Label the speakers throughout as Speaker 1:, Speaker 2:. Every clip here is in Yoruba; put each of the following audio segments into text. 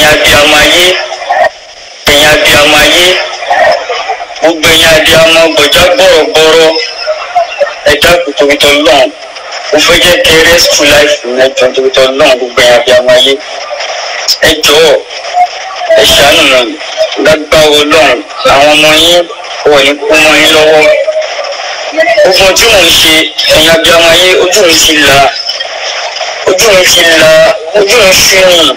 Speaker 1: ẹ̀yin abiyamọ ayé ẹ̀yin abiyamọ ayé gbogbo ẹ̀yin abiyamọ gbọ̀já gbọ̀rọ̀gbọ̀rọ̀ ẹ̀dá kòtòkòtò lọ́n mo fẹ́ jẹ́ kí rescue life mi ẹ̀jọ̀ kòtòkòtò lọ́n gbogbo ẹ̀yin abiyamọ ayé ẹ jọ̀ọ́ ẹ ṣàánú nà lágbára Ọlọ́run àwọn ọmọ yín wọ̀ ní kú mọ́ yín lọ́wọ́ ogun tí mò ń ṣe ẹ̀yin abiyamọ ayé ojú mi ti là ojú mi ti là ojú mi fi hàn.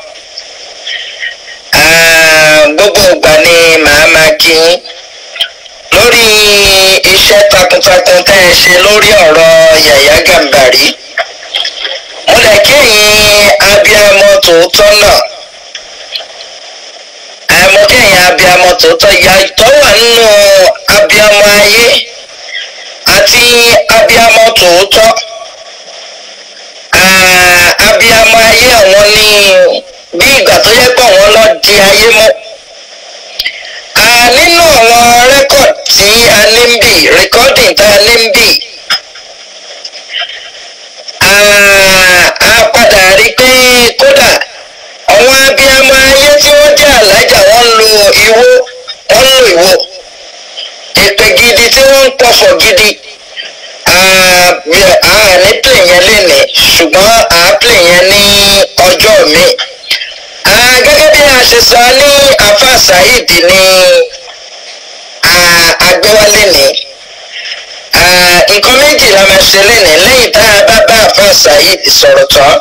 Speaker 2: gbogbo ìgbà ni màá máa kí yín lórí iṣẹ́ takuntakun tẹ́ ẹ ṣe lórí ọ̀rọ̀ Yàyà Gàmbàrí mo lè kí abiyamọ tòótọ́ náà àmọ́ kẹ́yìn abiyamọ tòótọ́ yàtọ̀ wà nínú abiyamọ ayé àti abiyamọ tòótọ́ abiyamọ ayé àwọn ní bí ìgbà tó yẹ pé àwọn lọ di ayé mọ́ nínú àwọn rẹ́kọ̀d tí a ní ń bì rẹ́kọ́dìn tá a ní ń bì a padà rí pé kódà àwọn abiyamọ ayé tí wọ́n jẹ́ alájà wọ́n lo ìwo wọ́n lo ìwo èpè gidi tí wọ́n ń pọ̀fọ̀ gidi àà ní pè yẹn lénìí ṣùgbọ́n àá pè yẹn ní ọjọ́ mi gẹ́gẹ́ bí a ṣe sọ ní afa saheed ní agbẹ́wálé ní nǹkan méjì la máa ṣe lẹ́nìí lẹ́yìn tá a bá bá afa saheed sọ̀rọ̀ tán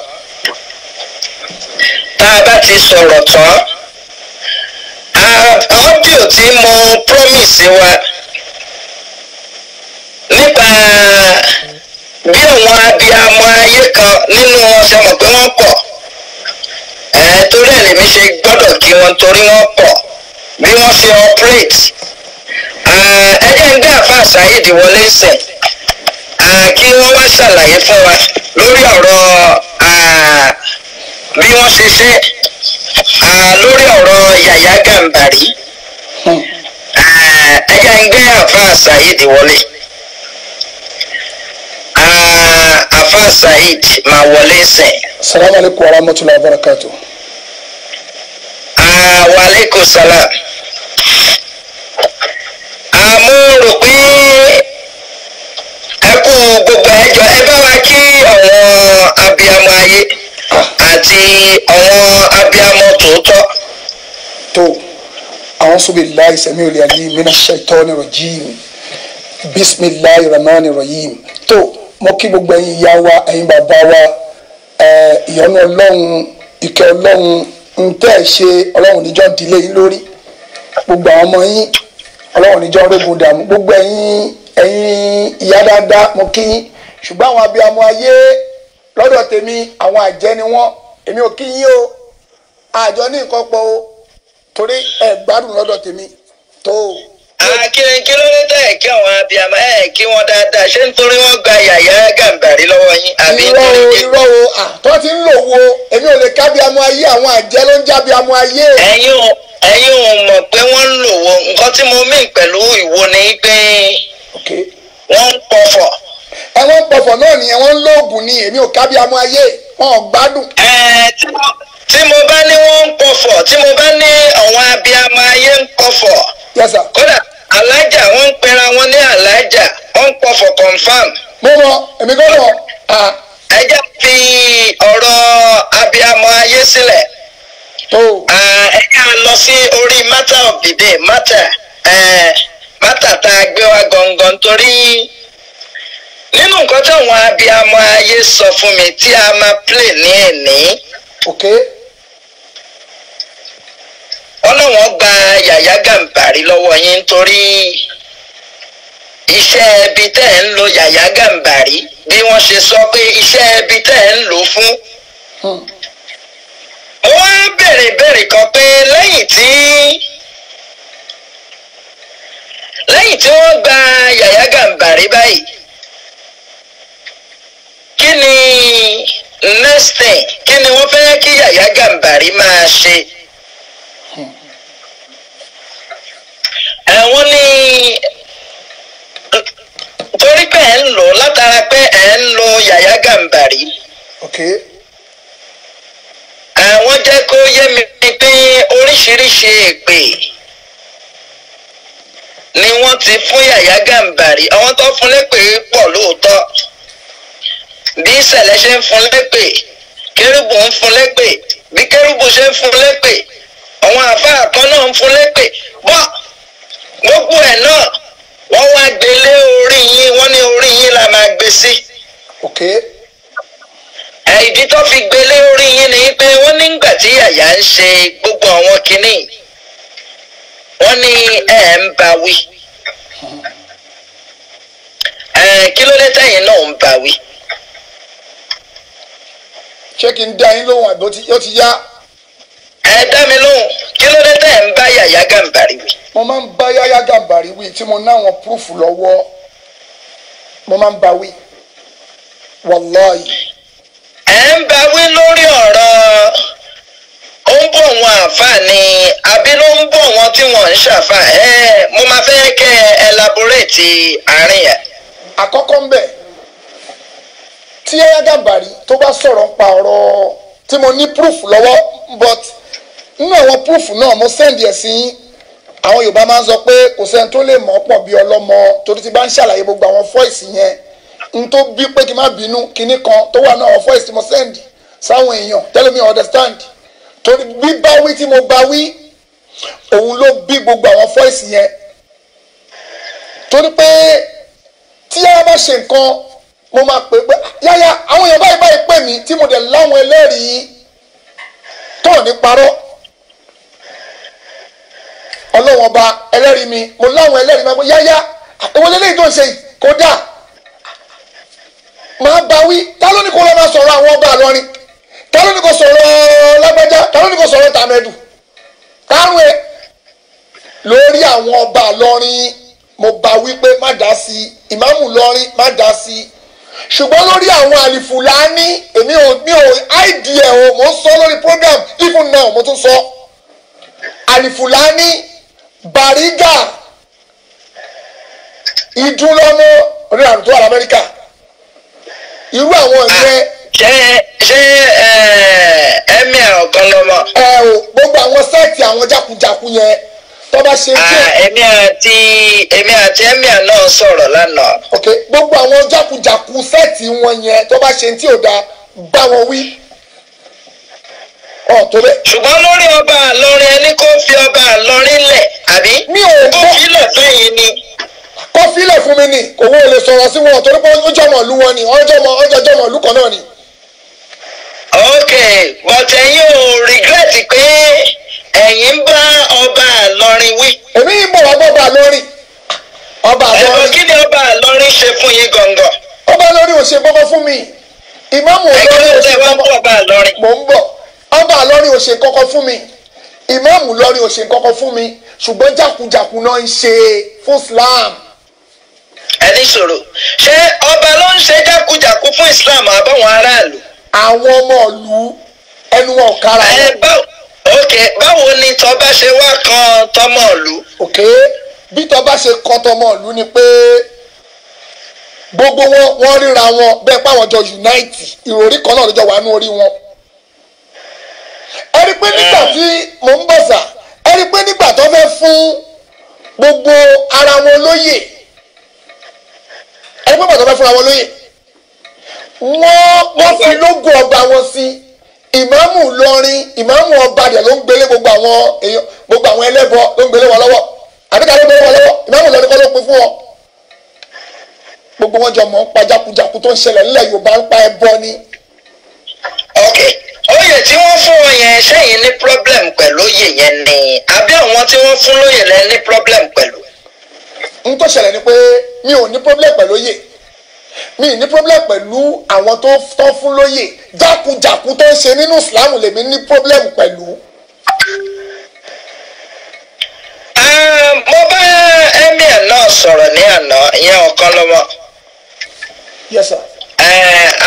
Speaker 2: tá a bá ti sọ̀rọ̀ tán ọ́díò tí mo promise wa nípa bí àwọn abiyamọ ayé kan nínú ọ̀sẹ̀ mọ̀ pé wọ́n pọ̀ ẹ torí ẹ lèmi ṣe gbọ́dọ̀ kí wọn torí wọn pọ̀ bí wọ́n ṣe operate ẹ jẹ́ ń gbé àfa Saheed wọlé sìn kí wọ́n wá ṣàlàyé fún wa lórí ọ̀rọ̀ bí wọ́n ṣe ṣe lórí ọ̀rọ̀ Yàyà Gàmbàrí ẹ jẹ́ ń gbé àfa Saheed wọlé àfa Saheed máa wọlé sìn
Speaker 3: salamu alaikum ah, wa rahmatulahi wa barakatu.
Speaker 2: wa aleykum salaam. àmú rò pé ẹ kú gbogbo ẹjọ ẹ bá wa kí àwọn abiyamọ ayé àti àwọn abiyamọ
Speaker 4: tòótọ́. tó a'uzu billahi sami'ul alim minash shaitani rajim bismillahir rahmanir rahim tó mo kí gbogbo ẹ̀yin ìyá wa ẹ̀yin bàbá wa ìyọ́nú ọlọ́run ìkẹ́ ọlọ́run ń tẹ́ ẹ ṣe ọlọ́run níjọ́ dílé yín lórí gbogbo àwọn ọmọ yín ọlọ́run níjọ́ rógun dààmú gbogbo ẹ̀yin ẹ̀yin ìyá dáadáa mo kí yín ṣùgbọ́n àwọn abiyamọ ayé lọ́dọ̀ tèmi àwọn àjẹ́ ni wọ́n èmi ò kí yín o àjọ ní nǹkan o torí ẹ̀ gbádùn lọ́dọ̀ tèmi tó o
Speaker 2: kí ló dé tẹ̀ kí àwọn abiyamọ ẹ̀ kí wọ́n dáadáa ṣé nítorí wọ́n gba yàyà gàǹbàrí lọ́wọ́ yín àbí nítorí pé. irọ́ o tó ti ń lò wo èmi ò lè kábíamọ ayé àwọn àjẹ́ ló ń jábíamọ ayé. ẹ̀yin o ẹ̀yin ò mọ̀ pé wọ́n ń lò wo nǹkan tí mo mí pẹ̀lú ìwo ni pé wọ́n ń pọ̀fọ̀.
Speaker 4: ẹ wọ́n ń pọ̀fọ̀ náà nìyẹn wọ́n ń lóògùn ni èmi ò kábíamọ ayé wọn ò gbádùn. ẹ tí mo bá ní
Speaker 2: wọ́n ń kọfọ̀ tí mo bá ní àwọn abiyamọ ayé ń kọfọ̀ kódà alájà wọ́n ń pera wọn ní alájà wọ́n ń pọ̀fọ̀ confam.
Speaker 4: mo mọ èmi kọ́ mọ.
Speaker 2: Ah. ẹ jẹ́ fi ọ̀rọ̀ abiyamọ ayé sílẹ̀ ah, ẹ jẹ́ à lọ sí orí matter of the day matter matter tá a gbé wa gangan torí nínú nǹkan táwọn abiyamọ ayé sọ fún mi tí a máa play ní ẹ̀ ní. Okay ọlọ́wọ́n gba yàyà gàǹbàrí lọ́wọ́ yín nítorí iṣẹ́ ẹbí tẹ́ ẹ̀ ń lo yàyà gàǹbàrí bí wọ́n ṣe sọ pé iṣẹ́ ẹbí tẹ́ ẹ̀ ń lò fún. mo wá béèrè béèrè kan pé lẹ́yìn tí lẹ́yìn tí wọ́n gba yàyà gàǹbàrí báyìí kí ni next thing kí ni wọ́n fẹ́ kí yàyà gàǹbàrí máa ṣe. wọ́n ní torí pé ẹ̀ ń lò látara pé ẹ̀ ń lo Yàyà Gàmbàrí. àwọn jẹ́ kó yé mi pé oríṣiríṣi èpè ni wọ́n ti fún Yàyà Gàmbàrí àwọn tó fún lépè pọ̀ lóòótọ́ bí ìṣẹ̀lẹ̀ ṣe ń fún lépè kérúbù ń fún lépè bí kérúbù ṣe ń fún lépè àwọn àfáà kan ń fún lépè bọ́ọ̀ gbogbo ẹ̀ náà wọ́n wá gbélé orí yín wọ́n ní orí yín la máa gbé sí. ìdí tó fi gbélé orí yín ni pé wọ́n nígbà tí yàyà ń ṣe gbogbo àwọn kinní wọ́n ní ẹ̀ ń bá wí.
Speaker 4: kí ló dé tẹ̀yìn náà ń bá wí. ṣé kí n dá yín lóhùn àbí ó ti yá ẹ dá mi lóhùn kí ló dé tẹ́ ẹ̀ ń bá Yàyà Gàmbàrí wí. mo máa ń bá Yàyà Gàmbàrí wí tí mo náwọn púrúfù lọ́wọ́ mo máa ń bá wí wàláyé. ẹ ń bá wí lórí ọ̀rọ̀ ó ń
Speaker 2: bọ̀ wọn àáfàá àbí ló ń bọ̀ wọn tí wọ́n ń ṣàfàá ẹ mo máa fẹ́ kẹ́
Speaker 4: ẹ elaborate àárín yẹn. àkọ́kọ́ ń bẹ̀ tí Yàyà Gàmbàrí tó bá sọ̀rọ̀ ń pa ọ̀rọ̀ tí mo ní proof lọ́wọ́ but nínú àwọn púrúfù náà mo sẹ́ndì ẹ̀ sí àwọn yorùbá máa ń sọ pé kò sẹ́ni tó lè mọ̀ pọ̀ bí ọlọ́mọ torí ti bá ń ṣàlàyé gbogbo àwọn fọ́ìsì yẹn n tó bí pé kí n má bínú kinní kan tó wà náà àwọn fọ́ìsì tí mo sẹ́ndì sáwọn èèyàn tẹ́lẹ̀ mi understand torí bíbá wí tí mo bá wí òun ló bí gbogbo àwọn fọ́ìsì yẹn torí pé tí a bá ṣe nǹkan mo máa pè pé yáyà àwọn èèyàn báyìí báyìí pè mí tí mo dẹ̀ láwọn ẹlẹ́rìí tó ní parọ́ ọlọ́wọ́n ọba ẹlẹ́rìí mi mo láwọn ẹlẹ́rìí máa ń pẹ́ yáyá ìwọlé lẹ́yìn tó ń ṣe kódà máa bá wí ta ló ní kó lọ́ máa sọ̀rọ̀ àwọn ọba àlọ́rin ta ló ní kó sọ̀rọ̀ lágbájá ta ló ní kó sọ̀rọ̀ tàmẹ́dù táwọn ẹ e. lórí àwọn ọba àlọ́rin mo bá wí pé má dá sí i ìmáàmù lọ́rin má dá sí i ṣùgbọ́n lórí àwọn àlìfùlání èmi ò mi ò idea o mo ń sọ lórí program even now mo tún sọ àlìfùlání Bàrígà ìdúnlọ́mọ onílànà tó wà lamẹ́ríkà irú
Speaker 2: àwọn ìyẹn. Ah, ṣé ṣé ẹmí eh, ọ̀kan lọ́mọ. ẹ o
Speaker 4: gbogbo àwọn sẹ́ẹ̀tì àwọn jákujàku yẹn tó bá ṣe ah, díẹ̀. èmi
Speaker 2: àti èmi àti emir náà sọ̀rọ̀ lánàá.
Speaker 4: ok gbogbo àwọn jákujàku sẹ́ẹ̀tì wọn yẹn tó bá ṣe tí ò dáa bá wọn wí. ṣùgbọ́n
Speaker 2: lórí ọba àlọrin ẹni kò fi ọba àlọrin lẹ̀ àbí kò filẹ̀ fẹ́yìn ni.
Speaker 4: kò fún mi ni òun ò lè sọ̀rọ̀ sí wọn torí pé ó jọmọ̀ wọn ni ọjọ́ mọ̀ kan náà ni. ok but ẹ̀yin ò regret pé
Speaker 2: ẹ̀yin bá ọba àlọrin wí. èmi ń bọ̀ ọba ọba àlọrin. ọba àlọrin ṣe fún yín
Speaker 4: ọba àlọ́rin òṣè kọ́kọ́ fún mi ìmáàmù lọ́rin òṣè kọ́kọ́ fún mi ṣùgbọ́n jákujàku náà ń ṣe fún Islam. ẹni sọ̀rọ̀ ṣé ọba ló ń ṣe jákujàku fún
Speaker 2: Islam àbáwọn aráàlú. àwọn ọmọ ìlú ẹnu wọn kára wọn. ẹ bá
Speaker 4: ok báwo ni tọba ṣe wá kan tọmọ ìlú. ok bí tọba ṣe kan tọmọ ìlú ni pé gbogbo wọn wọn ríra wọn bẹ́ẹ̀ pàwọn jọ unite ìròrí kan náà ló wà nú orí wọn ẹ rí i pé nígbà tí mò ń bọ̀sà ẹ rí i pé nígbà tó fẹ́ fún gbogbo ara wọn lóyè ẹ rí i pé bàtà fẹ́ fúnra wọn lóyè wọ́n wọ́n fi lógo ọba wọn sí ìmáàmù lọrin ìmáàmù ọba dẹ̀ ló ń gbélé gbogbo àwọn èèyàn gbogbo àwọn ẹlẹ́bọ ló ń gbélé wọn lọ́wọ́ àbíkà ló ń gbélé wọn lọ́wọ́ ìmáàmù lọrin kọ́ ló pin fún wọn gbogbo wọn jọ mọ̀ ń pa jákujàku tó ń ṣẹlẹ̀ nílẹ̀ Yorùbá ń pa ẹbọ ni. Okay oyè tí wọ́n fún ọ yẹn sẹ́yìn ní problem
Speaker 2: pẹ̀lú oyè yẹn ni àbí àwọn tí wọ́n fún lóyè lẹ ní problem pẹ̀lú.
Speaker 4: n tó ṣẹlẹ̀ ni pé mi ò ní problem pẹ̀lú oyè mi ì ní problem pẹ̀lú àwọn tó tọ́ fún lóyè jákujàku tó ń ṣe nínú Islam lèmi ní problem pẹ̀lú.
Speaker 2: mo bá emir náà sọ̀rọ̀ ní àná ìyẹn ọ̀kan lọ́wọ́. yes sir.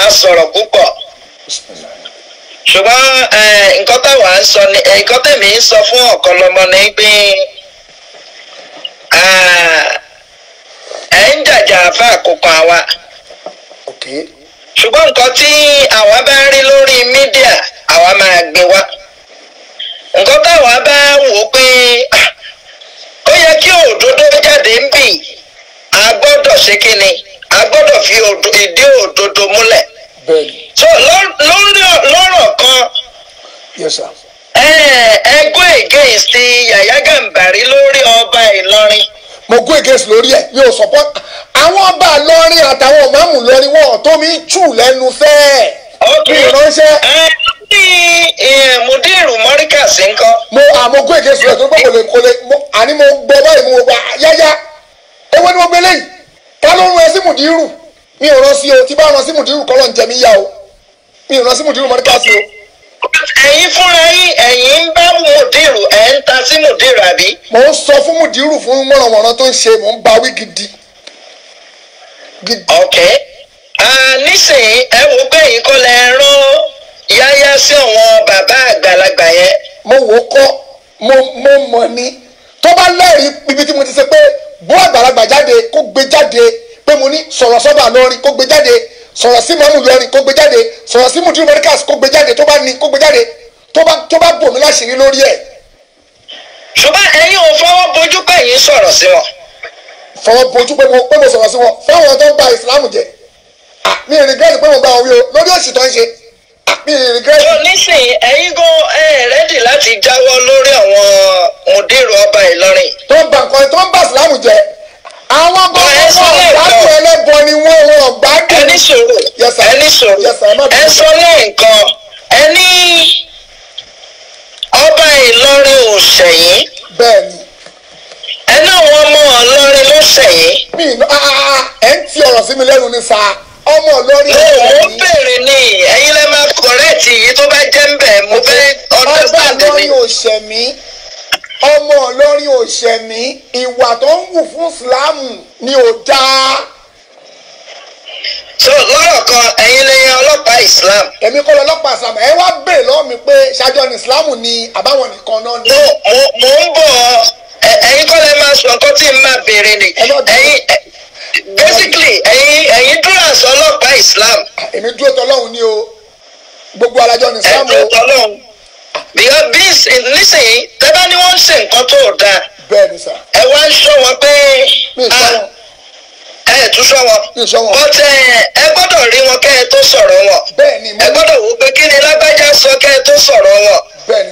Speaker 2: a sọ̀rọ̀ púpọ̀. Bismillah ṣùgbọ́n nǹkan táwa ń sọ ni eh, nǹkan tèmi ń sọ fún ọ̀kọ́lọmọ ni pé eh, ẹ ń jàjà àfa àkókò àwa ṣùgbọ́n nǹkan tí àwa bá rí lórí mídíà àwa máa gbé wá nǹkan táwa bá wò ó pé ó yẹ kí òdodo jáde ń bì a gbọ́dọ̀ ṣe kí ni a gbọ́dọ̀ fi ìdí òdodo múlẹ̀. bẹ́ẹ̀ni. so lórí lọ́rọ̀ kan. yes sir. ẹ ẹ go against Yahya Gambari lórí ọba Ìlọrin.
Speaker 4: mo go against lórí ẹ yóò support àwọn ọba Ìlọrin àtàwọn màmú lọrin wọn tó mi tù lẹ́nu fẹ́ẹ́. ok ìránṣẹ́. ẹ ní mùdírù mọ́ríkà sí ń kọ́. mo àmọ́ go against rẹ̀ tó gbọ́ kò lè àní mo gbọ́ báyìí mo gbà Yahya ewé ni mo gbé lẹ́yìn ta ló ń rẹ sí mùdírù mi ò rán sí o tí bá rán sí mùdírù kọ́ ló ń jẹ mí yá o mi ò rán sí mùdírù mọ́níkàsí o. ẹ̀yin fúnra yín ẹ̀yin ń
Speaker 2: bá mùdírù ẹ̀ ń ta sí mùdírù àbí.
Speaker 4: mò ń sọ fún mùdírù fún mọ̀rànmọ̀ràn tó ń ṣe mò ń ba wí gidi. ok nísìnyí
Speaker 2: ẹ wò pé èyí kọ́ lẹ rán yáyá sí àwọn bàbá àgbàlagbà yẹn. mo
Speaker 4: wò ó kọ́ mo mo mọ̀ ni tó bá lẹ́rìí ibi tí mo ti ṣe pé bó àgbàlagbà jáde kó gbé jáde pé mo ní sọ̀rọ̀ sọ́ba lọ́rin kó gbé jáde sọ̀rọ̀ sí mọ́mù lọ́rin kó gbé jáde sọ̀rọ̀ sí mùtúrú mọ́ríkàs kó gbé jáde tó bá ní kó gbé jáde tó bá tó bá bò mí láṣìírí lórí ẹ̀. ṣùgbọ́n ẹ̀yin ò fọwọ́ bojú pé yín sọ̀rọ̀ sí wọn. fọwọ́ bojú pé mo sọ̀rọ̀ sí wọn fáwọn tó ń ba ìsìlámù jẹ mi ì rìgírẹ́tì pé mo bá wọn o lórí òsì tó ń ṣe mi ì rìgírẹ́tì. tó nísìnyí ẹ̀yin gan ẹ rẹ́dì láti
Speaker 2: jáwọ́ lórí àwọn mùdírù ọba Ìlọrin. tó ń ba nǹkan tó ń ba ìsìlámù jẹ
Speaker 4: àwọn gbọ́dọ̀ wọn gbádùn ẹlẹ́bọ ni wọ́n wọn gbádùn. ẹni sòrò ẹni sòrò ẹ sọ lẹ́ẹ̀kan ẹni ọba Ìlọrin ò ṣẹ̀yìn. bẹ́ẹ̀ni. ẹni àwọn ọmọ Ìlọrin ló ṣẹ̀yìn. mi ah, ah, ah, ẹ ń ti ọ̀rọ̀ sí mi lẹ́nu ní sa ọmọ Ìlọrin ló ṣẹ̀yìn. mo
Speaker 2: bèrè ni ẹ̀yin lẹ máa kọ̀rẹ́ẹ̀tì yìí tó bá jẹ́ ń bẹ̀ mo fẹ́ ọdún sáà tẹ̀lé. ọba Ìlọrin
Speaker 4: ò ọmọ ọlọ́rin òṣèmí ìwà tó ń wù fún ìsìláàmù ni ò dáa. so lọ́rọ̀ kan ẹ̀yin lẹ́yìn ọlọ́pàá islam. èmi kọ́ lọ ọlọ́pàá islam ẹ wá bèè lọ́wọ́ mi pé ṣáájọ́ ni islam ni àbáwọn nìkan náà ni. mo ń
Speaker 2: bọ̀ ẹ̀yin kọ́ lẹ máa sọ nǹkan tí n máa béèrè ni ẹ̀yin basically ẹ̀yin ẹ̀yin dúró àṣọ ọlọ́pàá islam. èmi dúró
Speaker 4: tọ́lọ́hún ni o gbogbo alájọ ni islam o. ẹ̀ dúró tọ́lọ́hún because bí nísìnyí tẹ́bá ni wọ́n ń ṣe nǹkan tó dáa ẹ wá ń sọ wọn pé
Speaker 2: ah, ẹ ẹ tún sọ wọn but eh, ẹ gbọ́dọ̀ rí wọn kẹ́ ẹ tó sọ̀rọ̀ wọn ẹ gbọ́dọ̀ wò pé kí ni lágbájá sọ kẹ́ ẹ tó sọ̀rọ̀
Speaker 4: wọn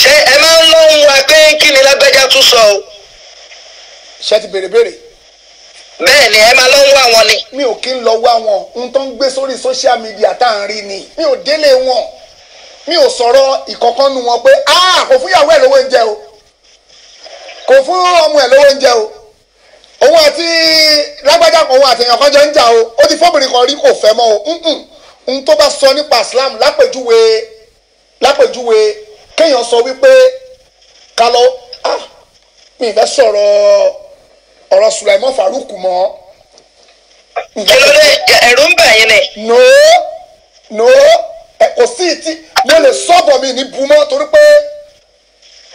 Speaker 2: ṣé ẹ máa ń lóhùn wa pé kí ni lágbájá tún sọ o.
Speaker 4: ṣé ti béèrè béèrè bẹ́ẹ̀ ni ẹ máa lọ ń wá wọn ni. mi ò kí ń lọ wá wọn ohun tó ń gbé sórí social media tá à ń rí ni mi ò délé wọn mi ò sọ̀rọ̀ ìkọ̀kan nu wọn pé ah kò fún ìyàwó ẹ̀ lówó oúnjẹ o kò fún ọmọ ẹ̀ lówó oúnjẹ o òun àti lágbájá òun àti èèyàn kan jọ ń jà o ó ti fóbìnrin kan rí kò fẹ́ mọ́ o n tó bá sọ nípa Islam lápèjúwe lápèjúwe kéèyàn sọ wípé ká lọ ah mi ì fẹ́ sọ̀rọ̀ ọ̀rọ̀ Sulaiman Farouk mọ́. kí ló dé ẹ̀rù ń bà yín ni. no no kò sí ti mo lè sọ́bọ̀ mi ní bu mọ́ torí pé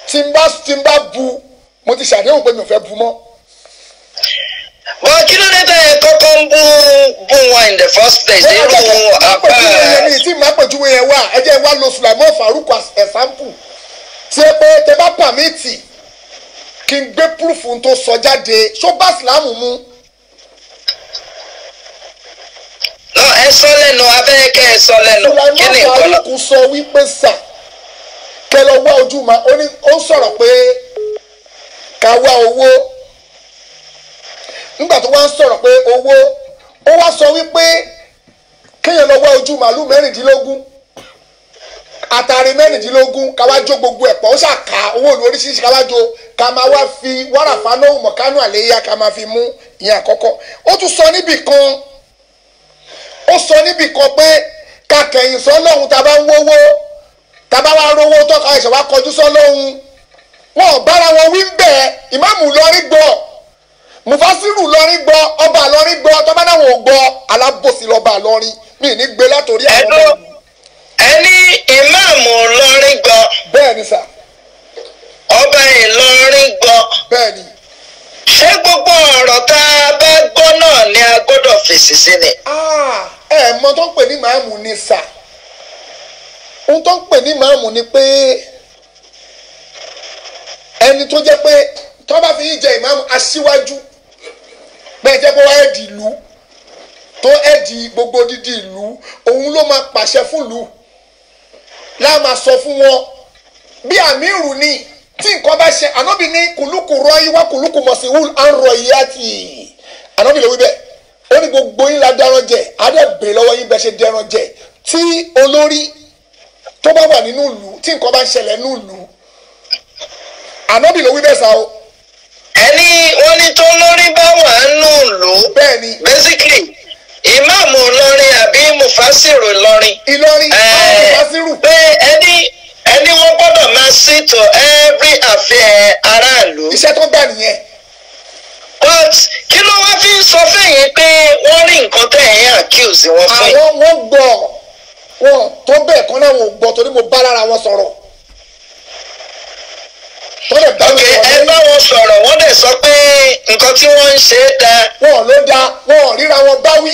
Speaker 4: tí n bá tí n bá bu mo ti ṣàdéhùn pé mi ò fẹ́ bu mọ́. wọ́n kí ló dé tẹ́ ẹ kọ́kọ́ ń bú bú wọn in the first place nínú apá. Eh, tí màá pèjúwe yẹn wà ẹ jẹ́ wá lo Sulaimon Farouk as example tí ẹ pé tẹ bá pàmìtì kí n gbé púrúfù tó sọ jáde ṣó bá Ìsìlámù mu. ẹ sọ lẹnu abẹ́rẹ́ ẹ sọ lẹ́nu kí ni sọ wípé kẹ nígbà tó wá ń sọ̀rọ̀ pé owó ó wá sọ wípé kéèyàn lọ wá ojú àtàrí mẹ́rìndínlógún gbogbo ẹ̀pọ̀ ó ṣàkà owó ìlú oríṣiríṣi ká máa wá fi àléyá ká máa fi mú ìyẹn ó sọ níbì kan pé kakẹ̀yìn sọ́lọ́hún tá a bá ń wówó tá a bá wá rówó ẹ̀ṣẹ̀ wá kọjú wọn ò bára wọn wí ń bẹ̀ ìmáàmù lọ́rí gbọ́ mufasiru lọ́rí gbọ́ ọba lọ́rí gbọ́ tọ́ba náà wọn gbọ́ alábòsí lọ́ba lọ́rí mi ní gbé látòrí àwọn ọmọ mi. ọba
Speaker 2: gbọ́. bẹ́ẹ̀ ṣé gbogbo ọ̀rọ̀ tá a bá gbọ́ náà ni a gbọ́dọ̀ fèsì sí ni.
Speaker 4: Ah, ẹ mọ tó ń pè ní màámù ni sà ohun tó ń pè ní màámù ni pé ẹni tó jẹ́ pé tó bá fi yín jẹ ìmáàmù aṣíwájú bẹ́ẹ̀ jẹ́ kó wá ẹ̀dì ìlú tó ẹ̀dì gbogbo dídì ìlú òun ló máa pàṣẹ fún ìlú láà máa sọ fún wọn bí àmírù ni tí nǹkan bá ṣe ànábì ní kùlùkù rọ́ọ̀yì wá kùlùkù mọ̀sí wúl à ń rọ ìyá tì í ànábì lè wí bẹ́ẹ̀ ó ní gbogbo yín la dẹran jẹ adẹ́bẹ̀ lọ́wọ́ yín bẹ́ẹ̀ ṣe dẹran jẹ tí olórí tó bá wà nínú ìlú tí nǹkan bá ń ṣẹlẹ̀ nínú ìlú ànábì lè wí bẹ́ẹ̀ sá o. ẹni
Speaker 2: oní tó lórí bá wà nínú ìlú bẹ́ẹ̀ basically ìmáàmù Ìlọrin àbí mufasiru Ìlọrin Ìlọrin mufasiru ẹ see to every affair aráàlú. iṣẹ́ tó bá nìyẹn.
Speaker 4: but kí ló wá fi ń sọ fẹ́yìn pé wọ́n rí nǹkan tẹ̀ ẹ̀yìn accuse wọn fún yìí. àwọn wọn gbọ́ wọn tó bẹ́ẹ̀ kan náà wọn gbọ́ torí mo bá lára wọn sọ̀rọ̀ ẹ bá wọn sọ̀rọ̀ wọ́n dẹ̀ sọ pé
Speaker 2: nǹkan tí wọ́n ń ṣe é dáa. wọn ló dáa wọn ríra wọn báwí.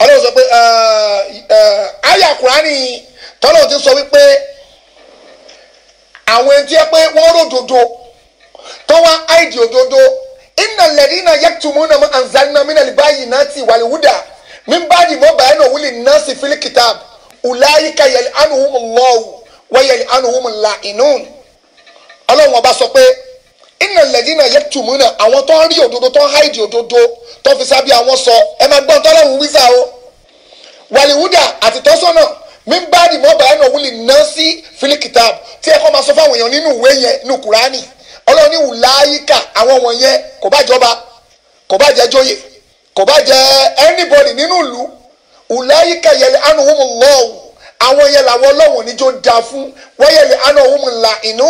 Speaker 4: ọlọ́run sọ pé àyà kùránì tọ́lọ́run ti sọ wípé àwọn ẹni pé wọ́n ròdòdó tó wá àìdí òdodo iná lẹ́dí iná yẹ́tùmú náà mọ́ anzalina mina libayi náà ti wà lẹ́wúdà mímbàdì mọ́ bàyẹ̀ náà wúlì náà sì fílí kìtàb ùláyíkà yẹ̀lì anuhumullahu wẹ́yẹ̀lì anuhumula inú ọlọ́run ọba sọ pé iná lẹ́dínà yẹ tùmúnà àwọn tó ń rí òdodo tó ń háìdì òdodo tó fi sábẹ́ àwọn sọ ẹ máa gbọ́n tọ́lọ́hún wíṣà o wàlíwúdà àti tọ́sọ́nà mímbàdì mọ́bà ẹ̀ náà wúlì ná sí fílíkìtàb tí ẹ kọ́ máa sọ fáwọn èèyàn nínú ìwé yẹn nínú kùránì ọlọ́run ní wùláyíkà àwọn wọ̀nyẹn kò bá jọba kò bá jẹ jóyè kò bá jẹ anybody nínú ìlú wùláyíkà yẹlẹ anuhumu lọ́wọ́ àwọn yẹn làwọn ọlọ́run níjó da fún wọ́n yẹlẹ anuhumu la inú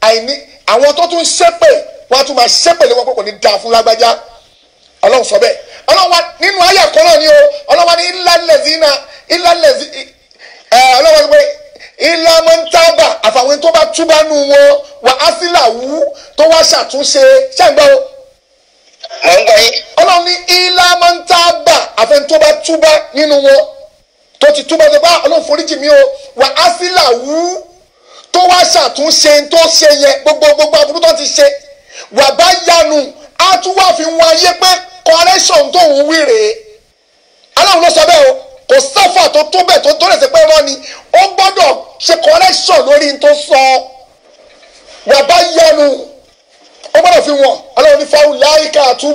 Speaker 4: àìní àwọn tó tún ṣépè wọn á tún máa ṣépè lé wọn pé kò ní dáa fún lágbájá ọlọ́run sọ bẹ́ẹ̀ ọlọ́run wa nínú ayé ẹ̀kọ́ náà ni o ọlọ́run wa ní illa lẹ́zínà illa lẹ́zí ẹ ọlọ́run wa ní pé illa mọ́ntàbà àfàwọn tó bá túbá nù wọn wà á sílà wú tó wá ṣàtúnṣe ṣàǹgbọ́ o. mọ̀ ń gbọ́ yín. ọlọ́run ní illa mọ́ntàbà àfẹ́ni tó bá túbá nínú wọn tó ti túbọ̀ tó bá foríjì mi o wà á sílà wú tó wá ṣàtúnṣe tó ṣe gbogbo gbogbo aburú tó ti ṣe wàbá yanu á tún fi wọn ayé pé correction tó ń wí rèé aláwọn ló o kò sáfà tó tó bẹ́ẹ̀ tó tó lè ni ó gbọ́dọ̀ ṣe correction lórí tó sọ yanu ó fi wọn ní fáwọn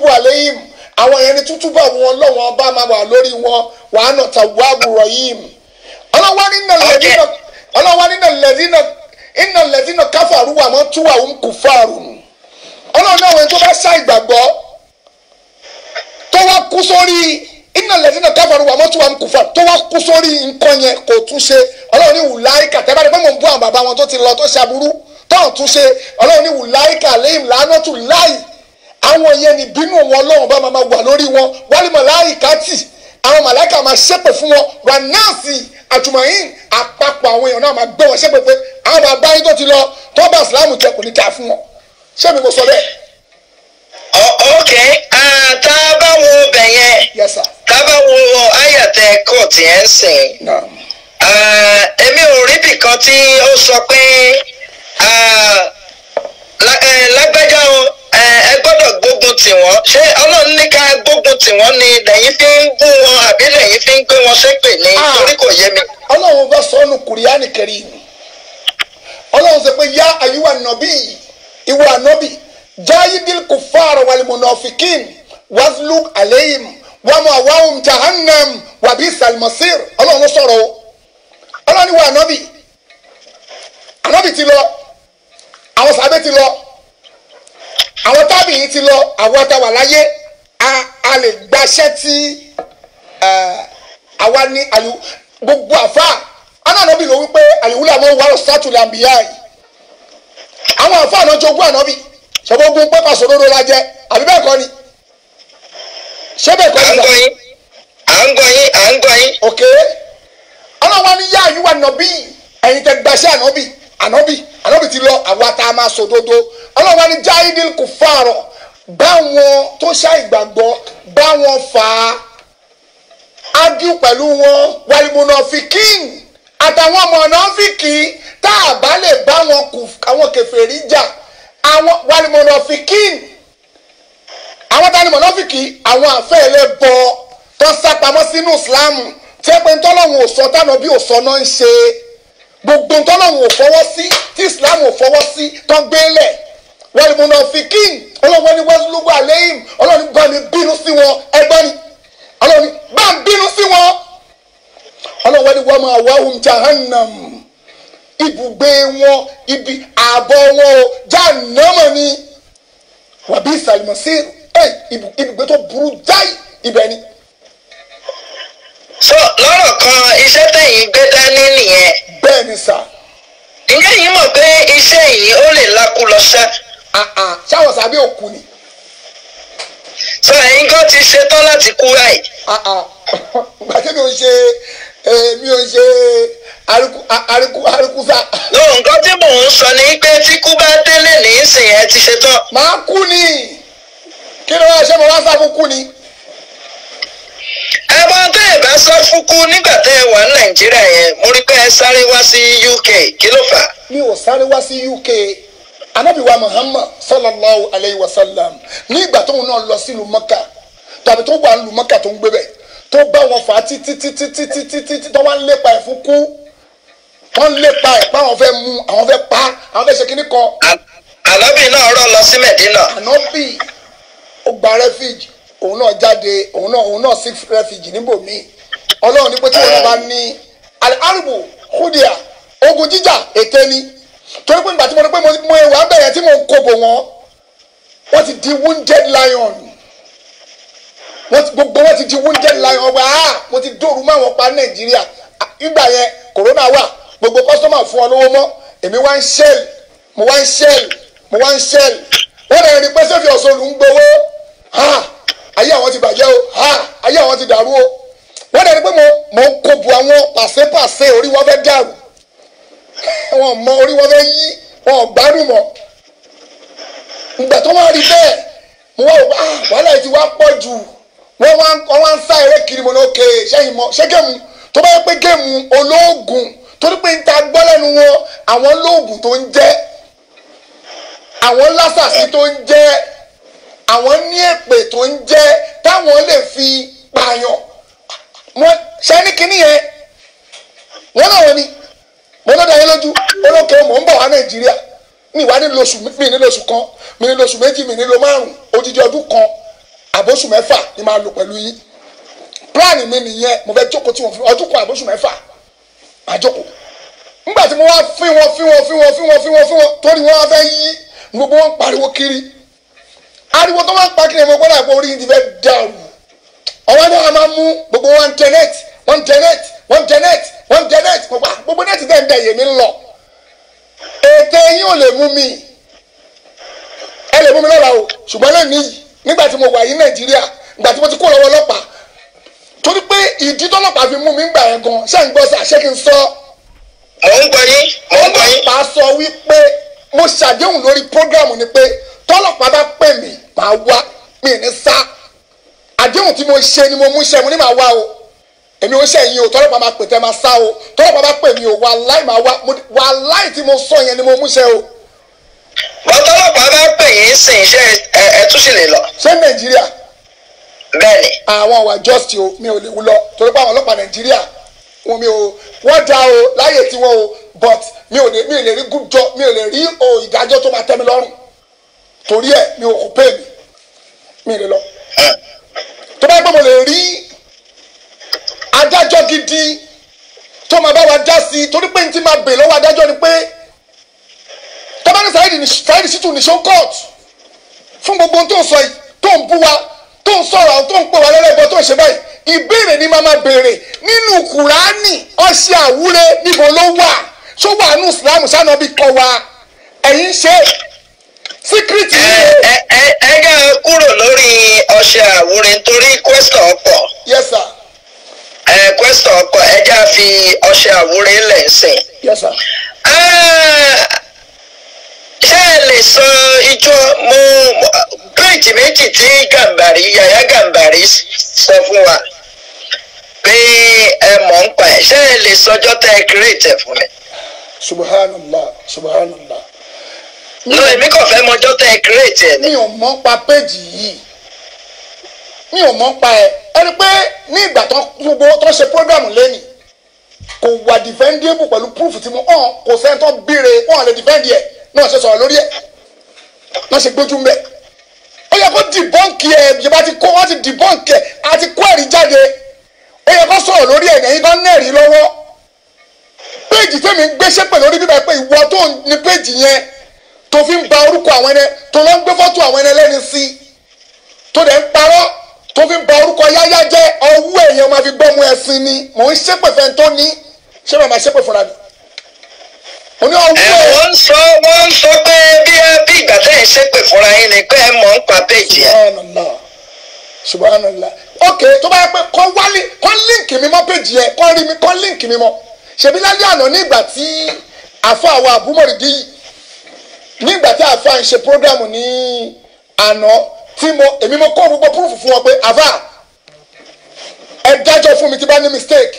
Speaker 4: àléyìn àwọn ẹni bá wọn lọ́wọ́n bá wọn wàá nà iná lẹ́dínà káfàrú wà mọ́ túwà òun kò fáàrù nù ọlọ́run náà wọ́n tó bá sá ìgbàgbọ́ tó wá kú sórí iná lẹ́dínà káfàrú wà mọ́ túwà òun kò fáàrù tó wá kú sórí nǹkan yẹn kò tún ṣe ọlọ́run ní wùláìkà tẹ́ bá rí pé mò ń bú àwọn bàbá wọn tó ti lọ tó ṣe aburú táwọn tún ṣe ọlọ́run ní wùláìkà lẹ́yìn lánàá tù láì àwọn yẹn ní bínú wọn ọlọ́run bá máa wà lórí wọn wálé màláìkà tì àwọn màláìkà máa ṣépè fún wọn wà náà sí i àjùmọ̀yìn àpapọ̀ àwọn èèyàn náà máa gbé wọn ṣẹ́gbẹ́ pé àwọn bàbá yín tó ti lọ tó bá ìsìláàmù jẹ kò ní dáa fún wọn ṣé mi kò sọ bẹ́ẹ̀. Oh, ok tá a bá wo ibẹ̀ yẹn tá a bá wo
Speaker 2: àyàtẹ̀ kóòtù yẹn ń sìn èmi ò rí bìkan tí ó sọ pé lágbájá o. ẹ gbọ́dọ̀ gbógun tì wọ́n ṣé ọlọ́run ní ká gbógun tì wọ́n ni lẹ́yìn fi ń bú wọn
Speaker 4: àbí lẹ́yìn fi ń gbé wọn sépè ni ah. torí kò yé mi. ọlọ́run bá sọ ọ́nù kùrìánì kẹrì ọlọ́run sọ pé yá àyíwá nọ̀bì ìwà nọ̀bì jáyídìl kùfàr wàlmùnàfìkìn wàzlù àlẹ́yìn wàmú àwáhùn jahannam wàbí salmasir ọlọ́run sọ̀rọ̀ o ọlọ́run ìwà nọ̀bì ànọ́bì ti lọ àwọn sàbẹ̀ ti lọ. àwọn tábìyìn ti lọ àwọn àtàwà láyé a lè gbaṣẹ́ tí àwa ní gbogbo àfáà ananobi ló wípé àlèwúlẹ̀ àmọ́ wà lọ sátúlẹ̀ àbíyá yìí àwọn àfáà náà jogún ànábì ṣọgbọ́gbọ́n pé pàṣọdodo la jẹ àbí bẹ́ẹ̀ kọ́ ni ṣé bẹ́ẹ̀ kọ́ ni. à ń gbọ́ yín à ń gbọ́ yín. ok ọlọ́wọ́n ni yáa yíwá nàbí ẹ̀yin tẹ gbaṣẹ́ ànábì Anobi, Anobi ti lọ àwa tá a máa sòdodo ọlọ́run wa ní jáìdìl kò fààrọ̀ báwọn tó ṣàìgbàgbọ́ báwọn fà á ágíù pẹ̀lú wọn wàlìmùnàfíkìn àtàwọn mọ̀nàfíkì tá a bá lè bá wọn kù àwọn kèfèrí jà àwọn wàlìmùnàfíkìn àwọn tani mọ̀nàfíkì àwọn àfẹ́lẹ́ bọ tó sápamọ́ sínú Islam tí ẹ pé ń tọ́lọ́hún ò sọ tánà bí ò sọ náà ń ṣe gbogbo tọ́lọ́hún ò fọwọ́ sí tí islam ò fọwọ́ sí tó ń gbé lẹ̀ wọ́n ní munafikin ọlọ́run ní wẹ́sùlùgbọ́ àléhìm ọlọ́run bá mi bínú sí wọn ẹgbẹ́ ni ọlọ́run bá mi bínú sí wọn ọlọ́run ní wọ́n máa wáhùn jahannam ibùgbé wọn ibi ààbọ̀ wọn o jahannama ni wàbí ìsàlùmọ̀sí ibùgbé tó burú jáì ibẹ̀ ni so lọ́rọ̀ kan iṣẹ́ tẹ̀yìn gbé dání nìyẹn. bẹ́ẹ̀ ni sà.
Speaker 2: ǹjẹ́ yìí mọ̀ pé iṣẹ́ yìí ó lè lakú lọ ṣá. ṣáwọ̀ sábẹ́ òkú ni.
Speaker 4: sọ ẹ̀yin kan ti ṣetán láti kú ráì. ìgbà mi ò ṣe mi ò ṣe arikusa. lóhùn kan tí mò ń sọ ni pé tí kú bá délé nísìnyẹn ti ṣetán. màá kú ni
Speaker 2: kí ló wá ṣe mo wá sá kú ni àwọn tẹ́ ẹ̀ bá sọ fúkú nígbà tẹ́ ẹ wà ní nàìjíríà yẹn mo rí pé ẹ sáré wá sí uk kí
Speaker 4: ló fà. mi ò sáré wá sí uk anabiwa muhammad sallallahu alayhi wa sallam nígbà tóun náà lọ sílùú mọ́kà tàbí tó wà nílùú mọ́kà tó ń gbé bẹ̀ tó bá wọn fà á títí títí títí títí tó wá ń lépa ẹ̀ fún kú ń lépa ẹ̀ pé àwọn fẹ́ mú àwọn fẹ́ pa àwọn fẹ́ ṣe kíní kan. ànábì náà rọ lọ sí mẹ̀dínà. ànábì ó gba refuge òun náà jáde òun náà òun náà seek refuge níbòmíì ọlọ́run ní pé tí wọ́n bá ní alibu kúdìá ogun jíjà ète ni torí pé ìgbà tí mo ní pé mo ìwà bẹ̀rẹ̀ tí mo ń kobo wọn wọ́n ti di wounded lion gbogbo wọn ti di wounded lion wá ah! mo ti dóoru mọ́ àwọn pa nàìjíríà ìgbà yẹn corona wà gbogbo kọ́sọ́mà fún ọ lówó mọ́ èmi wá ń ṣẹ́ẹ̀lì mo wá ń ṣẹ́ẹ̀lì mo wá ń ṣẹ́ẹ̀lì wọ́n lè rí pé sẹ́fì ọ̀sọ́lù ń gbowó ayé àwọn ti bàjẹ́ o ha ayé àwọn ti dàrú o wọ́n dẹ̀ ni pé mo mo ń kobu àwọn pàṣẹ-pàṣẹ orí wọn fẹ́ dàrú wọn mọ orí wọn fẹ́ yí wọn gbádùn mọ́ ìgbà tó wọ́n rí bẹ́ẹ̀ mo wá wò ah wàhálà yìí ti wá pọ̀ jù wọ́n wá wọ́n wá ń sá eré kiri mo ní ok sẹ́yìn mọ́ ṣé géèmù tó bá yẹ pé géèmù olóògùn torí pé n ta gbọ́ lẹ́nu wọn àwọn lóògùn tó ń jẹ́ àwọn lásàsí tó ń jẹ́ àwọn ní èpè tó ń jẹ́ táwọn lè fi pààyàn wọn ṣe ní kinní yẹn wọn náà ni mo ló dá yín lójú olókè mò ń bọ̀ wá nàìjíríà mi wá nílò oṣù mi nílò oṣù kan mi nílò oṣù méjì mi nílò márùn odidi ọdún kan àbóṣù mẹ́fà ni màá lò pẹ̀lú yín plan mi nìyẹn mo fẹ́ jókòó tí wọ́n fi ọdún kan àbóṣù mẹ́fà àjókòó nígbà tí mo wá fín wọn fín wọn fín wọn fín wọn fín wọn torí wọn fẹ́ yí gbogbo wọn pariwo kiri ariwo tó máa ń pa kí ni mo gbọ́dọ̀ àpò orí ti fẹ́ dàrú ọwọ́ náà máa mú gbogbo wọn tẹ nẹ́ẹ̀tì wọn tẹ nẹ́ẹ̀tì wọn tẹ nẹ́ẹ̀tì wọn tẹ nẹ́ẹ̀tì gbogbo nẹ́ẹ̀tì tẹ̀ ń dẹ̀ yèmí lọ ètè yín ò lè mú mi ẹ lè mú mi lọ́la o ṣùgbọ́n náà níyì nígbà tí mo wà yìí nàìjíríà nígbà tí mo ti kó lọ́wọ́ ọlọ́pàá torí pé ìdí tọ́lọ́pàá fi mú mi gbà yẹn gan ṣé ń gbọ́ sà ṣé kí n sọ. àwọn ń gbọ́ yín àwọn ń gbọ́ yín. ọlọ́pàá sọ wípé mo ṣàdéhùn lórí prógráàmù ni pé tọ́lọ́pàá bá pè mí màá wá mi ní sá àdéhùn tí mo ṣe ni mo mú ṣe mo ní màá wá o èmi ò ṣe yín o tọ́lọ́pàá máa pè tẹ́ máa sá o tọ́lọ́pàá bá pè mí o wàláì màá wá wàláì tí mo sọ yẹn ni mo mú ṣe o. wọ́n tọ́lọ́pàá bá pè yín sìn iṣẹ́ ẹ̀ẹ́dúnṣì lè lọ. ṣé nàìjíríà. bẹ́ẹ̀ni. àwọn wà just o mi ò lè wúlọ torí pé àwọn ọlọ́pàá nàìjíríà wọn mi ò wọ́n da o láyè tiwọn o but mi ò lè rí gúdọ mi ò lè rí ìdájọ́ tó máa tẹ́ mi lọ́rùn torí ẹ̀ mi ò kò pè mí mi lè lọ tó bá gbọ́ mo lè rí adájọ́ gidi tó máa bá wa dá sí i torí pé n ti máa bè lọ́wọ́ adájọ́ ni pé tọ́bánì sáyidì ní sáyidì sítù ní show court fún gbogbo tó ń sọ yìí tó ń bú wa tó ń sọ̀rọ̀ tó ń pè wá lẹ́lẹ́gbọ́ tó ń ṣe báyìí ìbéèrè ni màmá béèrè nínú kùránì ọṣẹ àwúre níbo ló wà ṣó wà nù ìsìlámù sànà bí kọ wa ẹ̀yin ṣe é secret yìí. ẹ ẹ ẹ
Speaker 2: jẹ́ kúrò lórí ọṣẹ àwúre torí question ọ̀pọ̀. yes sir. ẹ question ọ̀pọ̀ ẹ jẹ́ fi ọṣẹ àwúre lẹ̀ ń sìn. yes sir. ṣé ẹ lè sọ ijó mo péjì méjì tí Gàmbàrí Yàyà Gàmbàrí sọ fún wa pé ẹ mọ̀ ń pa ẹ̀ ṣé ẹ lè sọjọ́ tẹ́ ẹ create ẹ̀ fún mi. subhanallah
Speaker 4: subhanallah no èmi kò fẹ́ mọjọ́ tẹ́ ẹ kírètì ẹ̀ ni. mi ò mọ̀ pa péjì yìí mi ò mọ̀ pa ẹ̀ ẹni pé ní ìgbà tó gbogbo tó ṣe prógrámù lẹ́nu kò wà dìfẹ́ndébù pẹ̀lú púrúfù tí mo hàn kò sẹ́ni tó béèrè lè dìfẹ́ndì ẹ̀ náà ṣe sọ̀rọ̀ lórí ẹ̀ náà ṣe gbójú mbẹ́ ó yẹ kó dìbọ́ǹkì ẹ̀ yorùbá ti kó wọ́n ti dìbọ́ǹkì ẹ̀ àti kó ẹ̀rí jáde ó yẹ kó sọ̀rọ̀ lórí ẹ̀ nẹ̀yìn bá ń lọ́wọ́ péjì tèmi gbéṣẹ́ pẹ̀lú orí bíbá pé ìwọ tó ní péjì yẹn tó fi ń ba orúkọ àwọn ẹni tó lọ ń gbé fọ́tò àwọn ẹni ẹlẹ́ni sí i tó dẹ̀ ń parọ́ tó fi ń ba orúkọ yáyá jẹ́ ọwọ́ èèyàn máa fi gbọ́mú ẹ̀sìn ni mò ń ṣépè fẹ́ tó ní ṣé màmá ṣépè fúnra mi. mo ní ọwọ́ ẹ̀. wọ́n sọ wọ́n sọ pé bí bí ìgbà tẹ́ ẹ̀ ṣépè fúnra yín ni pé ẹ mọ̀ ń pa péjì ẹ̀. subhanallah ok tó bá yẹ pé kọ́ wálé kọ́ líǹkì mi mọ́ péjì ẹ̀ kọ́ rí mi kọ́ líǹkì mi mọ́ ṣèbí lálẹ́ àná ní ìgbà tí àfọ àwọn àbúmọ̀rìndín nígbà tí àfa ń ṣe programu ní àná tí mo èmi mo kó gbogbo púrúfù fún wọn pé àfa ẹ dájọ́ fún mi tí bá ní mistake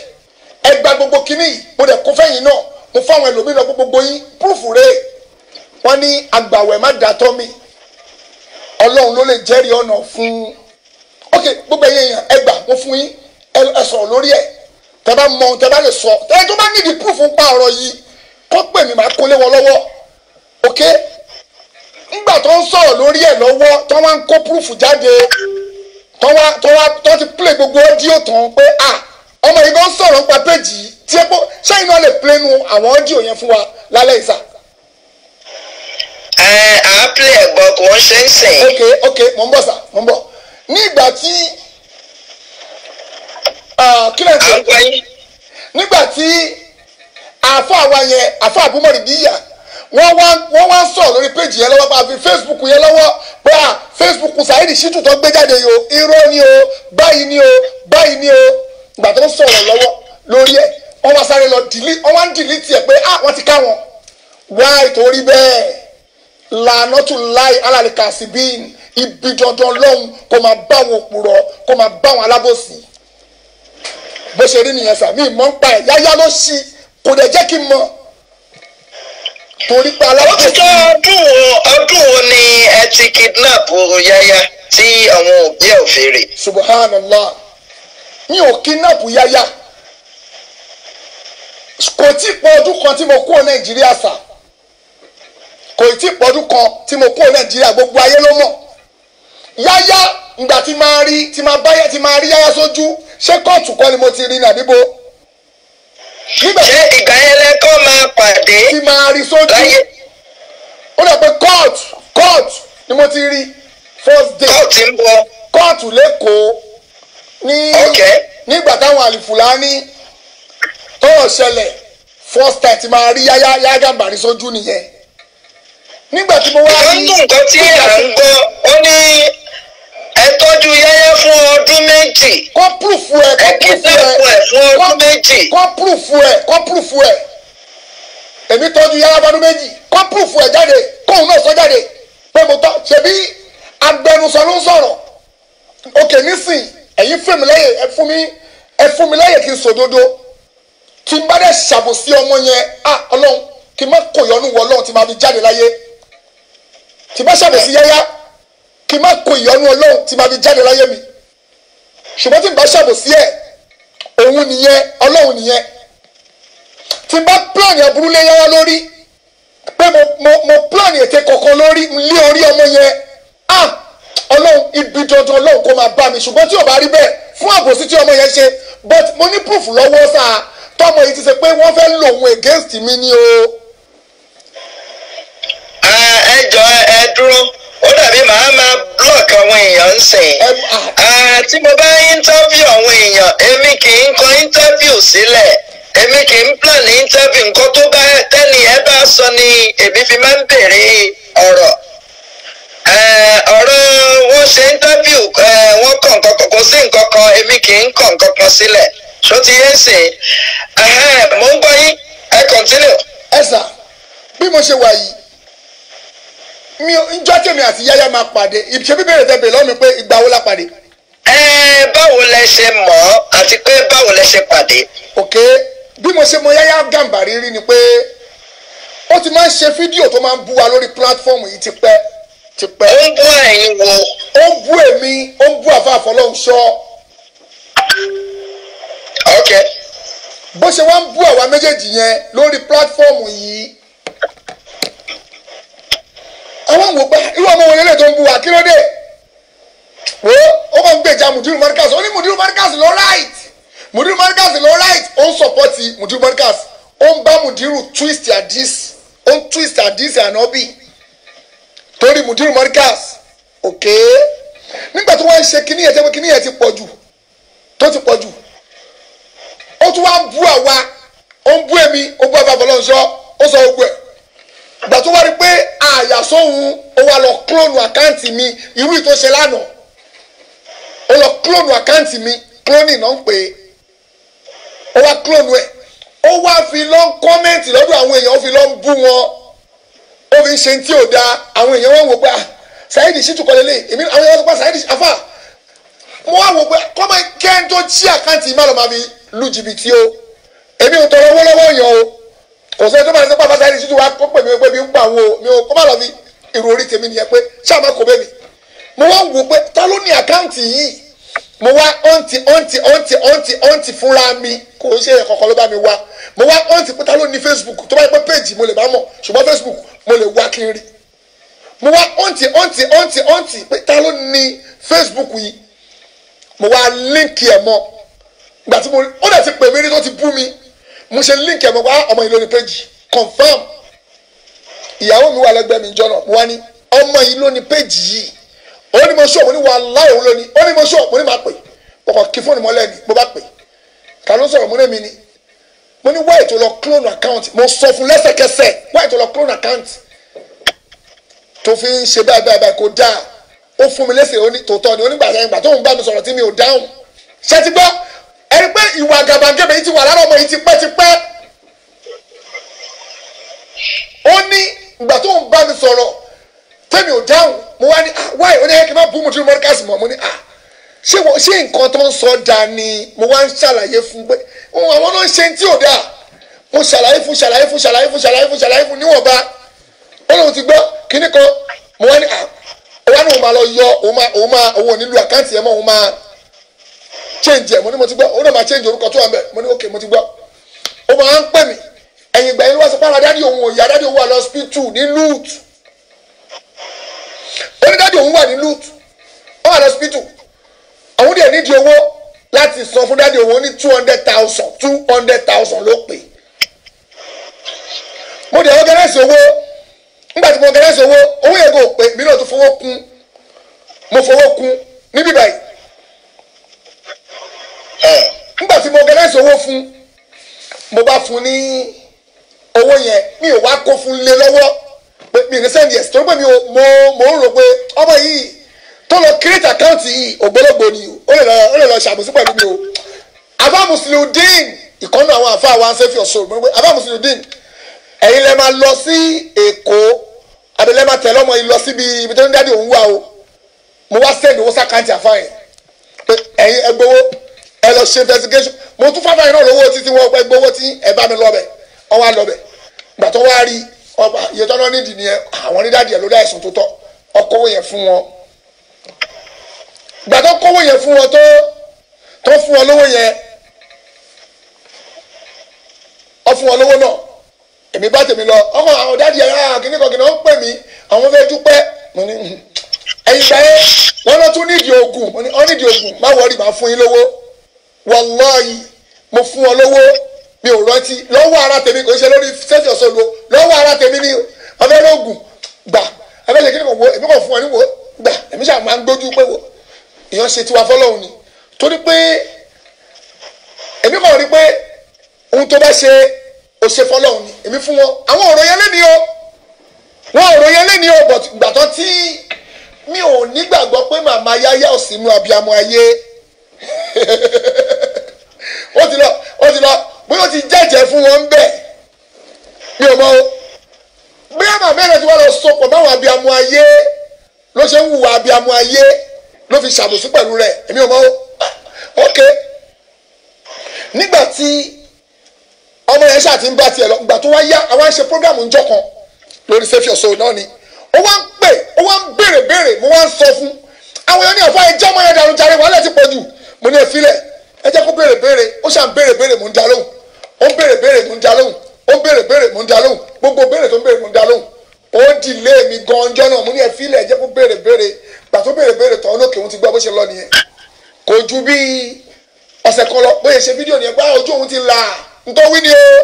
Speaker 4: ẹ gba gbogbo kínní mo dẹ̀ kó fẹ́yìn náà mo fáwọn ẹlòmíràn gbogbo yín púrúfù rèé wọ́n ní agbàwẹ̀ má dàtọ́ mi ọlọ́run ló lè jẹ́rìí ọ̀nà fún ok gbogbo ẹ̀yẹ èèyàn ẹgbà mo fún yín ẹ sọ̀rọ̀ lórí ẹ̀ tẹ bá mọ tẹ bá lè sọ tẹ tó bá nídìí púrúfù pa ọ̀rọ̀ yìí kó pè mí máa kólé wọn lọ́wọ́ ok ńgbà tó ń sọ̀rọ̀ lórí ẹ̀ lọ́wọ́ tó wá ń kó púrúfù jáde tó wá tó wá tó ti play gbogbo ọ́díò tán pé à ọmọ yìí gan sọ̀rọ̀ nípa péjì yìí tí ẹ pọ́ ṣẹ́yìn náà lè play nu àwọn ọ́díò yẹn fún wa lálẹ́ ìsà. ẹ à á play ẹ̀gbọ́n kò ń ṣe ń sìn. ok ok mò ń bọ̀ sà mò ń bọ̀ ní ìgbà tí kílẹ̀ ń sọ nígbà tí àfọ àwa yẹn àfọ àbúmọ̀rì bíyà wọ́n wá wọ́n wá sọ̀rọ̀ lórí péjì yẹn lọ́wọ́ pa àfi facebook yẹn lọ́wọ́ pé à facebook Saheed Shittu tó gbé jáde yìí o irọ́ ni o báyìí ni o báyìí ni o ìgbà tó ń sọ̀rọ̀ lọ́wọ́ lórí ẹ̀ wọ́n wá sáré lọ delete wọ́n wá ń delete ẹ̀ pé ah wọ́n ti ká wọn wáì torí bẹ́ẹ̀ lànà tún láì alàlìkà sí bí ibi dandan lọ́hùn kó máa bá wọn òpùrọ̀ kó máa bá wọn alábòsí bó ṣe rí nìyẹn sàmì ìmọ̀ ń pa ẹ̀ yáyá ló ṣí torí pé aláwọ̀. òtítọ́ ọdún ọdún wo ni ẹ ti kidnap yaya tí àwọn òbí ẹ̀ ò fèrè. subhanallah mi ò kidnap yaya kò tí pọ ọdún kan tí mo kúrò nàìjíríà sà kò tí pọ ọdún kan tí mo kúrò nàìjíríà gbogbo ayé ló mọ yaya ìgbà tí máa rí tí máa báyà tí máa rí yáyá sójú ṣé kóòtù kan ni mo ti rí nàbíbo ṣé ìgbà yẹn lẹ́kọ́ máa pàdé. ti máa rí sójú ó dà pé court court ni mo ti rí first day court ń bọ court lẹ́kọ̀ọ́ ní nígbà táwọn àlìfùlání tọ́rọ̀ ṣẹlẹ̀ first time ti máa rí yáyá yáyá bàrí sójú nìyẹn nígbà tí mo wá rí. ìyọ́nù nǹkan tí à ń gbọ́ ó ní
Speaker 2: ẹ tọ́jú yẹ́yẹ́ fún ọdún méjì. kọ́ púrùfù ẹ̀ kọ́ púrùfù ẹ̀
Speaker 4: fún ọdún méjì. kọ́ púrùfù ẹ̀ kọ́ púrùfù ẹ̀ èmi tọ́jú yẹ́yẹ́ fún ọdún méjì kọ́ púrùfù ẹ̀ jáde kóun náà sọ jáde pé mo tọ́ ṣèbí agbẹnusọ ló ń sọ̀rọ̀ òkè nísìn ẹ̀yin fún mi lẹ́yìn ẹ fún mi ẹ fún mi lẹ́yìn kí n sòdodo tí n bá dẹ̀ ṣàbòsí ọmọ yẹn ah ọlọ́run kí n má kòyọ́nù wọ ọlọ́run tí n má fi jáde láyé tí n bá ṣàbòsí yẹ́yẹ́ kí n má kó ìyọnu ọlọ́run tí màá fi jáde láyé mi ṣùgbọ́n tí n bá ṣàbòsí ẹ̀ òun nìyẹn ọlọ́run nìyẹn tí n bá plan aburú lé yára lórí pé mo mo mo plan ète kọ̀ọ̀kan lórí lé orí ọmọ yẹn ah ọlọ́run ibi dandan ọlọ́run kò máa bá mi ṣùgbọ́n tí ò bá rí bẹ́ẹ̀ fún àbòsí tí ọmọ yẹn ṣe but mo ní proof lọ́wọ́ sáà tọmọ yìí ti ṣe pé wọ́n fẹ́ lò òun against mi ni o. ẹ jọ ẹ dúró
Speaker 2: ó dàbí màá máa block àwọn èèyàn ń sìn mo bá interview àwọn èèyàn èmi kì í kọ interview sílẹ̀ èmi kì í plan interview nǹkan tó bá tẹ́ni ẹ bá sọ ni èmi fi máa ń bèrè ọ̀rọ̀ ọ̀rọ̀ wọ́n ṣe interview wọ́n kọ̀ nǹkan kan kò sí nǹkan kan èmi kì í kọ̀ nǹkan kan sílẹ̀
Speaker 4: ṣó ti yé sìn mo ń gbọ́ yín ẹ continue. ẹ sà bí mo ṣe wà yìí mi ò ń jọ́ tèmi àti yáyá máa pàdé ṣé bíbélì tẹ bèèrè lọ́mi pé ìgbà wo la pàdé. ẹ báwo lẹ ṣe mọ̀ àti pé báwo lẹ ṣe pàdé. ok bí mo ṣe mọ̀ yáyá Gàmbàrí rí ni pé ó ti máa ń ṣe fídíò tó máa ń bú wa lórí platform yìí ti pẹ́ ó ń bú ẹ̀yin wo. ó ń bú èmi ó ń bú àfa àfọlọ́húnṣọ́. ok. bó ṣe wá ń bú àwa méjèèjì yẹn lórí platform yìí àwọn wò pé irú ọmọ wọlé lè tó ń bu wa kí ló dé wo ó kàn ń gbèjà mùdírù Markaz ó ní mùdírù Marcus ló right mùdírù Marcus ló right ó ń sọpọ́tì mùdírù Marcus. ó ń bá mùdírù twist àdís ó ń twist àdís ànábì torí mùdírù Markaz òkè nígbà tí wọ́n ń ṣe kíní yẹn tẹ́wọ́ kíní yẹn ti pọ̀ jù tó ti pọ̀ jù ó tún wá ń bú àwa ó ń bú èmi ó bú àbábọ̀ lọ́nṣọ́ ó sọ gbogbo ẹ̀ ìgbà tó wá rí pé àyàsóhun ó wá lọ klónù àkáǹtì mi irú ìtò ṣe lánàá ó lọ klónù àkáǹtì mi klónì náà ń pè é ó wá klónù ẹ̀ ó wá fi lọ ń kọ́mẹ́ǹtì lọ́dọ̀ àwọn èèyàn ó fi lọ ń bú wọn ó fi ń ṣe tí ò dáa àwọn èèyàn wọn wò pé ah, Saheed Shittu kọ́ lélẹ̀ èmi àwọn èèyàn wọn sọ pé Saheed afa mo wá wò pé kọ́mọ̀ kẹ́ńtó jí àkáǹtì má lọ́ọ́ máa fi lu jìbìtì o èmi ò tọrọ owó lọ́wọ́ èèyàn o kò sẹ́ni tó máa ń sẹ́pà fásitì àìsí wa kó pè mí pé mi ń pa àwọn mi ò kó má lọ fi èrò orí tèmi nìyẹn pé ṣáàmà kò bẹ́ẹ̀ mi mo wá wò pé ta ló ní àkáǹtì yìí mo wá ọ̀ǹtì ọ̀ǹtì ọ̀ǹtì ọ̀ǹtì ọ̀ǹtì fúnra mi kò ṣe é kọ̀ọ̀kan ló bá mi wá mo wá ọ̀ǹtì pé ta ló ní Facebook tó bá yẹ pé péèjì mo lè bá mọ̀ ṣùgbọ́n Facebook mo lè wá kí n rí mo wá ọ̀ǹtì ọ̀ǹtì ọ̀ǹtì ọ̀ǹtì pé ta ló ní Facebook yìí mo wá líǹkì ẹ̀ mọ́ gbàtí mo ó dẹ̀ ti pè mí rí tó ti bú mi mo ṣe link ẹ̀ mọ́ wá ọmọ yìí lóní péjì confam ìyàwó mi wà lẹ́gbẹ̀ẹ́ mi jọ́nà mo wá ní ọmọ yìí lóní péjì yìí ó ní mo sọ mo ní wà láì òun ní mo mo ní máa pè kọkọ kí fóònù mọ́lẹ̀ ni mo bá pè ta ló sọ̀rọ̀ mo ní mi ni mo ní wáyé tó lọ clone account mo sọ fún lẹ́sẹ̀kẹsẹ̀ wáyé tó lọ clone account tó fi ń ṣe báyìí báyìí kò dáa ó fún mi lẹ́sẹ̀ tòótọ́ ni onígbà mi sọ̀rọ̀ tí ẹni pé ìwà gàbàgẹ́bẹ̀ yìí ti wà lára ọmọ yìí tipẹ́tipẹ́ ó ní ìgbà tó ń bá mi sọ̀rọ̀ tẹ́mi ò dáhùn mo wá ní ah, wáyé oníyẹ kí n má bú mu tí mo ká sì mọ̀ mo ní à ah, ṣé nǹkan tó ń sọ dáa ni mo wá ń ṣàlàyé fún pé àwọn náà ń ṣe tí ò dáa mo ṣàlàyé fún ṣàlàyé fún ṣàlàyé fún ṣàlàyé fún ṣàlàyé fún níwọ̀nba ó lóun ti gbọ́ kíní kan mo wá ní à ah, ó wá ní òun máa lọ yọ òun máa òun máa òun ò ní lu àkáǹtì ẹ̀ mọ́ òun máa change ẹ̀ mo ní mo ti gbọ change orúkọ tó wà mẹ́ mo ok mo ti gbọ ó máa ń pè mí ẹ̀yìn ìgbà yẹn wá sọ pàrọ̀ òun òun wà lọ hospital ní lut ó ní òun wà ní ó lọ nídìí owó láti san fún dádì òun ní two hundred thousand two hundred thousand ló pè mo dẹ̀ owó nígbà tí mo owó owó yẹn kò pè mí náà tó mo fowó kún nígbà tí mo organize owó fún mo bá fún ní owó yẹn mi ò wá kó fún lé lọ́wọ́ pé mi ní send yes torí pé mi ò mo mo ń rò pé ọmọ yìí tó lọ create account yìí ògbólógbò ni o lè lọ ó lọ ṣàbùsí pẹ̀lú mi o abá musuludin ìkọ́nù àwọn àfa wa ṣe fi ọ̀ṣọ́ mo pé abá musuludin ẹ̀yin lẹ́ máa lọ sí èkó àbí lẹ́ máa tẹ̀lé ọmọ yìí lọ síbi ibi tó ń dádì òun wà o mo wá send owó sákàǹtì àfa yẹn pé ẹ̀yin ẹ gbowó. ẹ lọ ṣe investigation mo tún fáfáyé náà lówó títí wọn ọgbẹ gbowó tí ẹ bá mi lọbẹ ọwọ lọbẹ gbà tó wá rí ọba iye tọ́nà nídìí nìyẹn àwọn onídàájì ẹ ló dá ẹ̀sùn tó tọ́ ọkọ̀wé yẹn fún wọn gbà tó kówó yẹn fún wọn tó tó fún wọn lówó yẹn ọ fún wọn lówó náà èmi bá tèmi lọ ọkọ àwọn dáàdi ẹ ah kìnnìkan kìnnìkan ń pè mí àwọn fẹẹ dúpẹ́ mo ní hmm. ẹ̀yìn gbà yẹn wọn lọ tún nídìí oògùn mo ní ọ nídìí oògùn má wọrí màá fún yín lówó. yi mo fún ọ mi ò rántí lọ́wọ́ ara tèmi kò ṣe lórí sẹ́sì lọ́wọ́ ara tèmi ni ọlọ́lọ́gùn gbà abẹ́lẹ̀ kí ni kò wo èmi kò fún wọn ní wo gbà èmi ṣáà máa ń gbójú tiwa fọlọ́hún ni torí pé èmi kò rí pé ohun tó bá ṣe ò ṣe fọlọ́hún ni èmi fún wọn àwọn yẹn lẹ́ni o wọn ọ̀rọ̀ yẹn lẹ́ni o gbàtọ́ tí mi ò nígbàgbọ́ pé màmá yáyá ó ti lọ ó ti lọ bóyá ó ti jẹ́jẹ́ fún wọn bẹ́ẹ̀ mi ò mọ o bóyá màmá ẹ̀rọ ti wá lọ sopọ̀ báwọn abiamu ayé ló ṣe ń wùwà abiamu ayé ló fi ṣàbùsùn pẹ̀lú rẹ̀ èmi ò mọ o ok nígbà tí ọmọ yẹn ṣáà ti ń bá tiẹ̀ lọ ìgbà tó wá yá àwọn àṣẹ prógámù ń jọ kan lórí save your soul náà ni ó wá ń pè ó wá ń béèrè béèrè mo wá ń sọ fún àwọn èèyàn ní ọ̀fọ̀ ẹjọ́ ọmọ yẹn dànù jàre wàhálà ti pọ̀ jù mo ní efilẹ̀ ẹ jẹ́ kó béèrè béèrè ó ṣàn béèrè béèrè mò ń da lóhùn ó ń béèrè béèrè mò ń da lóhùn ó ń béèrè béèrè mò ń da lóhùn gbogbo béèrè tó ń béèrè mò ń da lóhùn ó di ilé mi gan ọjọ́ náà mo ní efilẹ̀ ẹ jẹ́ kó béèrè béèrè gbà tó béèrè béèrè tán lókè òun ti gbọ́ bó ṣe lọ nìyẹn kò ju bí ọ̀sẹ̀ kan lọ bóyá ṣe fídíò nìyẹn gbá ah, ojú òun ti là ntọ́wí ni o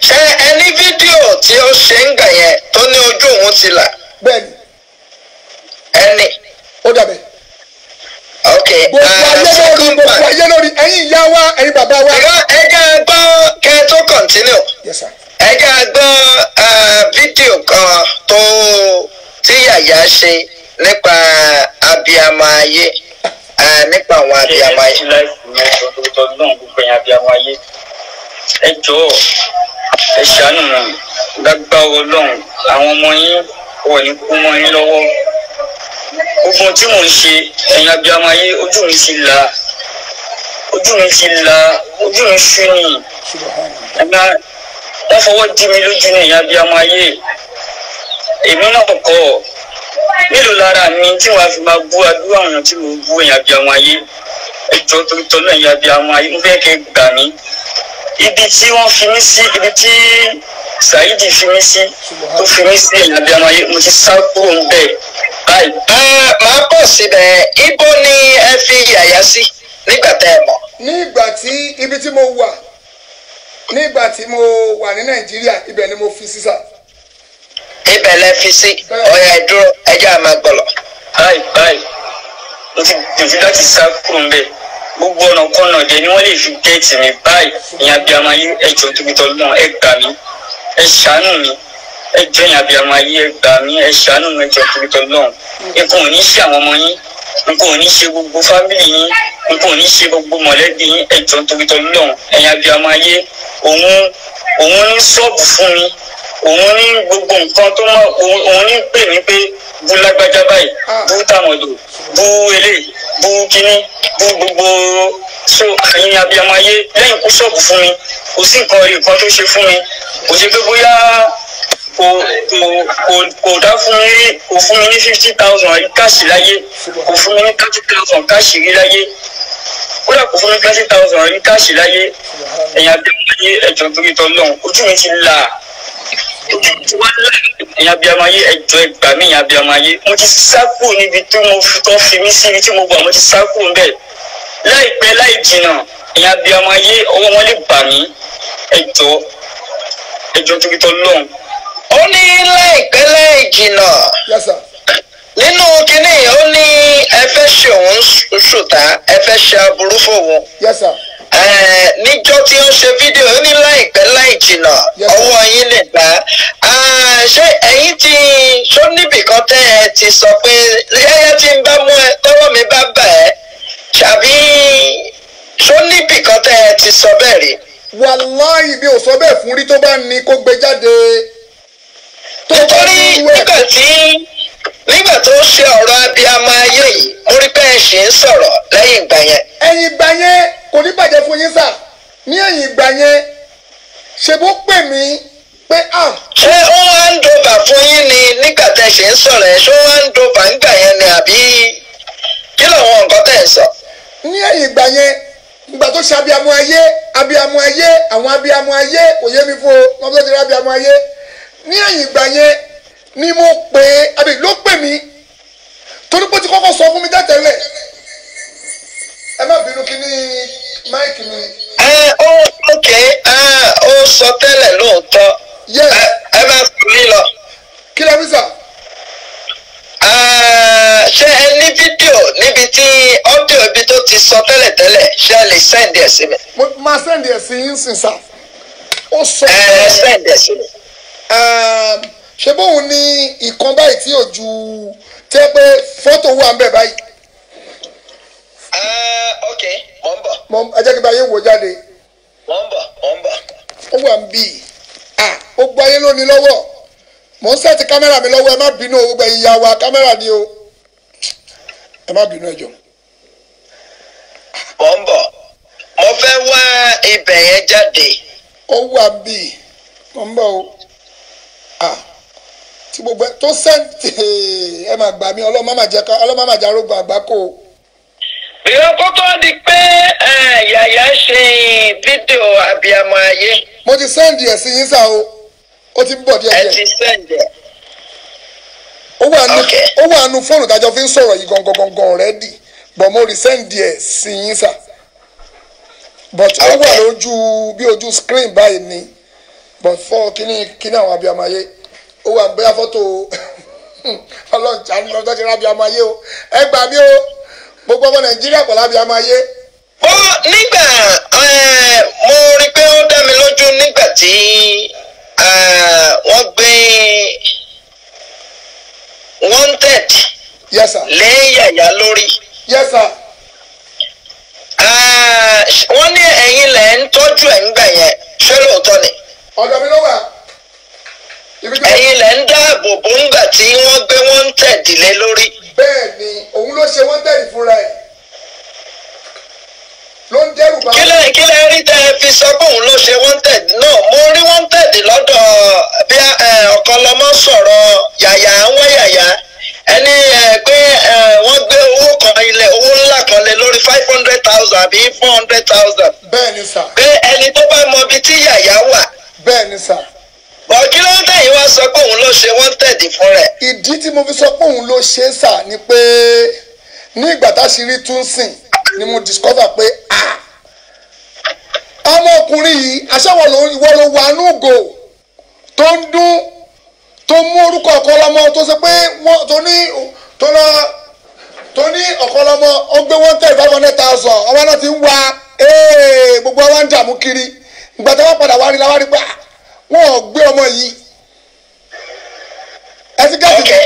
Speaker 4: ṣe ẹni fídíò
Speaker 2: tí ó ṣe ń gàn yẹn tó ní ojú òun ti là. bẹ́ẹ̀ni. ẹni.
Speaker 4: ó dàbẹ̀ gbogbo ayé lórí gbogbo ayé lórí ẹ̀yin ìyá wa ẹ̀yin bàbá wa. ẹ jẹ́ gbọ́ kẹ́ tó kọ̀ntínú ẹ jẹ́ gbọ́
Speaker 2: fídíò kan tó tí yàyà ṣe nípa abiyamọ ayé nípa àwọn abiyamọ ayé. ẹ jọ̀ọ́ ẹ ṣàánú mi
Speaker 1: gbàgbà Ọlọ́run àwọn ọmọ yín wọ̀ ní kú mọ́ yín lọ́wọ́ gbogbo tí mò ń ṣe ẹ̀yin abiyamọ ayé ojú mi ti là ojú mi ti là ojú mi ṣú ni ẹ̀ma wọ́n fọwọ́ dí mi lójú ní ẹ̀yin abiyamọ ayé èmi náà kọ́ mélòó lára mi tí wàá fi máa bú adúrà ọ̀nà tí mo bú ẹ̀yin abiyamọ ayé ẹ̀jọ̀ tó tọ́ náà ẹ̀yin abiyamọ ayé mo fẹ́ kẹ́ gbà mí ibi tí wọ́n fi mí sí ibi tí Saidi fi mí sí
Speaker 2: tó fi mí sí ẹ̀yà abiyamọ yìí mo ti sá kúrò ń bẹ̀ báyìí.
Speaker 5: màá
Speaker 4: pọ̀ síbẹ̀ ibo ni ẹ fi yàyà sí nígbà tẹ́ ẹ mọ̀. nígbà tí ibi tí mo wà nígbà tí mo wà ní Nàìjíríà ibẹ̀ ni mo fi sí sà. ibẹ̀ lẹ fi sí ọ̀yà ìdúró ẹjọ́ àmàgbọ̀lọ̀. báyìí
Speaker 1: báyìí mo ti gbìyànjú láti sá kúrò ń bẹ̀ gbogbo ọ̀nà kọ́nà dẹ̀ ni wọ́n lè
Speaker 5: fi gẹ̀ẹ́tì mi báyìí ní abiyamọ yìí ẹjọ́ tóbi tọ́lọ́ ẹ gbà mí ẹ ṣàánú
Speaker 1: mi ẹjọ́ ní abiyamọ yìí ẹ gbà mí ẹ ṣàánú mi ẹjọ́ tóbi tọ́lọ́ nǹkan ò ní ṣe àwọn ọmọ yín nǹkan ò ní ṣe gbogbo fámìlì yín nǹkan ò ní ṣe gbogbo mọ̀lẹ́bí yín ẹjọ́ tóbi tọ́lọ́ ẹ̀yin abiyamọ yìí òun òun ní mi òun ní gbogbo nǹkan tó mọ òun ní pè mí pé bú lágbájá báyìí bú tàmọ̀dò bú eléyìí bu kínní bu gbogbo so àyìn abiyamọ ayé lẹ́yìn kó ṣọ́ọ̀bù fún mi kò sí nǹkan rí nǹkan tó ṣe fún mi kò ṣe pé bóyá kò kò kò dá fún mi kò fún mi ní fifty thousand káàṣì láyé kò fún mi ní thirty thousand káàṣì rí láyé kódà kò fún mi thirty thousand rí káàṣì láyé ẹ̀yìn abiyamọ ayé ẹ̀jọ̀ torí tọ́ lọ́hùn ojú mi ti là ìyá bí ọmọ yé ẹjọ ẹgbà mí ìyá bí ọmọ yé mo ti sá kù níbi tí mo fi kọ́ fi mí síbi tí mo gbà mo ti sá kù níbẹ̀ láìpẹ́ láì jìnnà ìyá bí ọmọ yé ọwọ́ wọn lè bà mí ẹjọ ẹjọ tó fi tọ́ lọ́hùn.
Speaker 2: ó ní láìpẹ́ láì jìnnà nínú kínní ó ní ẹ fẹ́ ṣe òun ṣùtá ẹ fẹ́ ṣe aburú fóun. Yes sir Eh, níjọ́ tí ó ṣe fídíò ó ní láìpẹ́ láì jìnnà ọwọ́ yín lè gbà á ah, ṣé ẹ̀yin ti ṣó níbì kan tẹ́ ẹ ti sọ pé yẹ́yẹ́ tí ń bá mú ẹ tọ́wọ́ mi bá bà ẹ́ ṣàbí ṣó níbì kan
Speaker 4: tẹ́ ẹ ti sọ bẹ́ẹ̀ rí. wàláhì bí ò sọ bẹ́ẹ̀ fún rí tó bá ní kó gbé jáde. nítorí nígbà tí nígbà tó ṣe ọ̀rọ̀ abiyamọ
Speaker 2: ayé yìí mo rí bẹ́ẹ̀ ṣe ń sọ̀rọ̀ lẹ́yìn
Speaker 4: ìgbà yẹn. ẹ̀yìn ìgbà yẹn kò ní bàjẹ́ fún yín sà ní ẹ̀yìn ìgbà yẹn ṣe bó pè mí pé à.
Speaker 2: ṣé ó wá ń dọ̀bà fún yín ni nígbà tẹ́ ṣe ń sọ̀rọ̀ ẹ̀ ṣé ó wá ń dọ̀bà ńgbà yẹn ni àbí
Speaker 4: kí làwọn nǹkan tẹ̀ ń sọ. ní ẹ̀yìn ìgbà yẹn ìgbà tó ṣe abiyamọ ayé abiyamọ ayé àwọn abiyamọ ayé kò mi fún o wọn fẹ́ẹ́ ṣe abiyamọ ayé ní ẹ̀yìn ìgbà yẹn ni mo pè é àbí ló pè mí torí pé ó ti kọ́kọ́ sọ fún mi tẹ́tẹ́lẹ̀ ẹ má bínú kí ní máìkì mi. ẹ ó ókè
Speaker 2: ó sọ tẹ́lẹ̀ lóòótọ́
Speaker 4: ẹ
Speaker 2: má sọ mí lọ. kí ló ń sà. ṣé ẹ ní fídíò níbi tí ọ́díò ibi tó ti sọ tẹ́lẹ̀ tẹ́lẹ̀ ṣé ẹ lè sẹ́ǹdì ẹ̀ sí mi.
Speaker 4: mo máa sẹ́ǹdì ẹ̀ sí yín sìn sà. ó sọ ẹ sẹ́ǹdì ẹ̀ sí mi. Um, ṣé bóun ní ìkan báyìí tí òjú tẹ́ pé fọ́tò wà ń bẹ̀ báyìí. Eh, ok mò ń bọ̀. mọ ẹ jẹ́ kí n bá yín wò jáde. mò ń bọ̀ mò ń bọ̀. ó wà ń bì í à ó gbọ́ ayé lónìí lọ́wọ́ mò ń sẹ́ẹ̀tì kámẹ́rà mi lọ́wọ́ ẹ má bínú o gbẹ̀yìn ìyá wa kámẹ́rà ni o ẹ má bínú ẹ jọ. mò ń bọ̀ mo fẹ́ wá ibẹ̀ yẹn jáde. ó wà ń bì í mò ń bọ̀ o. Ah tí gbogbo tó sẹ́ǹtì ẹ máa gbà mí ọlọ́mọ máa jẹ ká ọlọ́mọ máa jẹ arógbó àgbákò.
Speaker 2: ìyẹn kó tó di pé yàyà ṣe fídíò àbíamọ ayé.
Speaker 4: mo ti sẹ́ǹdì ẹ̀ sí yín sá o ó ti bọ̀ díẹ̀ díẹ̀. ẹ ti sẹ́ǹdì ẹ̀. ó wà nù fóònù tájọ fi ń sọ̀rọ̀ yìí gangan gangan ọ̀rẹ́dì bọ̀ mo rí sẹ́ǹdì ẹ̀ sí yín sá but ó wà lójú bí ojú screen báyìí ni but fọ́ kíní kíní àwọn àbíamọ ayé. ó wà ń bẹ́yà fọ́tò ọlọ́ọ̀jà ń lọ tó ti o ẹ gbà mí o gbogbo ọmọ nàìjíríà pọ̀ ó nígbà mo rí pé ó dá mi lójú nígbà tí
Speaker 2: wọ́n gbé wanted lé yàyà lórí. yes sir wọ́n ní ẹ̀yin lẹ̀ ń tọ́jú ẹ̀ ń gbà yẹn ṣé lóòótọ́ ni. ọ̀dọ̀ mi ló wà. ẹ̀yin lẹ ń dáàbò bò ń tí wọ́n gbé wọ́n ń tẹ̀dílé lórí. bẹ́ẹ̀ ni òun ló ṣe wọ́n tẹ̀lé fúnra ẹ̀ ló ń dẹ́rù bá. kílẹ̀ kílẹ̀ rí tẹ́ ẹ fi sọ pé òun ló ṣe wanted náà mo rí wanted lọ́dọ̀ bí ọ̀kọ́lọ́mọ sọ̀rọ̀ yàyà àwọn yàyà ẹni pé wọ́n gbé owó kan ilẹ̀ owó ńlá kan lé lórí five hundred thousand àbí four hundred thousand. bẹ́ẹ̀ ni sà. pé ẹni tó bá mọ ibi tí yàyà wà. bẹ́ẹ̀ sà bọ̀ kí ló ń
Speaker 4: tẹ̀yìn wá sọ pé òun ló ṣe wanted fún rẹ̀. ìdí tí mo fi sọ pé òun ló ṣe é sà ni pé ní ìgbà táṣírí tún sìn ni mo discover pé ọmọkùnrin yìí aṣáwọ̀ ló ìwọ ló wà núgò tó ń dún tó mú orúkọ ọ̀kọ́lọ́mọ tó ṣe pé wọ́n tó ní tó lọ tó ní ọ̀kọ́lọ́mọ ó gbé wọ́n tẹ̀ five hundred thousand ọmọ náà ti ń wa eh, gbogbo wa ń dààmú kiri ìgbà tí wọ́n padà wá rí la wá rí pé wọn ò gbé ọmọ yìí ẹ ti gẹ́sì.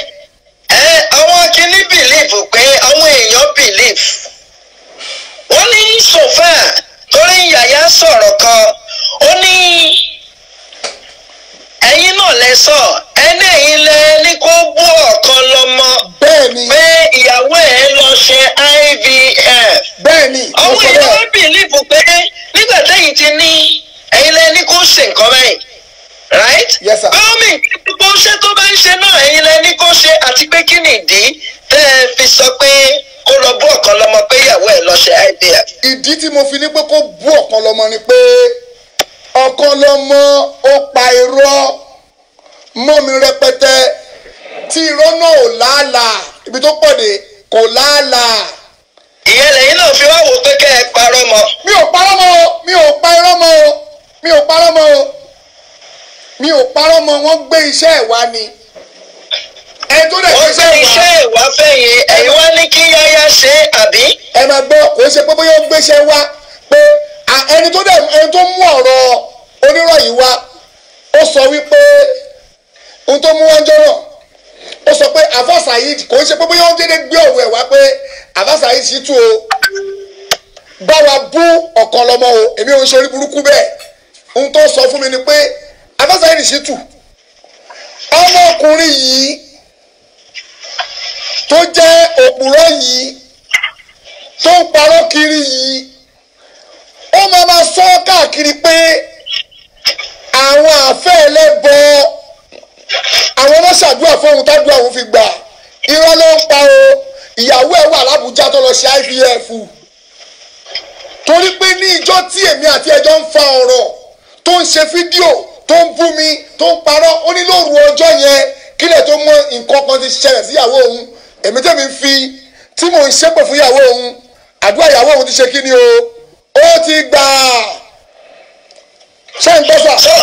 Speaker 4: ọlọ́mọ ó pa irọ́ mọ́ mi rẹpẹtẹ tí irọ́ náà ò láàlà ibi tó pọ̀ dé kò láàlà. ìyẹn lẹ́yìn náà fi wá wò pé kẹ́ ẹ parọ́ mọ́. mi ò parọ́ mọ́ o mi ò pa mọ́ o mi ò parọ́ mọ́ o mi ò parọ́ mọ́ wọ́n gbé iṣẹ́ ẹ̀ wá ni ẹni tó dẹ̀ ṣe iṣẹ́ ìwà. ó gbé iṣẹ́ ìwà fẹ̀yìn ẹ̀yin wá ní kí yáyá ṣe àbí. ẹ máa gbọ́ kò ṣe pé bóyá ó gbéṣẹ́ wá pé ẹni tó dẹ̀ ẹni tó mú ọ̀rọ̀ oníròyìn wa ó sọ wípé ohun tó mú wọn jọ́nà ó sọ pé Alfa Saheed kò ń ṣe pé bóyá ó dédé gbé òwe wá pé Alfa Saheed sì tú o bá wa bú ọ̀kan lọ́mọ o èmi ò ń ṣe orí burúkú bẹ́ẹ̀ ohun tó sọ fún mi ni pé Alfa Saheed sì tú ọmọkùnrin yìí tó jẹ́ òpùrọ́ yìí tó ń parọ́ kiri yìí ó máa ma sọ káàkiri pé àwọn àfẹ́ẹ̀lẹ́ bọ àwọn náà ṣàdúrà fóun tádùn àwọn fi gbà irọ́ ló ń pa o ìyàwó ẹ̀ wà lábújá tó lọ ṣe IVF torí pé ní ìjọ tí èmi àti ẹjọ́ ń fa ọ̀rọ̀ tó ń ṣe fídíò tó ń bú mi tó ń parọ́ ó ní lóru ọjọ́ yẹn kílẹ̀ tó mọ nǹkan kan ti ṣẹlẹ̀ síyàwó òun èmi tẹ́mi fi tí mò ń ṣépè fún ìyàwó òun àdúrà ìyàwó òun ti ṣe kí ni o ó ti gbà á ṣé ń gbọ́ sà.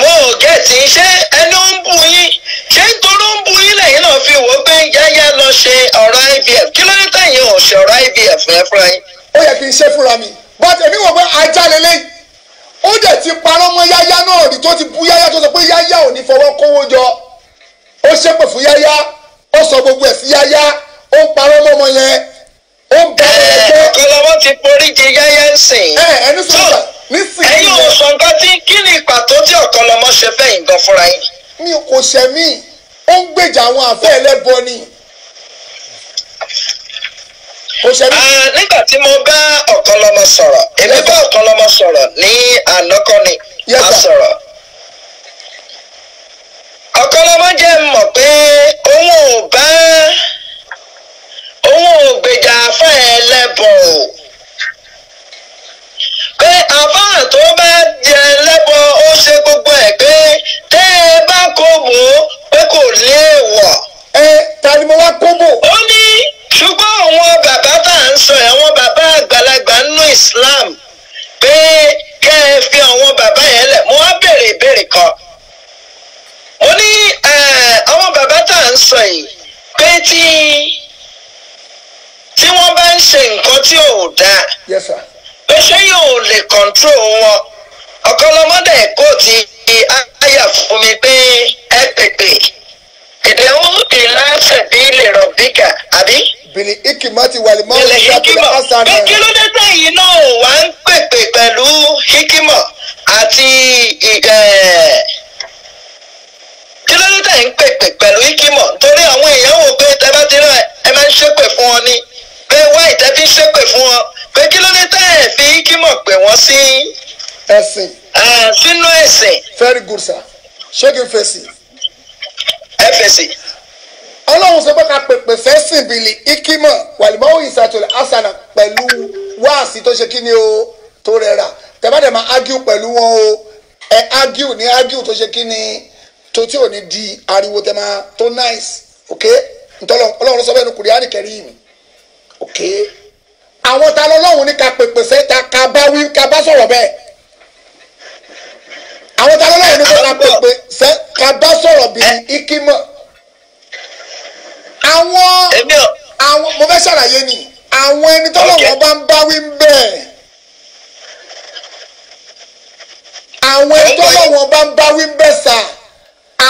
Speaker 4: àwọn ò gẹ̀ẹ́tì ṣé
Speaker 2: ẹni ó ń bu yín ṣé nítorí ó ń bu yín lẹ́yìn náà fi wò ó pé yáyá lọ ṣe ọ̀rọ̀
Speaker 4: IVF kí ló ní tẹ̀yìn ò ṣe ọ̀rọ̀ IVF yẹn fúnra yín. ó yẹ kí n ṣe fúnra mi but èmi wò pé ajá lélẹ́yìn ó dẹ̀ ti parọ́ mọ́ yáyá náà rí tó ti bú yáyá tó sọ pé yáyá ò ní fọwọ́ kówó jọ ó ṣépè fún yáyá ó sọ gbogbo ẹ̀ sí yáyá ó ń parọ́ mọ́ ọmọ yẹn ó ń bá ọmọ yẹn jẹ́. ọ̀kọ́lọ́wọ́ ti forí jẹ yáyá ń sìn. ẹ
Speaker 2: ẹni sọ̀rọ̀ nísìnyí. ẹ̀yin ò sọ nǹkan tí kí ni pàtó tí ọ̀kọ́lọmọ ṣe fẹ́yìn gan fúnra yín.
Speaker 4: mi kò ṣe mí ó ń gbèjà àwọn àfẹ́ ẹlẹ́bọ ni. kò ṣe mí. Ah, nígbà tí mo bá ọ̀kọ́lọmọ sọ̀rọ̀ èmi bá
Speaker 2: ọ̀kọ́lọmọ sọ̀rọ̀ ní ànákọ́ni a sọ̀rọ̀. ọ̀kọ́lọmọ jẹ́ mọ̀ pé òun ò bá òun ò gbèjà àfẹ́ ẹlẹ́bọ o pé àfáà tó bá jẹ lẹ́bọ ó ṣe gbogbo ẹ̀ pé tẹ́ ẹ bá kó bò ó pé kò léèwọ̀. ẹ ta ni mo wá kó bò. ó ní ṣùgbọ́n àwọn bàbá tá ń sọ àwọn bàbá àgbàlagbà nínú Islam pé kẹ́ ẹ fi àwọn bàbá yẹn lẹ̀ mo wá béèrè ìbéèrè kan ó ní àwọn bàbá tá à ń sọ yìí pé tí tí wọ́n bá ń ṣe nǹkan tí ò dáa. Yes, sir pé ṣé yóò lè control wọn ọ̀kọ́lọ́mọdé kò ti àyà fún mi pé ẹ pèpè ìdẹ̀wò ìlànsẹ̀ bí lè rọ̀ bíkà àbí. bìlì ikima ti wà lẹ́mọ́ ìlú àtúndà hasan. pé kí ló dé sẹ́yìn náà wà ń pèpè pẹ̀lú hikima àti kí ló dé sẹ́yìn pèpè pẹ̀lú hikima torí àwọn èèyàn wò pé tẹ bá ti rán ẹ máa ń ṣépè fún ọ ni pé wáyé tẹ fi ń ṣépè fún ọ. pé kí ló dé tẹ́ ẹ̀ fi kí mọ̀ pé
Speaker 4: wọ́n sí. ẹ̀sìn. sínú ẹ̀sìn. very good sir ṣé kí n fèsì. ẹ fèsì. ọlọ́run sọ pé ká pèpè fẹ́sìn bìlì ikímọ̀ wàlúmọ́ ìsàtòlẹ̀ asana pẹ̀lú wáàsí tó ṣe ni o tó máa di ariwo nice ok ntọ́lọ́ ọlọ́run sọ àwọn ta lọ́lọ́run ní ká pèpè sẹ́ ta ká bá wí ká bá sọ̀rọ̀ bẹ́ẹ̀ àwọn ta lọ́lọ́run ní ká pèpè sẹ́ ká bá sọ̀rọ̀ bí ikímọ̀ àwọn àwọn mo fẹ́ ṣàlàyé ni àwọn ẹni tọ́lọ́wọ́n bá ń bá wí ń bẹ́ẹ̀ àwọn ẹni tọ́lọ́wọ́n bá ń bá wí ń bẹ́ẹ̀ sà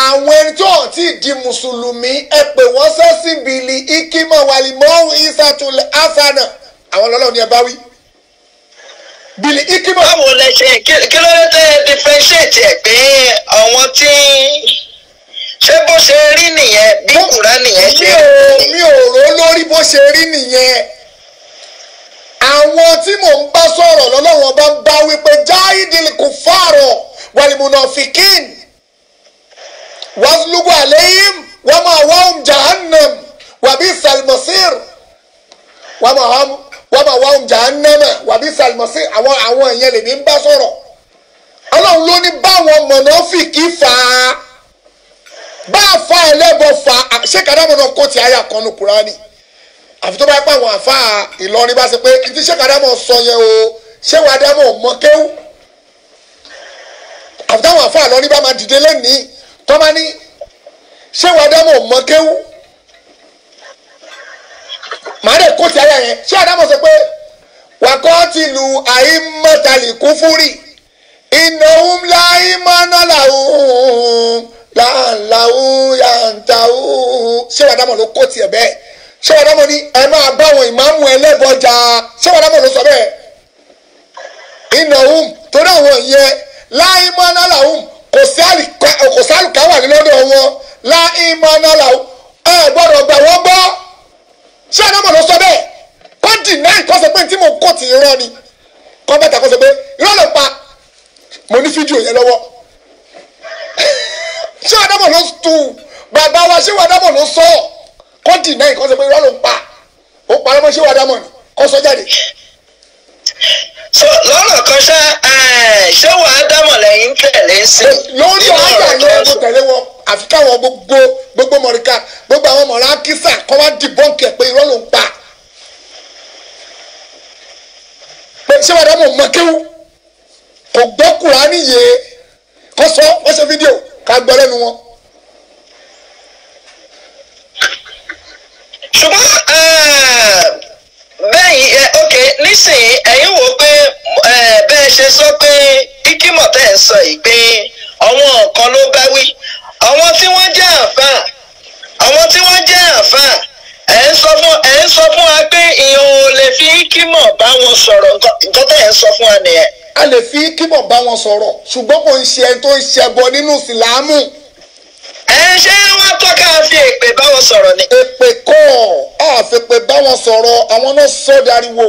Speaker 4: àwọn ẹni tó hàn tí di mùsùlùmí ẹ pè wọ́n sẹ́sìn bìlì ikímọ̀ wàlímọ́ ìsàtúnlẹ̀ àfànà àwọn lọ́lọ́run ni ẹ bá wí. bìlì ikimọ. báwo lẹ ṣe kí ló dé tẹ differentiate ẹ pé àwọn tí ṣé bó ṣe rí nìyẹn bí kùrá nìyẹn ṣe rí. mi ò rò lórí bó ṣe rí nìyẹn àwọn tí mò ń bá sọ̀rọ̀ lọ́lọ́run ọba ń bá wípé jáìdìl kò fààrọ̀ wàlìmùnà fìkín wàlúgbò àléyìn wàmà wàhùn jahannam wàbí sàlmọ̀sír wàmà wàhùn wọ́n máa wá oúnjẹ ànámà wàbí sàlùmọ́sí àwọn àwọn ìyẹn lèmi ń bá sọ̀rọ̀ ọlọ́run ló ní báwọn mọ̀nàfìkì fà á bá a fa ẹlẹ́bọ fà á ṣé kàdámọ̀ náà kó ti àyà kan ní àfi tó bá pa àwọn àfa ìlọrin bá ṣe pé ní ti ṣé kàdámọ̀ sọ yẹn o ṣé wàá dámọ̀ mọ́ kéwù àfi táwọn àfa ìlọrin bá máa dìde lẹ́nìí tó máa ní ṣé wàá dámọ̀ mọ́ kéwù màá dẹ̀ kó ti ayé yẹn ṣé àdámọ̀ sọ pé wàkọ́ ti lu àìmọ̀tàlì kún fúrì iná ńlá ìmọ̀nà làwọn làǹlàwọ̀ yàǹtàwọ̀ ṣé àdámọ̀ ló kó tiẹ̀ bẹ́ẹ̀ ṣé àdámọ̀ ni ẹ máa bá àwọn ìmáàmù ẹlẹ́bọjà ṣé àdámọ̀ ló sọ bẹ́ẹ̀ iná um torí àwọn yẹn láìmọ̀nà làwọn kò sálùkáwà ní lọ́dọ̀ wọn láìmọ̀nà làwọn ẹ gbọ́dọ̀ gbà wọ́n gbọ́ ṣé àná mọ̀ ló sọ bẹ́ẹ̀ kó dìnnáì kó sọ pé tí mo kó ti irọ́ ni kó bẹ́ẹ̀ ta kó sọ pé irọ́ ló pa mo ní fídíò yẹn lọ́wọ́ ṣé àná mọ̀ ló tu bàbá wa ṣé wàá dámọ̀ ló sọ kó dìnnáì kó sọ pé irọ́ ló pa ó parọ́ mọ́ ṣé wàá dámọ̀ ni kó sọ jáde so lọ́rọ̀ kan ṣá eh, ṣé wàá dámọ̀ lẹ́yìn tẹ̀lé sí. lórí ọ̀gá ni wọ́n kò tẹ̀lé wọn àfi káwọn gbogbo gbogbo mọ̀ríkà gbogbo àwọn mọ̀rá kísà kọ́ wá di bọ́ǹkì ẹ̀ pé irọ́ ló ń pa. pé ṣé wàá dámọ̀ mọ̀ kéwù kò gbọ́ Kùránì yé kó sọ wọ́n ṣe fídíò ká gbọ́ lẹ́nu wọn. ṣùgbọ́n
Speaker 2: eh, bẹ́ẹ̀ ẹ ok nísìnyí ẹ̀yin wò pé bẹ́ẹ̀ ṣe sọ pé ikimọ̀ tẹ̀ ń sọ yìí pé àwọn nǹkan ló bá wí àwọn tí wọ́n jẹ́ àǹfààní àwọn tí wọ́n jẹ́ àǹfààní ẹ̀ ń sọ fún ẹ̀ ń sọ fún wa pé ìyẹn ò lè fi ikimọ̀ bá wọn sọ̀rọ̀ nǹkan tẹ̀ ń sọ fún wa nìyẹn.
Speaker 4: a lè fi ikimọ̀ bá wọn sọ̀rọ̀ ṣùgbọ́n kò ń ṣe ẹni tó ń ṣẹbọ nínú ìsìlámù ẹ ṣé wọn tọ́ka fi èpè bá sọ̀rọ̀ ni. èpè kọ́ àfẹ́pẹ́ bá wọn sọ̀rọ̀ àwọn náà sọ dariwo.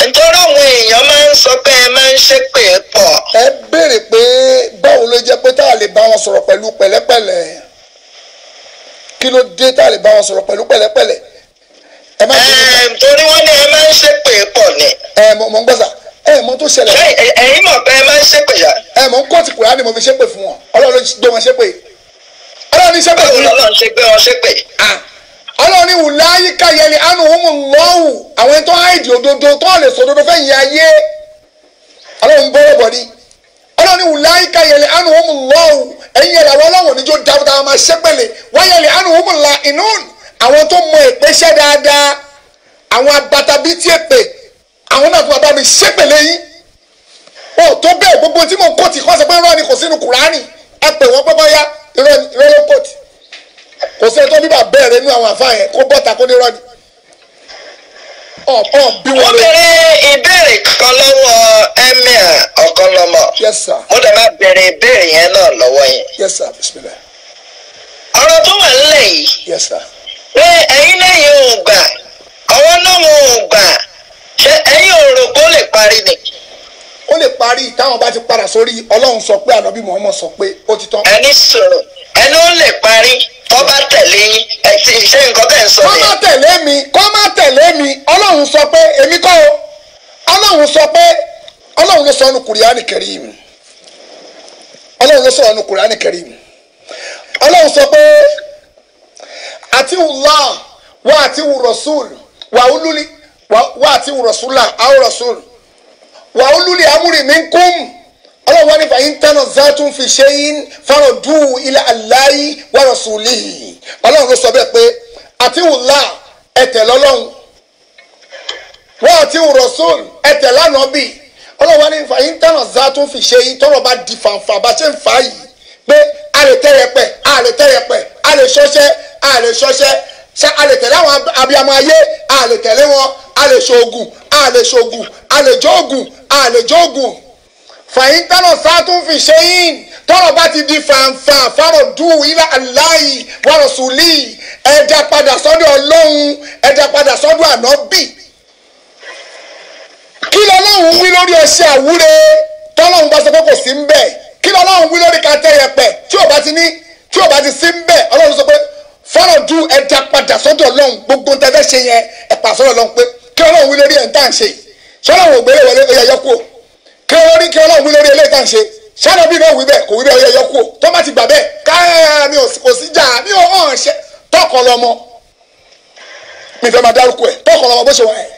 Speaker 4: nítorí àwọn èèyàn máa ń sọ pé ẹ máa ń ṣépè pọ̀. ẹ béèrè pé báwo ló jẹ́ pé tá a lè bá wọn sọ̀rọ̀ pẹ̀lú pẹ̀lẹ́pẹ̀lẹ́ kí ló dé tá a lè bá wọn sọ̀rọ̀ pẹ̀lú pẹ̀lẹ́pẹ̀lẹ́ ẹ má torí wọn ní ẹ máa ń ṣépè pọ̀ ni. ẹ mọ̀ ń gbọ́sà ẹ mọ tó ṣẹlẹ̀. ẹ̀yin mọ̀ pé ẹ máa ń ṣépè yá. ẹ mọ̀ ń kóòtù kùrá ọlọ́run ní sẹ́pẹ̀ wò lọ́wọ́ ṣe gbé anu sẹ́pẹ̀. ọlọ́run ní wùlá yíká yẹlẹ àánú òun lọ́wù àwọn ẹni tó háìdì òdodo tó lè sọ òdodo fẹ́yìn ayé ọlọ́run bọ́wọ́ bọ̀ ni ọlọ́run ní wùlá yíká yẹlẹ àánú lọ́wù ẹ̀yin yẹlẹ àwọn ọlọ́run níjó dáadáa máa sẹ́pẹ̀lẹ̀ wáyẹlẹ àánú òun la inú àwọn tó mọ ìpèsè dáadáa àwọn abatabítí èpè àwọn náà tó bá bá mi sẹ́pẹ̀lẹ̀ yín ó tó bẹ́ẹ̀ gbogbo tí mò ń kó ti kọ́ sọ pé rọ́ọ̀ni kò sínú kùránì ẹ pè wọ́n pẹ́ bọ́yá irọ́ ló kò tó bíbà bẹ̀rẹ̀ nínú àwọn àfáà yẹn kó bọ́ta kó ní mo ìbéèrè kan lọ́wọ́
Speaker 2: emir ọ̀kanlọ́mọ mo dẹ̀ máa bèrè ìbéèrè yẹn náà lọ́wọ́ yẹn. ọ̀rọ̀ tó wà nílẹ̀ pé ẹ̀yin gbà
Speaker 4: náà gbà ṣé ẹ̀yin ó lè parí táwọn bá ti padà sórí ọlọ́run sọ pé ànábì Muhammad sọ pé ó ti tán. ẹni sọ̀rọ̀
Speaker 2: ẹni ó lè parí kọ́ bá tẹ̀lé yín ẹ nǹkan tẹ̀ sọ yẹn. kọ́ má tẹ̀lé mi
Speaker 4: kọ́ má tẹ̀lé mi ọlọ́run sọ pé èmi kọ́ o ọlọ́run sọ pé ọlọ́run ló sọ ọ́nù kùrìánì kẹrìm ọlọ́run ló sọ ọ́nù kùrìánì kẹrìm ọlọ́run sọ pé àti wùlá wà àti wùrọ̀sùl wà wúlúlí wà àti wùrọ̀sùlà àwọn rọ̀sùl wà ó lulẹ̀ amúrì mi ń kún ọlọ́run wá ní fàyín tánà zátún fi ṣe yín fọ́nrán dùn ilẹ̀ aláì wa rasulihi ọlọ́run ló sọ bẹ́ẹ̀ pé àtiwùlá ẹ̀tẹ̀ lọ́lọ́run wọ́n àtiwù rasul ẹ̀tẹ̀ lánàá bì ọlọ́run wá fàyín tánà zátún fi ṣe yín tọ́rọ̀ bá di fàǹfà bá ṣe ń fà yìí pé a lè tẹ́yẹpẹ̀ a lè tẹ́yẹpẹ̀ a lè ṣọṣẹ́ a lè ṣọṣẹ́ a lè tẹ̀lé àwọn abiyamọ ayé a lè tẹ̀lé wọn a lè ṣoògùn a lè ṣoògùn a lè jọ́ògùn a lè jọ́ògùn fàyín tánà sátún fi ṣe yín tọrọ bá ti di fàǹfà fárọdù ila Allahi wa rasuli ẹja padà sọ́dọ̀ Ọlọ́run ẹja padà sọ́dọ̀ ànábì kí lọ́lọ́run wí lórí ọṣẹ àwúre tọ́lọ́run bá sọ pé kò sí ń bẹ̀ kí lọ́lọ́run wí lórí kàtẹ́ yẹpẹ̀ tí ò bá ti ní tí ò bá ti sí ń bẹ̀ Ọlọ́run sọ pé fárọdù ẹja padà sọ́dọ̀ Ọlọ́run gbogbo ń tẹ́fẹ́ ṣe yẹn ẹ̀pà sọ́dọ̀ Ọlọ́run pé kí ọlọ́run wí lórí ẹ̀ ń tà ń ṣe sọ́lọ́run ògbélé wọlé ó yẹ yọ kú o kí ọlọ́run rí kí ọlọ́run wí lórí eléyìí tà ń ṣe sọ́nà bí náà wí bẹ́ẹ̀ kò wí bẹ́ẹ̀ ó yẹ o tó má ti gbà bẹ́ẹ̀ káyà mi kò sí jà mi ò hàn ṣe tọkọ lọmọ mi fẹ́ máa dárúkọ ẹ̀ tọkọ lọmọ bó ṣe wà ẹ̀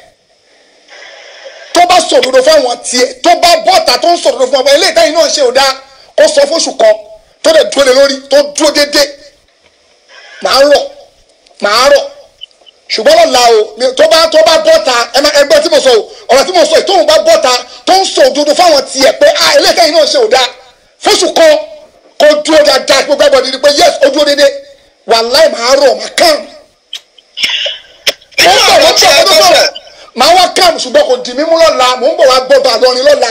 Speaker 4: tó bá sòdodo fáwọn tiẹ̀ tó bá bọ́ta tó ń sòdodo fún ọmọ eléyìí táyì náà ṣe ò dáa kó sọ fóṣù kan tó dẹ̀ dúró lórí tó dúró déédéé màá rọ̀ màá rọ̀ ṣùgbọ́n lọ́la o tó bá tó bá bọ́ta ẹgbẹ́ tí mo sọ o ọ̀rọ̀ tí mo sọ tóun bá bọ́ta tó ń sọ òdodo fáwọn tiẹ̀ pé a ah, eléyìí náà ṣe òda fóṣù kan kó dúró dáadáa gbogbo ẹgbẹ́ dídí pé yes ó dúró dédé wàláì máa rọ̀ máa kàn. mo ń bọ̀ wọ́n tẹ̀ ẹ́ lọ́sọ̀rọ̀ máa wá kàn ṣùgbọ́n kò dì mí mú lọ́la mo ń bọ̀ wá gbọ́dọ̀ àlọ́rin lọ́la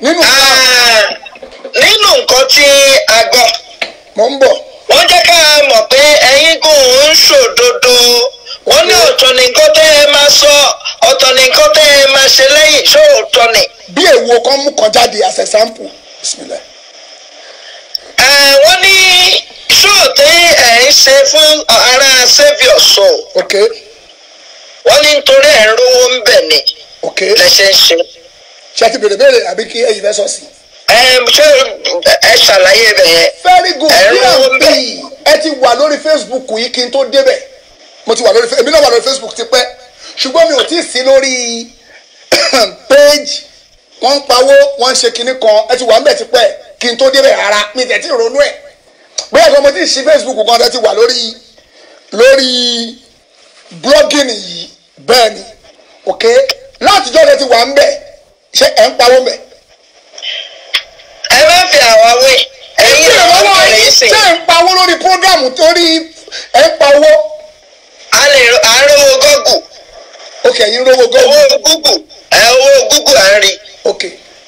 Speaker 4: nínú eh,
Speaker 2: nínú nǹkan tí a gbọ́. mo ń bọ̀. wọ́n jẹ́ ká mọ̀ pé ẹ̀yin kò ń ṣòdodo wọ́n ní ọ̀tọ̀ ní nǹkan tẹ́ ẹ máa sọ ọ̀tọ̀ ní nǹkan
Speaker 4: tẹ́ ẹ máa ṣe lẹ́yìn ṣé ni. bí èwo kan mú kan jáde as example bismillah.
Speaker 2: Eh, wọ́n ní ṣóò tí ẹ̀ ń ṣe fún ara saviour sọ. ok. wọ́n ní nítorí ẹ̀ ń rówó ń bẹ̀ ni.
Speaker 4: ok lẹ́sẹ̀ ń ṣe. ṣe ti bèrè bèrè àbí kí ẹ̀yin fẹ́ sọ sí. ẹ ṣé ẹ ṣàlàyé bẹ́ẹ̀. very good dmp ẹ ti wà lórí facebook yìí kí n tó débẹ̀ mo ti wà lórí èmi náà wà lórí facebook ti pẹ́ ṣùgbọ́n mi ò tí ì sí lórí page wọ́n ń pawó wọ́n ń ṣe kinní kan ẹ ti wà ń bẹ̀ ti pẹ́ kí n tó débẹ̀ ara mi tẹ̀ tí ronú ẹ̀ bóyá kan mo ti ṣí facebook kan tẹ́ ti wà lórí lórí blogging yìí bẹ́ẹ̀ ni ok látijọ́ tẹ́ ti wà ń bẹ̀ ṣé ẹ ń pawó mẹ́. ẹ má fi àwa wé ẹ̀yin ìrànwọ́ bẹ̀rẹ̀ yìí sè. ṣé ẹ ń pawó lórí prógámù torí ẹ ń pawó. a lè à ń rówó gọ́gù. ok ẹ̀yin rówó gọ́gù. owó gúgù ẹ owó gúgù à ń rí. ok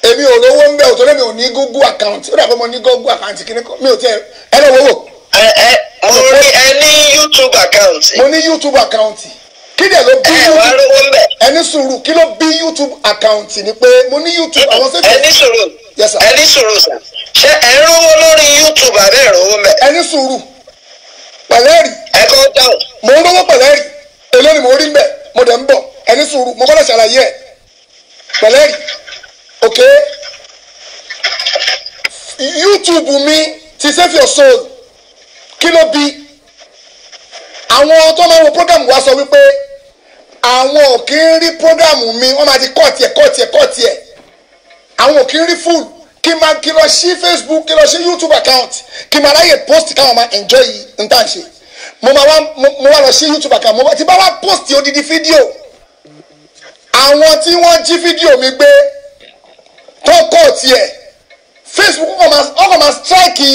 Speaker 4: èmi ò rówó ń bẹ òtò lẹ́mi ò ní gúgù àkáǹtì ó dàbọ̀ mo ní gúgù àkáǹtì kìíní mi ò tiẹ̀ ẹ lọ wọ́wọ́. ẹ ẹ mo ní YouTube account. mo ní YouTube account kí dẹ̀ ló bí youtube ẹni sùúrù kí ló bí youtube account ni pé mo ní youtube àwọn sẹ́fẹ̀. ẹni sùúrù ẹni sùúrù sà ẹ ń rówó lórí youtube àbẹ́ ìrówó mẹ́. ẹni sùúrù pẹ̀lẹ́rì. ẹ kọ́ dáhùn. mo ń rówó pẹ̀lẹ́rì èló ni mo rí mbẹ mo dẹ̀ ń bọ̀ ẹni sùúrù mo gbọ́dọ̀ ṣàlàyé ẹ̀ pẹ̀lẹ́rì ok youtube mi ti save your soul kí ló bí àwọn tó máa ń wo program wa sọ wípé àwọn ò kí ń rí programu mi wọ́n máa ti kọ́ tiẹ̀ kọ́ tiẹ̀ kọ́ tiẹ̀ àwọn ò kí ń rí full kí máa kí lọ sí Facebook kí lọ sí YouTube account kí máa ráyè post káwọn máa enjoy n tá à ń ṣe mo máa wá mo wá lọ sí YouTube account mo ti bá wá post odidi fídíò àwọn tí wọ́n jí fídíò mi gbé tó kọ́ tiẹ̀ Facebook ọkọ̀ máa strike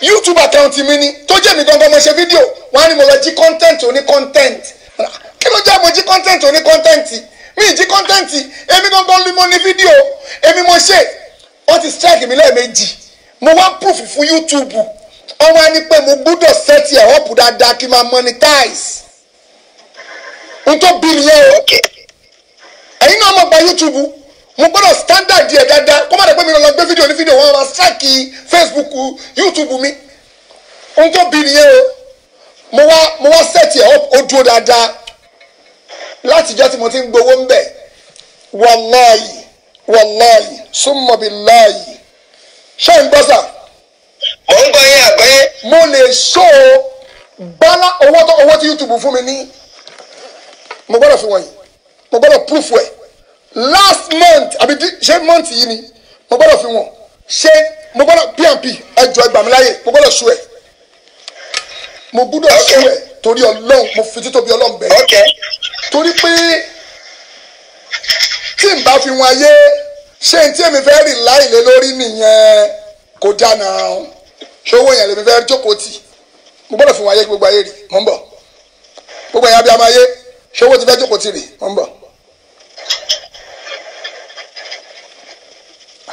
Speaker 4: YouTube account mi ni tó jẹ́ mi gangan mo ṣe fídíò wọ́n á ní mo lọ jí content oní content kí ló jẹ́ mo jí kọ́ńtẹ́ǹtì oní kọ́ńtẹ́ǹtì mi ì jí kọ́ńtẹ́ǹtì èmi gangan ni mo ní fídíò èmi mo ṣe ó ti strike mi lẹ́ẹ̀mejì mo wá proof fún YouTube ọmọ ẹni pé mo gbúdọ̀ set ẹ̀ up dáadáa kí n máa monetize n tó bí nìyẹn o ẹ̀yin náà mo gba YouTube mo gbọ́dọ̀ standard ẹ̀ dáadáa kó má dẹ̀ pé mi lọ gbé fídíò ní fídíò wọn máa strike Facebook YouTube mi n tó bí nìyẹn o mo wá mo wá set ẹ̀ up ó dúró dáadáa látijọ́ tí mo ti ń gbowó ń bẹ̀ wàláyì wàláyì súnmọ́bìláyì ṣé ń gbọ́ sà. mò ń gbọ́ yín àgbẹ̀. mo lè ṣó bala owó tó owó tí YouTube fún mi ní mo gbọ́dọ̀ fi wọ̀nyí mo gbọ́dọ̀ proof ẹ̀ last month àbí ṣé month yìí ni mo gbọ́dọ̀ fi wọ̀n ṣé mo gbọ́dọ̀ pnp ẹjọ́ ẹgbàmíláyè mo gbọ́dọ̀ ṣú ẹ̀ mo gbọ́dọ̀ ṣú ẹ̀ torí ọlọ́run mo fi títóbi ọlọ́run bẹ̀. ok. torí pé tí n bá fi wọn ayé ṣé n tí èmi fẹ́ rìn láìlé lórí nìyẹn kò dáná ṣòwò yẹn lèmi fẹ́ jókòó tì mo gbọ́dọ̀ fi wọn ayé gbogbo ayé rì mò ń bọ̀ gbogbo ẹ̀yà bí a máa yé ṣòwò ti fẹ́ jókòó tì rì mò ń bọ̀.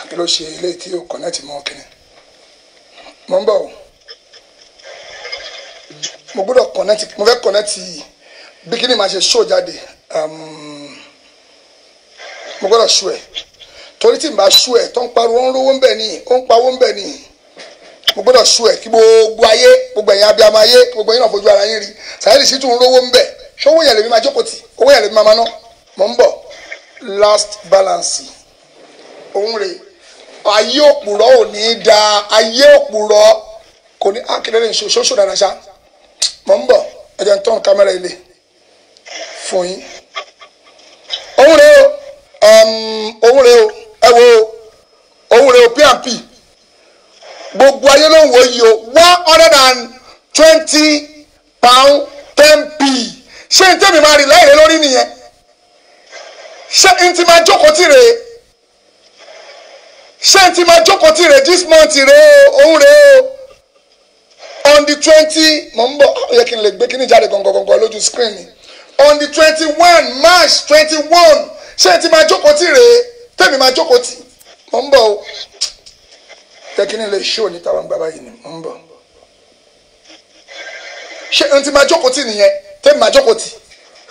Speaker 4: àkìlọ́ ṣe eléyìí tí ó kọ̀ náà ti mọ́ ń bọ̀ o mo gbọ́dọ̀ kọ̀nẹ́tì mo fẹ́ kọ̀nẹ́tì bí kíni màá ṣe ṣó jáde um, mo gbọ́dọ̀ ṣú ẹ̀ torí tí n bá ṣú ẹ̀ tó ń pariwo ń rówó ń bẹ̀ ni ó ń pawó ń bẹ̀ ni mo gbọ́dọ̀ ṣú ẹ̀ kí gbogbo ayé gbogbo ẹ̀yin abiyamọ ayé gbogbo ẹ̀yin náà fojú ara yín rí sàyẹ́lì sì tún rówó ń bẹ̀ ṣé owó yẹn lèmi máa jókòó owó yẹn lèmi máa máa ná mò ń bọ̀ last balance òun rèé ayé òpùrọ̀ ò ní í da ayé òpùrọ̀ kò ní akéde ní ṣoṣo dáadáa ṣáá mo ń bọ̀ ẹ jẹ́ ń tán kámẹ́rà ilé fún yín òun rèé o òun rèé o ẹ wo òun rèé o pmp gbogbo ayé ló ń wo yìí o one hundred and twenty pound ten p ṣé n tẹ́mi máa rí láìrè lórí nìyẹn ṣé n ti máa jókòó tì rèé ṣé n ti máa jókòó tì rèé this month rèé o òun rèé o on the twenty mo ń bọ̀ ó yẹ kí n lè gbé kíní jáde gọ̀ǹgọ̀ǹgọ̀ lójú screen ni on the twenty one march twenty one ṣé ti máa jókòó tì rèé tèmi máa jókòó tì mo ń bọ̀ o tẹ́kíní lè ṣó níta wọn gbà báyìí ni mo ń bọ̀ ṣé n ti máa jókòó tì nìyẹn tèmi máa jókòó tì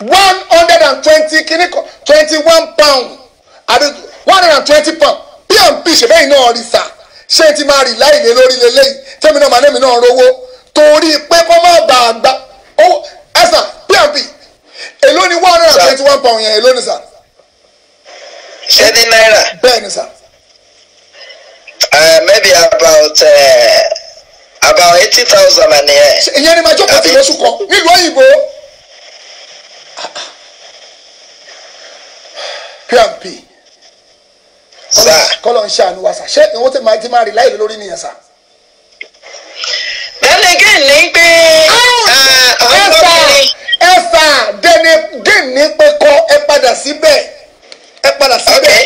Speaker 4: one hundred and twenty kíní kan twenty one pound àbí one hundred and twenty pound pmp ṣe bẹ́ẹ̀ náà rí sáà ṣé ti máa rì láì lé lórí leléyìí tẹ́mi náà màánẹ́mi náà rówó torí pé kó má gbà àgbà ó ẹ̀sà pmp èló ni one hundred twenty one pound yẹn èló ni sà.
Speaker 5: ṣé ní náírà.
Speaker 4: bẹ́ẹ̀ ni sà.
Speaker 2: Eh, maybe about uh, about eighty thousand and yẹn.
Speaker 4: ìyẹn ni màá jókòó ti lóṣù kan nílùú òyìnbó. pmp kọ́lọ̀ ń ṣàánú wa sà ṣé ìwọ́n tẹ̀ máa ti máa rí láìlè lórí nìyẹn sà. dálé gẹ́ẹ̀ ní pé ah, eh, ọ̀rọ̀ ẹ sà dẹ́n pé kọ́ ẹ padà síbẹ̀ ẹ padà síbẹ̀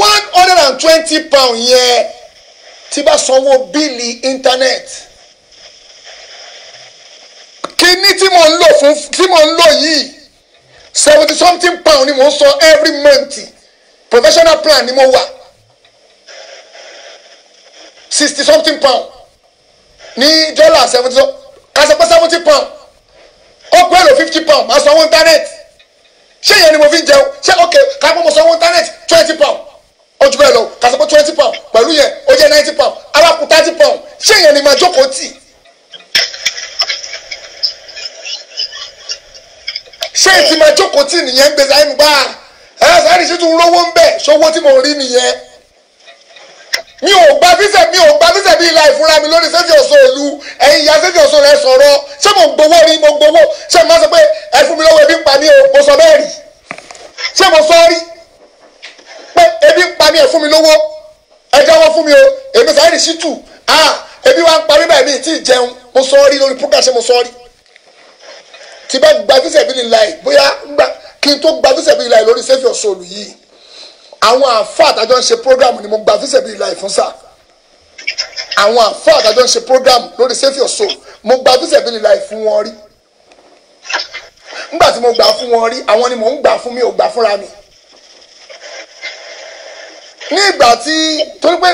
Speaker 4: one hundred and twenty pound yẹn tí bá sanwó bíìlì íńtánẹ́ẹ̀tì kíní tí mo ń lò fún tí mo ń lò yìí seventy something pound ni mo ń san every month professional plan ni mo wa sixty something pound ni dollar seventy so kásánpẹ́ seventy pound ó pẹ́ lò fifty pound máa sanwó internet ṣé ìyẹn ni mo fi ń jẹun ṣé ok kápẹ́ mo sanwó internet twenty pound ó jù bẹ́ẹ̀ lọ kásánpẹ́ twenty pound pẹ̀lú yẹn ó jẹ́ ninety pound arákùn thirty pound ṣé ìyẹn ni màá jókòó tì ṣé ètí máa jókòó tì nìyẹn ń gbèsè àyìn gbà ẹ sáré ṣe tún rówó ń bẹ ṣọwọ́ tí mo rí nìyẹn mi ò gba fífẹ̀ mi ò gba fífẹ̀ bíi láì fúnra mi lórí sẹ́fì ọ̀sán òlu ẹ̀yin ìyá sẹ́fì ọ̀sán rẹ̀ sọ̀rọ̀ ṣé mo gbowó rí mo gbowó ṣé mo sọ pé ẹ fún mi lọ́wọ́ ebi ń pa mí o mo sọ bẹ́ẹ̀ rí ṣé mo sọ rí pé ebi ń pa mí ẹ fún mi lọ́wọ́ ẹ jáwọ́ fún mi o èmi sáré ṣì tù ah ebi wa ń parí bẹ́ẹ̀ mi ì tí ì jẹun mo sọ rí lórí púkà ṣé mo sọ rí tí bá gba fisẹ̀bìlì láì bóyá kí n tó gba fisẹ̀bìlì láì lórí sẹ́fì ọ̀ṣọ́lù yìí àwọn àfa àtàjọ ń ṣe programu ni mo gba fisẹ̀bìlì láì fún sáà àwọn àfa àtàjọ ń ṣe programu lórí sẹ́fì ọ̀ṣọ́lù mo gba fisẹ̀bìlì láì fún wọn rí nígbà tí mo gbà fún wọn rí àwọn ni mò ń gbà fún mi ò gbà fúnra mi ní ìgbà tí torí pé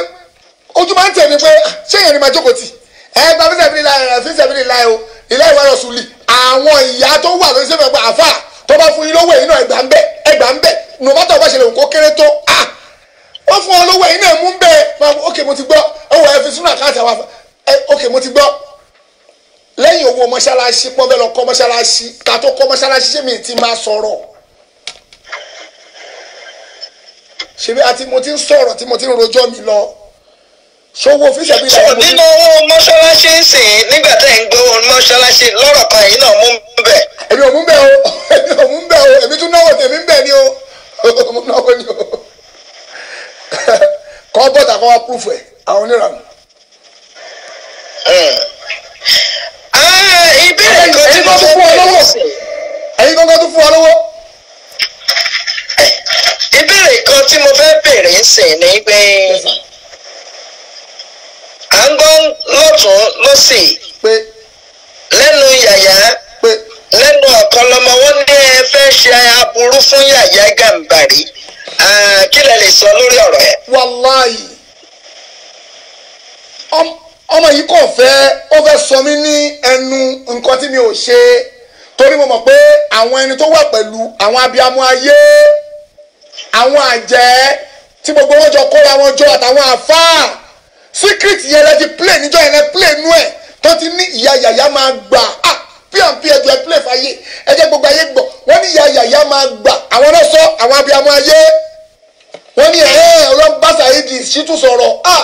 Speaker 4: ojú máa ń tẹ̀ mí pé ah, ṣé èèyàn ni máa jókòó tì ẹ gba láì rẹ̀ fisẹ̀bìlì láì o ilé ìwé ọ̀rọ̀ sùlì àwọn ìyá tó wà lórí sẹ́fẹ̀ gba àfà tó bá fún yín lówó ẹ̀yin náà ẹgbà ń bẹ ẹgbà ń bẹ nùbọ́tà ọba ṣẹlẹ̀ nǹkó kéré tó à wọ́n fún ọ lówó ẹ̀yin náà mú bẹ́ẹ̀ máa fún ok mo ti gbọ́ ẹwọ ẹ fi sínú àkáǹtì àwọn àfà ok mo ti gbọ́ lẹ́yìn owó mọ́ṣáláṣí pọ́n lọ kọ́ mọ́ṣáláṣí ká tó kọ́ mọ́ṣáláṣí ṣé mi ti máa sọ̀rọ̀ ṣebí àti mo ti ń sọ̀rọ̀ tí mo ti ń rojọ́ mi lọ sowó fíṣẹ̀ bí. so nínú owó mọ́ṣáláṣí ń sìn nígbà
Speaker 2: tẹ́ ń gbé ohun mọ́ṣáláṣí lọ́rọ̀ kan yìí náà mú un bẹ̀.
Speaker 4: èmi ò mú bẹ́ẹ̀ o èmi ò mú bẹ́ẹ̀ o èmi tún náwó tèmi ń bẹ̀ ni o mo náwó ni o kọ́ bọ́tà kọ́ wá púrúfù ẹ̀ àwọn oníranù. Ah, ìbéèrè kan tí mo fẹ́ bẹ̀rẹ̀ sí.
Speaker 2: ẹ̀yin kankan tún fún wa lọ́wọ́. ìbéèrè kan tí mo fẹ́ bẹ̀rẹ̀ sí ni pé. Yes, ń gbọ́ lọ́tún lọ́sì pé lẹ́nu yàyà pé lẹ́nu ọ̀kan lọ́mọ wọn ní ẹ fẹ́ ṣe aburú fún yàyà gàǹbàrí
Speaker 4: kí lẹ lè sọ lórí ọ̀rọ̀ yẹn. wàláì ọmọ yìí kò fẹ́ ó fẹ́ sọ mí ní ẹnu nǹkan tí mi ò ṣe torí mo mọ̀ pé àwọn ẹni tó wà pẹ̀lú àwọn abiyamọ ayé àwọn àjẹ́ tí gbogbo wọn jọ kóra wọn jọ àtàwọn àfáà secret yẹn la ti play níjọ́ yẹn lẹ play nú ẹ̀ tó ti ní ìyá yàyà máa gbà á pmp ẹjọ ẹ play fàyè ẹjẹ gbogbo ayé gbọ́ wọ́n ní ìyá yàyà máa gbà àwọn náà sọ àwọn abiyamọ ayé wọ́n ní ẹ ọlọ́mbàṣà ìdí ṣìtú sọ̀rọ̀ á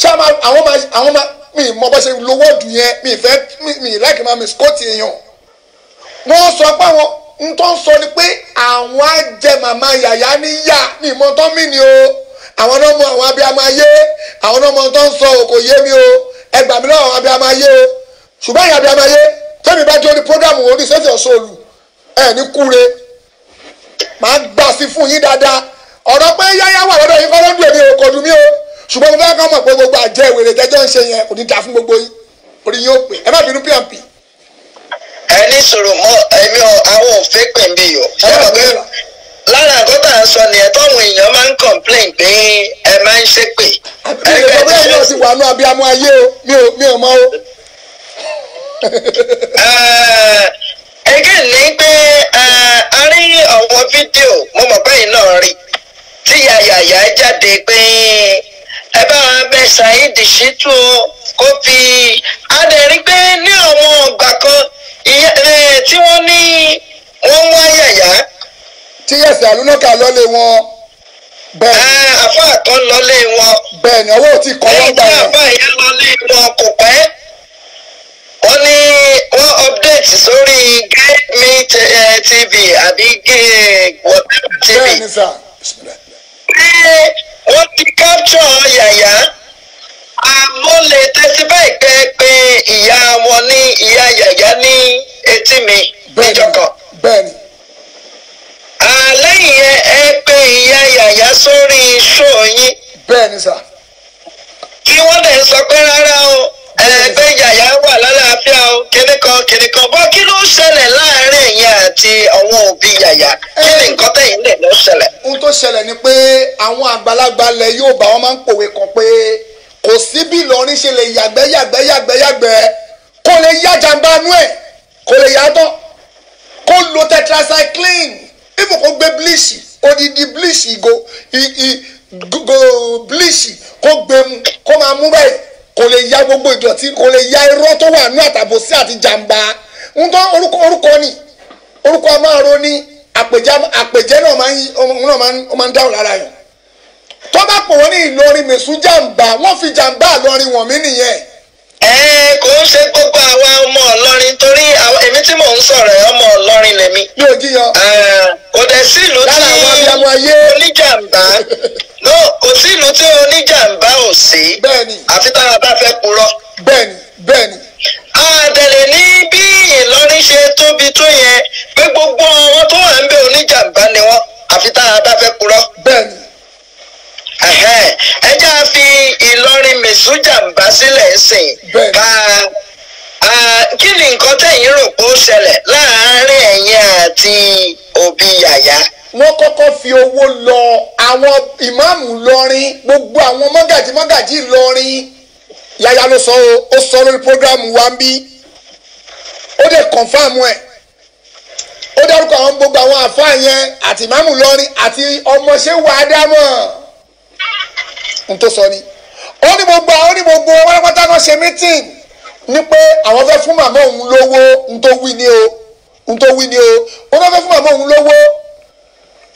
Speaker 4: ṣé àwọn máa àwọn máa mi mọ bá ṣe lo wọ́ọ̀dù yẹn mi ìfẹ́ mi ìlàkì máa mi skọ́ọ̀tì èèyàn wọ́n sọ pé àwọn ń tó ń sọ ni pé àwọn á jẹ màmá yàyà ni mi ìmọ̀ tán mí ni o àwọn ọmọ àwọn abiyamọ ayé àwọn ọmọ tó ń sọ òkò yé mi o ẹgbàá mi lọ́wọ́ àwọn ayé o ṣùgbọ́n ìyá abiyamọ ayé tẹ́mi bá jẹ́ orí program orí sẹ́sẹ̀ sóòlù ẹ̀ ní kúre màá gbà sí fún yín dáadáa ọ̀rọ̀ pé yáyá wà lọ́dọ̀ yín kọ́lọ́dún èmi ò kò dùn mí o ṣùgbọ́n mo fẹ́ kọ́ mọ̀ pé gbogbo àjẹ́ ìwèrè jẹ́jọ́ ń ṣe yẹn kò ní dà fún gbogbo yín orí yín pè ẹ má bínú pmp. ẹ ní sọ̀rọ̀ mọ́ ẹ̀mí àwọn òfin pè o lára àgọ́tà sọ nìyẹn táwọn èèyàn máa
Speaker 2: ẹ máa ń ṣépè. àbíkẹ́ bẹ́ẹ̀ yóò ti wà ní abiyamọ ayé o mi ò mọ o. ẹgẹ́ ní pé a rí àwọn fídíò mo mọ̀ pé yìí rí tí yàyàyà jáde pé ẹ bá wọn bẹ Saheed Shittu kó fi adẹ̀rí pé ní àwọn ọgbà kan tí wọ́n ní
Speaker 4: wọ́n ń wá tí yẹ̀sẹ̀ àlùnáka lọ́lé wọn. a àfáà kan lọlé wọn. bẹ́ẹ̀ ni owó ti kọ́ wọ́n gbà yẹn. lẹ́yìn tí yẹn lọlé
Speaker 2: wọn kò pẹ́ wọ́n ní wọ́n update sórí GetMe eh, TV àbí whatever TV. bẹ́ẹ̀ ni sà. wọ́n ti capture yàyà àmúlẹ̀ testify pé pé ìyá wọn ní ìyá yàyà ní etí mi níjọ́ kan. bẹ́ẹ̀ lẹ́yìn yẹn ẹ pé ìyá yàyà sórí ṣó yín. bẹ́ẹ̀ni sà. tí wọ́n lè sọ pé rárá o ẹgbẹ́ yàyà wà lálàáfíà o kìnìkan kìnìkan bọ́ kí ló ṣẹlẹ̀ láàrin ẹ̀yin àti àwọn
Speaker 4: òbí yàyà
Speaker 2: kí ni nǹkan tẹ̀yìn lè lọ ṣẹlẹ̀.
Speaker 4: ohun tó ṣẹlẹ̀ ni pé àwọn àgbàlagbà lẹ yóò bá wọn máa ń pòwe kan pé kò sí bí Ìlọrin ṣe lè yàgbẹ́ yàgbẹ́ yàgbẹ́ yàgbẹ́ kó lè yájà ń nú ẹ̀ kó lè yàtọ̀ kó lo tetracycline ifo kó gbé blíìsì odidi blíìsì ìgò ìgò blíìsì kó gbé mu kó máa mú báyìí kò lè ya gbogbo ìdọ̀tí kò lè ya irọ́ tó wà ní àtàbòsí àti jàǹbá nǹkan orúkọ orúkọ ni orúkọ a máa ro ní àpèjẹ àpèjẹ náà máa ń dáhùn lára yàn tó bá pọ̀ wọ́n ní Ìlọrin mẹ̀sùn jàǹbá wọ́n fi jàǹbá Ìlọrin wọ̀n mí nìyẹn ẹ kò ń ṣe gbogbo àwa ọmọ ọlọrin torí èmi tí mò ń sọ̀rọ̀ ọmọ
Speaker 2: ọlọrin lèmi. mi ò jiyàn. kò dẹ̀ sí ìlú tí oníjàmbá no kò sí ìlú tí oníjàmbá ò sí àfi tára bá fẹ́ purọ́. bẹ́ẹ̀ni bẹ́ẹ̀ni. àdẹ̀lẹ̀ ní bí Ìlọrin ṣe tóbi tó yẹn pé gbogbo àwọn tó wà ń bẹ oníjàmbá ni wọ́n àfi tára bá fẹ́ purọ́. bẹ́ẹ̀ni ẹ já fi Ìlọrin mẹ̀sújàmbá sílẹ̀ sìn kí ni nǹkan tẹ̀yìn rò pé ó ṣẹlẹ̀ láàárín
Speaker 4: ẹ̀yin àti òbí yàyà. wọ́n kọ́kọ́ fi owó lọ àwọn ìmáàmù lọrin gbogbo àwọn mọ́gàjì mọ́gàjì lọrin yàyà ló sọ ó sọ lórí programu wa ń bí ó dẹ̀ kọ̀nfàmù ẹ̀ ó dárúkọ àwọn gbogbo àwọn àfáà yẹn àti ìmáàmù lọrin àti ọmọọṣẹ́ wàá dámọ̀. n tó sọ ni ó ní gbogbo ó ní gbogbo pátápátá náà ṣe mítìn ní pé àwọn fẹ́ fún màmá òun lówó n wí ni o n wí ni o fẹ́ fún màmá òun lówó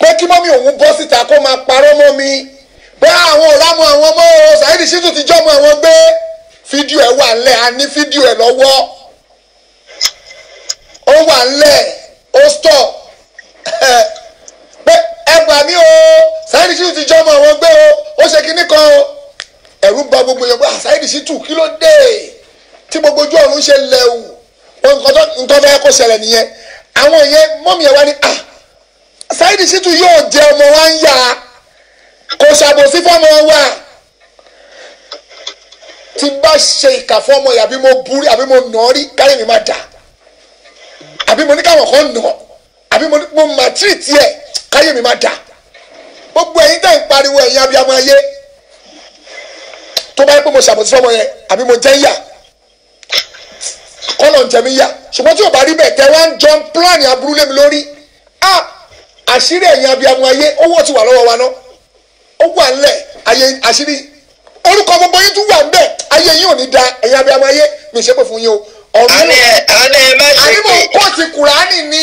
Speaker 4: pé kí mọ́mí òun bọ́ síta kó máa parọ́ mọ́ mi pé àwọn o Saheed àwọn gbé fídíò ẹ̀ wà a ní fídíò ẹ̀ lọ́wọ́ ó wà ẹ gbà mí o Saheed Shittu ti jọmọ àwọn gbé o ó ṣe kinní kan o ẹ̀rù bà gbogbo yẹn pé ah, Saheed Shittu kí ló dé tí gbogbo ojú ọ̀run ṣe lẹ́wù nǹkan tó fẹ́ kó ṣẹlẹ̀ nìyẹn àwọn yẹn mọ́mí ẹ̀ wá ní à ah, Saheed Shittu yóò jẹ ọmọ wa ń yà kò ṣàbòsí fọmọ wa tí bá ṣe ìkà fọmọ yàbí mo burú àbí mo nà á rí káyọ̀ mi má dà àbí mo ní káwọn kan nà àbí mo mà tírìtì ẹ̀ káyé mi má dà gbogbo ẹ̀yin tẹ̀ ń pariwo ẹ̀yin abiyamọ ayé tó bá yẹ pé mo ṣàbòsí fọmọ yẹn àbí mo jẹ́ yà kọ́lọ̀ ń jẹ yà ṣùgbọ́n tí ò bá rí bẹ́ẹ̀ tẹ́ wá ń jọ ń pílánì aburú lé mi lórí a àṣírí ẹ̀yin abiyamọ ayé owó ti wà lọ́wọ́ wa náà ó wà ńlẹ̀ ayé àṣírí orúkọ gbogbo yín tún wà ńbẹ̀ ayé yín ò ní da ẹ̀yin abiyamọ ayé mi ṣe pé fún yín o ọ̀run àní mò ń kó ti kùránì ni.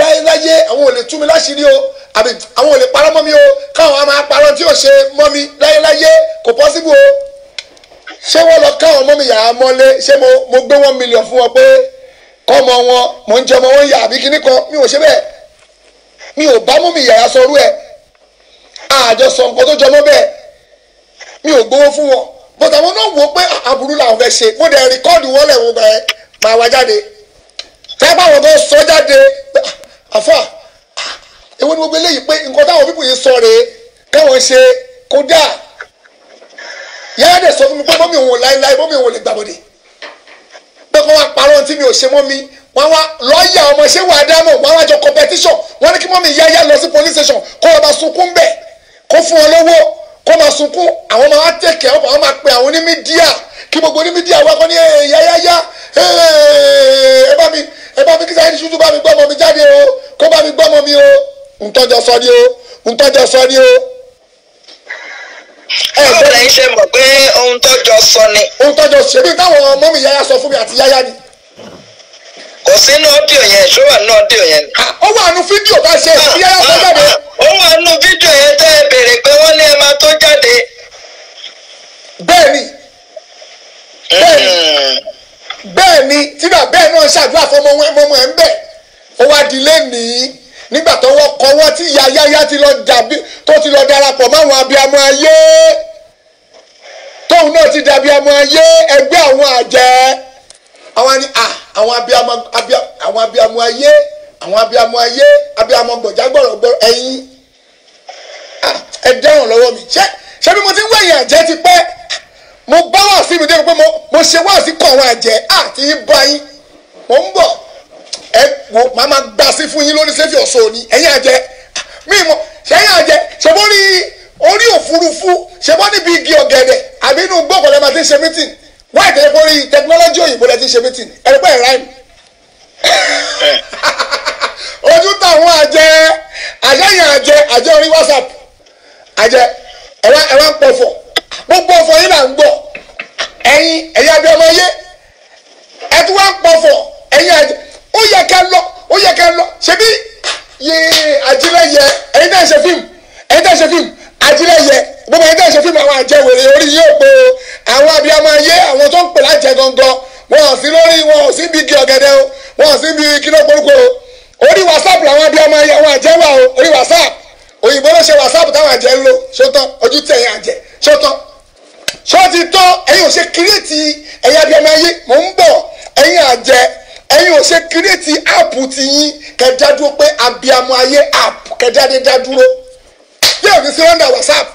Speaker 4: láyéláyé àwọn ò lè tú mi láṣìírí o àbí àwọn ò lè parọ́ mọ́ mi o káwọn á máa parọ́ tí ò ṣe mọ́ mi láyéláyé kò pọ́síbù o ṣé wọ́n lọ káwọn ọmọ mi yàrá mọ́lé ṣé mo gbé one million fún wọn pé kọ́mọ wọn mò ń jẹ ọmọ wọn yà àbí kíní kan mi ò ṣe bẹ́ẹ̀ mi ò bá mú mi yàrá sọrú ẹ̀ àjọsọ nǹkan tó jọmọ́ bẹ́ẹ̀ mi ò gbowó fún wọn but àwọn náà wò ó pé àbúrú ah, làwọn fẹ́ ṣe mo dẹ̀ rìkọ́ọ̀dù wọn lẹ̀ wọ́n gbà ẹ́ eh, máa wá jáde tẹ́ báwọn tó sọ àfà èwo ni gbogbo eléyìí pé nǹkan táwọn pípù yìí sọ rèé káwọn ṣe kódà yàrá dẹ̀ sọ fún mi pé mọ́mí òun láéláé mọ́mí òun lè gbàbọ̀dẹ̀ pé kọ́ wá parọ́ tí mi ò ṣe mọ́ mi wọ́n wá lọ́ọ̀yà ọmọọṣẹ́ wà dámọ̀ wọ́n wá jọ competition wọ́n ní kí mọ́mí yáyá lọ sí police station kó ọba sunkún bẹ̀ kó fún ọ lọ́wọ́ kó máa sunkún àwọn máa tẹ̀kẹ́ ọ̀pọ̀ àwọn máa pe àwọn onímídíà kí gbogbo onímídíà wá kọ́ ní ẹ̀ẹ́yáyáyá ẹ̀ẹ́ ẹ bá mi ẹ bá mi kí Saheed Shittu bá mi gbọ́mọ mi jáde o kó bá mi gbọ́mọ mi o ntọ́jọ sọ ni o ntọ́jọ sọ ni o. báwo lẹ́yìn ṣe mọ̀ pé ohun tọ́jọ sọ ni. ohun tọ́jọ ṣe bí táwọn ọmọ mi yáyà sọ fún mi àti yáyà ni.
Speaker 2: kò sínú ọ́díò yẹn ṣó wà nínú ọ́díò yẹn. ó wà nínú fídíò bá ṣe èyí yáyà sọ jáde. Ah, ah, ah, ó wà nínú fídíò yẹn tẹ́ ẹ béèrè pé wọ́n ní ẹ máa tó jáde.
Speaker 4: bẹ́ẹ̀ni bẹ́ẹ̀ni. Hmm bẹ́ẹ̀ ni tí bàbá ẹ̀ náà ṣàdúrà fọmọ ọmọ ẹ̀ ń bẹ̀ ó wá di lẹ́nìí nígbà tó wọ́n kọ́wọ́ tí yayaya ti lọ dàbí tó ti lọ darapọ̀ máwọn abiyamọ ayé tóun náà ti dàbí amọ ayé ẹgbẹ́ àwọn àjẹ́ àwọn ni àwọn abiyamọ àwọn abiyamọ ayé àwọn abiyamọ ayé abiyamọ gbọ̀jágbọ̀rọ̀gbọ̀rọ̀ ẹ̀yìn ẹ̀ dẹ́rùn lọ́wọ́ mi ṣé ṣé bí mo ti ń wẹ̀yìn àjẹ́ ti pẹ́ mo bá wà sí mi débi pé mo ṣe wá sí kọ̀ àwọn àjẹ́ àti ibà yín mo ń bọ̀ ẹ wo màá máa gbà sí fún yín lórí sẹ́fì ọ̀ṣọ́ ni ẹ̀yin àjẹ́ mi mọ̀ ṣẹ́yìn àjẹ́ ṣẹ́bọ́ ní orí òfurufú ṣẹ́bọ́ níbi igi ọ̀gẹ̀dẹ̀ àbí inú gbọ́kọ̀ lẹ́ẹ̀ máa ti ṣe mítìn wáyé tẹ̀lé fún orí tẹkinọ́lọ́jì òyìnbó lẹ́ẹ̀ ti ṣe mítìn ẹ̀rẹ́ pẹ́ ẹ̀rá mi ojú táwọn àjẹ́ àjẹ́yìn àjẹ́ àjẹ́ orí WhatsApp àjẹ́ ẹ̀wá ẹ̀wá ń pọ̀ fọ̀ gbogbo ọ̀fọ̀ yìí là ń gbọ́ ẹ̀yin ẹ̀yin abiyamọ yé ẹ ti wá ń pọ̀fọ̀ ẹ̀yin àjẹ ó yẹ ká lọ ó yẹ ká lọ ṣebí yéé àjílẹ̀ yẹ ẹ̀yin náà ṣe fíìmù ẹ̀yin náà ṣe fíìmù àjílẹ̀ yẹ gbogbo ẹ̀yin náà ṣe fíìmù àwọn àjẹwèrè orí yóò pé àwọn abiyamọ yé àwọn tó ń pè lájẹ gangan wọn ò sí lórí wọn ò sí bí igi ọ̀gẹ̀dẹ̀ o wọn ò sí bí kí ló gbórúkọ o orí whatsapp làwọn abiyamọ yẹ àwọn àjẹwà o orí whatsapp òyìnbó ló ṣe wàsáàpù táwọn àjẹ́ ń lò sótán ojú tí ẹ̀yin àjẹ́ sótán sọ́ọ̀tì tọ́ ẹ̀yin ò ṣe kírètì ẹ̀yin abiyamọ ayé mò ń bọ̀ ẹ̀yin àjẹ́ ẹ̀yin ò ṣe kírètì áàpù tiyín kẹdádúró pé abiyamọ ayé áàpù kẹdáde dádúró yóò ní sílọ́ndà whatsapp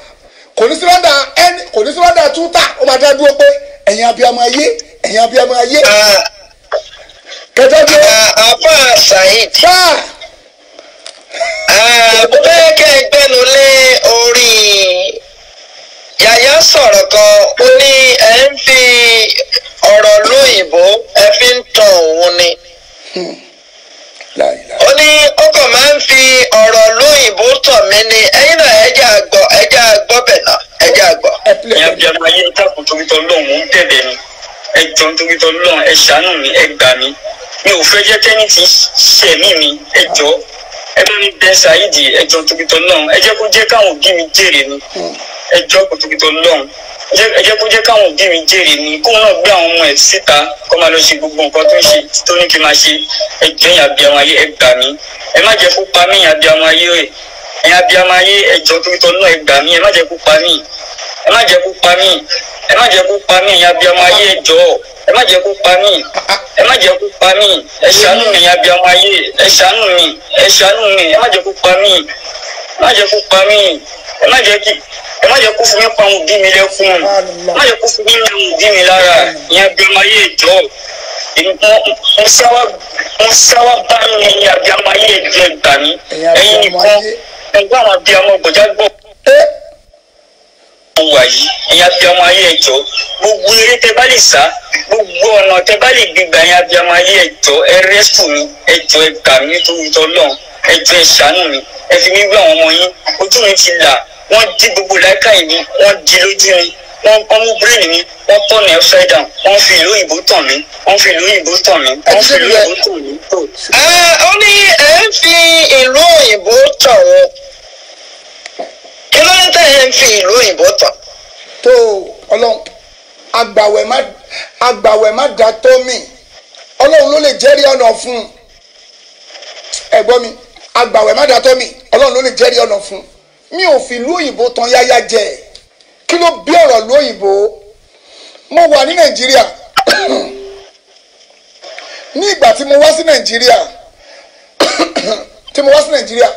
Speaker 4: kò ní sílọ́ndà ẹni kò ní sílọ́ndà túta ó máa dádúró pé ẹ̀yin abiyamọ ayé ẹ̀yin abiyamọ ayé kẹdádúró. àbá saheed.
Speaker 2: báà mo fẹ́ kẹ́ ẹ gbẹ́nu lé orí yàyà sọ̀rọ̀ kan ó ní ẹ ń fi ọ̀rọ̀ lóyìnbó ẹ fi ń tan òun ni. Hmm. ó ní ó kàn máa ń fi ọ̀rọ̀ lóyìnbó tàn mí ni ẹ̀yin náà ẹja àgbọ̀ ẹja àgbọ̀ bẹ̀ náà ẹja àgbọ̀. ìyá bí ọmọ ayé ìtàkùn torí tọ́ lọ́hùn ún tẹ̀lé mi
Speaker 1: ẹ jọun torí tọ́ lọ́hùn ẹ ṣàánú mi ẹ gbà mí mi ò fẹ́ jẹ́ tẹ́ni tí ṣẹ̀mí mi ẹ jọ̀ọ́ ẹlẹ́rìí bẹ́ẹ̀ ṣáídì ẹjọ́ tòkìtọ̀ náà ẹ jẹ́ kó jẹ́ káwọn òbí mi jèrè ni ẹjọ́ kò tòkìtọ̀ náà ẹ jẹ́ kó jẹ́ káwọn òbí mi jèrè ni kó náà gbé àwọn ọmọ ẹ̀ síta kó máa lọ ṣe gbogbo nǹkan tó ń ṣe tó ní kí n máa ṣe ẹjọ́ yẹn àbí àwọn ayé ẹ gbà mí ẹ má jẹ́ kó pa mí àbí àwọn ayé rẹ̀ ẹ̀yin àbí àwọn ayé ẹjọ́ tòkìtọ̀ náà ẹ gbà mí ẹ má jẹ́ kó pa mí ẹ má jẹ́ kó pa mí ẹ má jẹ́ kó pa mí ìyá abiyamọ ayé ẹ jọ ẹ má jẹ́ kó pa mí ẹ má jẹ́ kó pa mí ẹ ṣàánú mi ìyá abiyamọ ayé ẹ ṣàánú mi ẹ ṣàánú mi ẹ má jẹ́ kó pa mí ẹ má jẹ́ kó pa mí ẹ má jẹ́ kí ẹ má jẹ́ kó fún mi pa àwọn òbí mi lẹ́kùn ẹ má jẹ́ kó fún mi pa àwọn òbí mi lára ìyá abiyamọ ayé jọ mo sáwá mo sáwá bá mi ìyá abiyamọ ayé jẹ gbà mí ẹ̀yin nìkan ẹgbẹ́ àwọn abiyamọ gbọ̀já gbọ̀ wà yìí ẹ̀yin abiyamọ ayé ẹ̀jọ́ gbogbo eré tẹ bá lè sá gbogbo ọ̀nà tẹ bá lè gbígbà ẹ̀yin abiyamọ ayé ẹ̀jọ́ ẹ rẹ́sù mi ẹ̀jọ́ ẹ gbà mí nítorí tọ́lọ́run ẹ̀jọ́ ẹ ṣàánú mi ẹ fi mí wé àwọn ọmọ yín ojú mi ti là wọ́n di gbogbo láìka yìí wọ́n di lójú mi wọ́n kọ́ mú bírèèdì mi wọ́n tọ̀ ní ẹ̀fẹ́ dà
Speaker 2: wọ́n fi ìlú òyìnbó tàn mí wọ́n fi ìlú òyìnbó tàn mí wọ́n fi ìlú òyìnbó tàn mí. ó ní ẹ ń fi ìlú òyìnbó tàn wọn kí ló
Speaker 4: ń tẹ̀ ẹ́ ń fi ìlú òyìnbó tàn. tó ọlọ́run àgbàwẹ̀ má àgbàwẹ̀ má da tó mi ọlọ́run ló lè jẹ́rìí ọ̀nà fún un ẹ gbọ́ mi àgbàwẹ̀ má da tó mi ọlọ́run ló lè jẹ́rìí ọ̀nà fún un mi ò fi ìlú òyìnbó tan yáyá jẹ kí ló bí ọ̀rọ̀ ìlú òyìnbó mo wà ní nàìjíríà ní ìgbà tí mo wá sí nàìjíríà tí mo wá sí nàìjíríà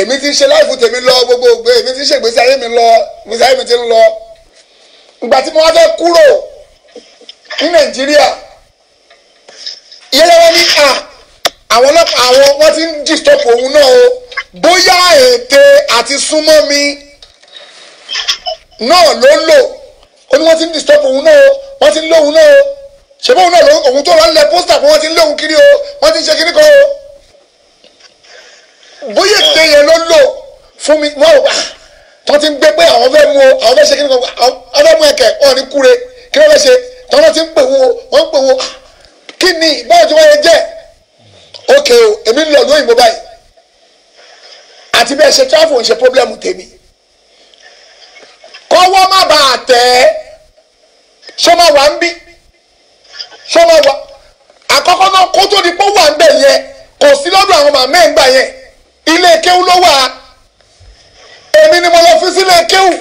Speaker 4: èmi ti ń ṣe láìfù tèmi lọ gbogbo ògbé èmi ti ń ṣègbésí ayé mi lọ ìgbésí ayé mi ti ń lọ ìgbà tí mo wá fẹ́ kúrò ní nàìjíríà ìyẹ́lẹ́wọ́ ní à àwọn ọlọ́pàá àwọn wọ́n ti ń disturb òun náà o bóyá ète àti súnmọ́ mi náà ló ń lò ó ní wọ́n ti ń disturb òun náà o wọ́n ti ń lóhun náà o ṣèbóhun náà òun tó wà ń lẹ pósítà pé wọ́n ti ń lóhun kiri o wọ́n ti ń ṣe kiri kan o bóyá ètè yẹn ló lò fún mi wọ́n ò bá tó ti ń gbé pé àwọn fẹ́ mú àwọn fẹ́ ṣe kí ni àwọn fẹ́ mú ẹ̀kẹ́ wọn ní kúre kí wọ́n fẹ́ ṣe tọ́lá ti ń pè wo wọ́n ń pè wo ah, kí ni báwo ti wáyé jẹ́ òkè o èmi ń lọ lóyìn mo báyìí àti bí ẹ ṣe tráfù ń ṣe pọ́blẹ́mù tèmi kọ́wọ́ má bàa tẹ̀ ẹ́ ṣé máa wà ń bí ṣé máa wà àkọ́kọ́ náà kó tó di pé ó ń bẹ̀ yẹn kò sí lọ́dọ̀ àwọn màmá ẹ̀ ń gbà yẹn ilé kéwù ló wà èmi ni mo lọ fi sílé kéwù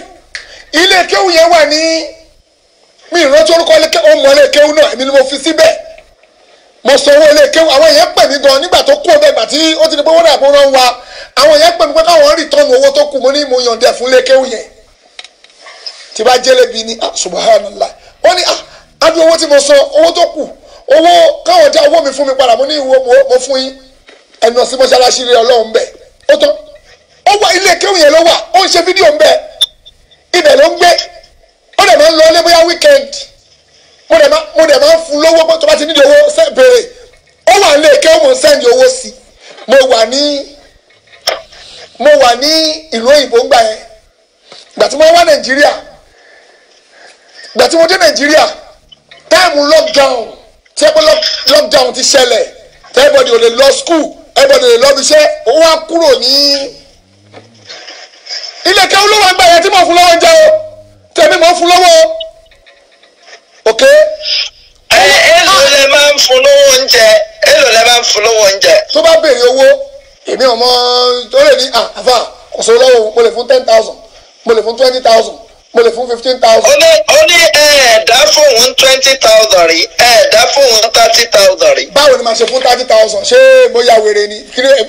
Speaker 4: ilé kéwù yẹn wà ní mi ìrántí orúkọ ọmọ ilé kéwù náà èmi ni mo fi síbẹ̀ mo sọ owó ilé kéwù àwọn èèyàn pè mí gan nígbà tó kú ọbẹ̀ ìgbà tí ó ti di pé wọ́n dàbí wọ́n wá àwọn èèyàn pè mí pé káwọn rìtọ́nù owó tó kù mo ní mo yànjẹ fún ilé kéwù yẹn tí bá jẹ́lẹ̀bi ni ah subhanallah wọ́n ní ah adúlọ owó tí mo sọ owó tó kù owó káwọn já owó mi fún mi padà mo ní ìwọ mo fún yín ẹnu ọsẹ mọ́ṣáláṣí rẹ Ọlọ́run bẹ ó tán ó wá ilé kéwìn yẹn ló wà ó ń ṣe fídíò ń bẹ ibẹ̀ ló ń gbé ó dẹ̀ máa ń lọ ilé bóyá weekend mo dẹ̀ máa mo dẹ̀ máa ń fún lówó tó bá ti nídìí owó béèrè ó wà ilé kéwìn mo ń sẹ́ndì owó sí mo wà ní mo wà ní ìlú òyìnbó ńgbà yẹn ìgbà tí mo wá Nàìjíríà ìgbà tí mo dé Nàìjíríà táìmù lockdown tẹ́gbọ́n lockdown ti ṣẹlẹ̀ tẹ́gbọ́n di ò lè lọ school ẹgbẹ̀dọ̀ lè lọ́bi iṣẹ́ ó wá kúrò ní ilé kẹ́wọ́ ló wà ń gbà yẹn tí mo fún lọ́wọ́ jẹ́ o tẹ̀mí mo fún lọ́wọ́ o ok. ẹ ẹ lò lè máa ń fún lọ́wọ́ oúnjẹ ẹ lò lè máa ń fún lọ́wọ́ oúnjẹ. tó bá béèrè owó èmi ọmọ tó lè ní ah, àfà kò lọ́wọ́ mo lè fún ten thousand mo lè fún twenty thousand mo lè fún fifteen thousand. ó ní ó ní ẹ̀ẹ́dá fóun twenty thousand rí ẹ̀ẹ́dá fóun thirty thousand rí. báwo ni màá ṣe fún thirty thousand ṣé mo ya wèrè ni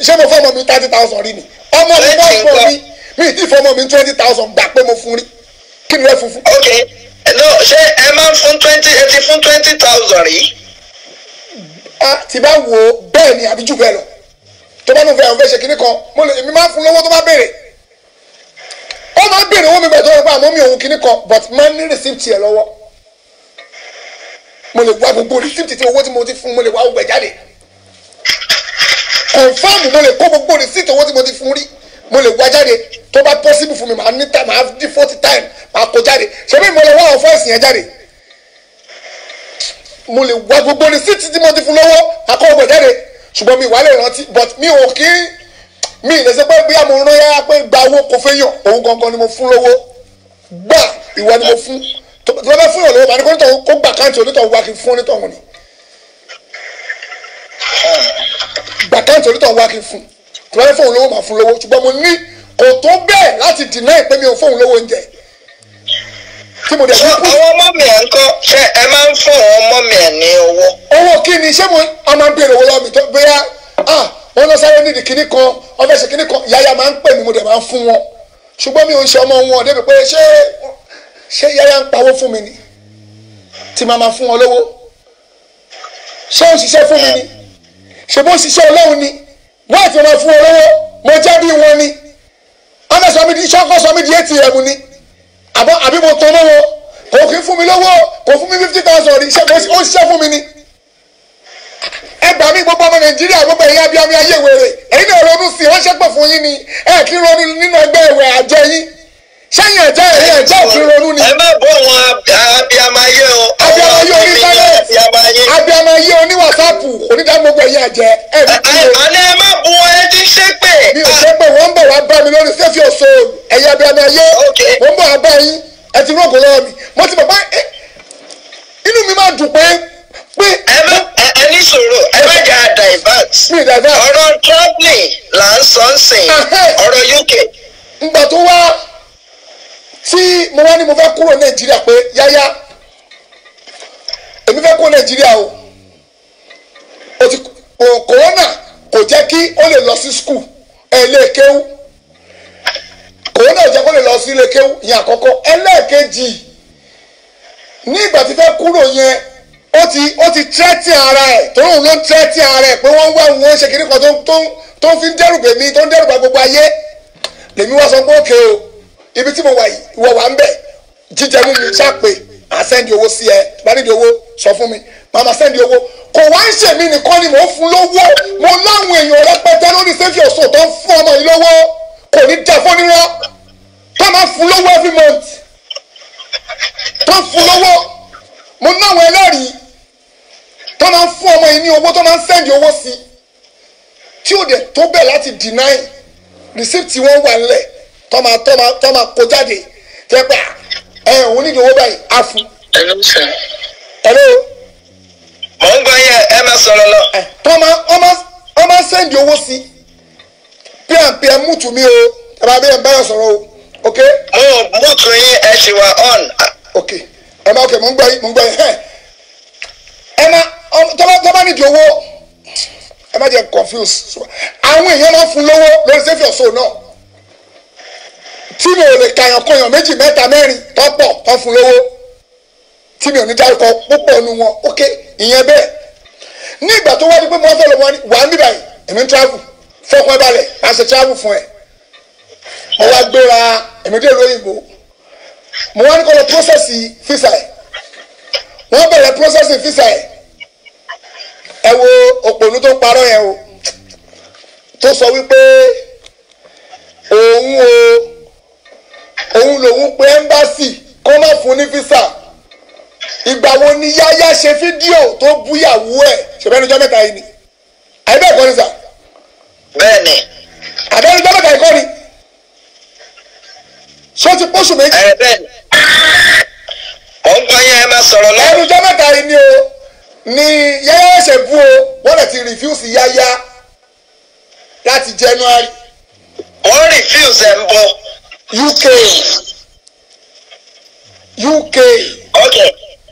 Speaker 4: ṣé mo fọmọ mi thirty thousand rí ni ọmọ mi náà fọ mi mi ì tí fọmọ mi twenty thousand gbà pé mo fún rí kí ni wọ́n fún fún. ok no ṣé ẹ máa ń fún twenty ẹ ti fún twenty thousand rí. a ti bá wo bẹ́ẹ̀ ni àbí jù bẹ́ẹ̀ lọ tó bá nù fẹ́ àwọn fẹ́ ṣe kinní kan mo lè mi máa fún lọ́wọ́ tó bá béèrè ó máa ń bèrè owó mi gbàtọ́ wọn pé àmọ́ mi òun kìíní kan but máa ń ní receipt ẹ̀ lọ́wọ́ mo lè wá gbogbo receipt tí owó tí mo ti fún mo lè wá gbẹ jáde confam mo lè kó gbogbo receipt owó tí mo ti fún rí mo lè wá jáde tó bá possible fún mi màá ní time màá di forty time màá kó jáde ṣé bí mo lè wá àwọn fọ́ọ̀sì yẹn jáde mo lè wá gbogbo receipt tí mo ti fún lọ́wọ́ àkọ́wọ́ gbẹ jáde ṣùgbọ́n mi ìwà lè rántí but mi ò kí mi ì lè sọ pé bóyá mo rán yára pé gba owó kò fẹ́ yàn òun gangan ni mo fún lówó gbà ìwọ ni mo fún tó bá fẹ́ fún yàn lówó màá ní kó nítorí kó gbà káàntì onítọ̀hún wá kí n fún onítọ̀hún ni gbà káàntì onítọ̀hún wá kí n fún tó bá fún òun lówó màá fún lówó ṣùgbọ́n mo ní kò tó bẹ́ẹ̀ láti dìná ìpè mi ò fóun lówó oúnjẹ tí ọmọ mi ẹ̀ ń kọ́ ṣé ẹ máa ń fún ọmọ mi ẹ̀ ní owó. owó kí ni ṣé mo ọmọ ń owó lọ́wọ́ mi tó bẹ́ẹ̀ ah wọn lọ sáré nídìí kinní kan ọfẹ ṣe kinní kan yàyà máa ń pè mí mo dẹ̀ máa ń fún wọn ṣùgbọ́n mi ò ń ṣe ọmọ wọn débi pé ṣé ṣé Yaya, ń pawó fún mi ni tí màá máa fún wọn lówó ṣé ó ń ṣiṣẹ́ fún mi ni ṣé bó ń ṣiṣẹ́ ọlọ́run ni wọ́n àti ọmọ fún wọn lówó mo jẹ́ bí wọn ni ọmọ sọ mi di ṣọ́kọ́ sọ mi di atm ni àbí mo tán lówó kò kí fún mi lówó kò fún mi fifty thousand ṣé ó ń ṣiṣẹ́ fún mi ni ẹ gbà mí gbogbo ọmọ nàìjíríà gbogbo ẹ̀yin abiyamọ ayé wèrè ẹ̀yin náà ronú sí wọ́n ṣépè fún yín ni ẹ kì í ronú nínú ẹgbẹ́ ìwẹ̀ àjọ yín sẹ́yìn ẹ̀jẹ̀ ẹ̀yìn ẹ̀jẹ̀ òfin ronú ni. ẹ má bọ̀ wọn abiyamọ o. abiyamọ ayé onítẹ́lẹ̀tì abiyamọ onídàgbogbo ẹ̀yìn ẹ̀jẹ̀ ẹ̀ ní kí ló. àná ẹ má bu wọn ẹ ti mi ò ṣépè wọ́n ń bọ̀ wá bá mi lórí sẹ́fì òṣò ẹ̀yìn abiyamọ wọ́n ń bọ̀ wá bá yín ẹ ti rògbò lọ́wọ́ mi mo ti bọ̀ bá inú mi máa dùn pé ẹ má ẹ ní sọ̀rọ̀ ẹ má jà
Speaker 2: divert ọ̀rọ̀ traveling là ń sọ ń sìn ọ̀rọ̀ UK.
Speaker 4: ngbà tó wá tí mo wá ní mo fẹ́ kúrò nàìjíríà pé yáyá èmi fẹ́ kúrò nàìjíríà o kòrónà kò jẹ́ kí ó lè lọ sí skul ẹ̀ lè kéwú kòrónà ò jẹ́ kó lè lọ sí ilé kéwú ìyẹn àkọ́kọ́ ẹlẹ́ẹ̀kejì ní ìgbà tí fẹ́ kúrò yẹn ó ti ó ti tẹ́tí ara ẹ̀ tóun ló ń tẹ́tí ara ẹ̀ pé wọ́n ń wá wọn ṣe kíní kan tó tó tó fi ń dẹ́rù bèmí tó ń dẹ́rù bá gbogbo ayé lèmi wá sọ pé òkè o ibi tí mo wà yìí ìwọ wà ń bẹ̀ jíjẹ mímu ṣàpè àsẹ́ndì owó sí ẹ bá owó sọ fún mi màmá sẹ́ndì owó kò wá ń ṣèmí nìkan ni mò ń fún lówó mo láwọn èèyàn rẹpẹtẹ lórí sẹ́fì ọ̀sùn tó ń fún ọmọ yìí lówó kò ní dá fún nírọ́ tó máa fún lówó every month tó ń fún lówó mo náwọn ẹlẹ́rìí tó máa ń fún ọmọ yìí ní owó tó máa ń sẹ́ndì owó sí tí ò dẹ̀ tó bẹ̀ láti deny receipt tí wọ́n wà nílẹ̀ tó máa tó máa tó máa kó jáde tẹ́ pé ah, ẹ òun nídìí owó báyìí á fún. hello sir. hello. mò ń gbọ́ yẹ ẹ máa sọ̀rọ̀ lọ. Eh, tó máa ọ máa sẹ́ndì owó sí pé à mútu mi o ẹ máa bẹ́ẹ̀ báyọ̀ sọ̀rọ̀ o ok. mo mútu yín ẹ ṣì wà on. ok ẹ máa kẹ mọ ń gbọ́ yín mọ ń gbọ́ yín hẹ ẹ má tọ́ba nídìí owó ẹ má jẹ confuse àwọn èèyàn máa ń fún lówó lórí sẹ́fì ọ̀ṣọ́ náà tí mi ò lè kàyàn kọyàn méjì mẹ́ta mẹ́rin tọ́pọ̀ kan fún lówó tí mi ò ní dárúkọ púpọ̀ nu wọn ok ìyẹn bẹ́ẹ̀ ní ìgbà tó wá di pé mo fẹ́ lọ wọn wà á níbàyí èmi ń travel fọkàn balẹ̀ àṣẹ travel fún ẹ mo wá gbéra èmi dé lóyìnbó mo wá ní kó lọ prọ́sẹ̀sì físà ẹ̀ wọ́n bẹ̀rẹ̀ prọ́sẹ̀sì físà ẹ̀ ẹ wo òpònú tó parọ́ yẹn o tó sọ wípé òun o òun lòun pé ẹ́mbásì kó má fún ní físà ìgbà wo ni yáyá ṣe fídíò tó búyàwó ẹ̀ ṣèbẹ́ni ọjọ́ mẹ́ta yìí ni àyè bẹ́ẹ̀ kọ́ ni sà. bẹ́ẹ̀ ni. àbẹ́ni ọjọ́ mẹ́ta yìí kọ́ ni ṣé ti pósù méjì. ẹ bẹ́ẹ̀ mọ̀ ń gbọ́ yẹn ẹ máa sọ̀rọ̀ lọ. ẹnu jẹ́ mẹ́ta ni o ni yáyá ẹ̀ṣẹ̀ bú o wọ́n lè ti rìfíùsì yáyá láti january. wọ́n rìfíùsì ẹ̀ ń bọ̀. uk uk. ok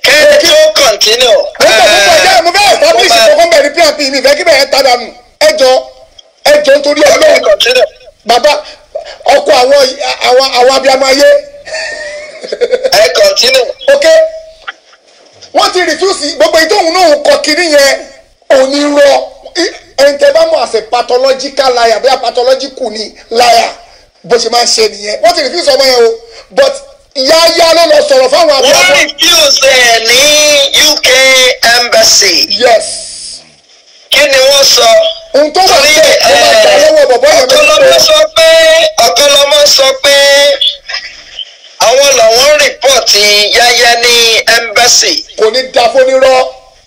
Speaker 4: kẹ́ẹ̀ tí ó kọ̀ntínú. mo fẹ́ mo fẹ́ jẹ́ mo fẹ́ establish kankan bẹ̀rẹ̀ plan p mi fẹ́ kí bẹ̀rẹ̀ ta dànù ẹjọ́ ẹjọ́ nítorí ọlọ́run bàbá ọkọ àwọn àwọn àwọn abiyamọ ayé. ẹ kọ̀ntínú. ok wọ́n ti refuse gbogbo ìtòhún náà kọ kiri yẹn onírọ́ ẹ̀ǹtẹ̀bámọ̀ as a pathological liar bí a pathological ni liar bó ṣe máa ń ṣe nìyẹn wọ́n ti refuse ọmọ yẹn o but yáyá ló lọ sọ̀rọ̀ fáwọn abiyamọ. wọ́n refuse
Speaker 2: ẹ̀ ní UK embassy. yes. kí ni wọ́n sọ. So? ohun tó wà níbẹ̀ ẹ máa gbà sọ pé ọ̀kọ́lọ́mọ sọ pé àwọn làwọn rìpọ́ọ̀tì yáyá ní ẹ́mbẹ́sì.
Speaker 4: kò ní da fónírọ́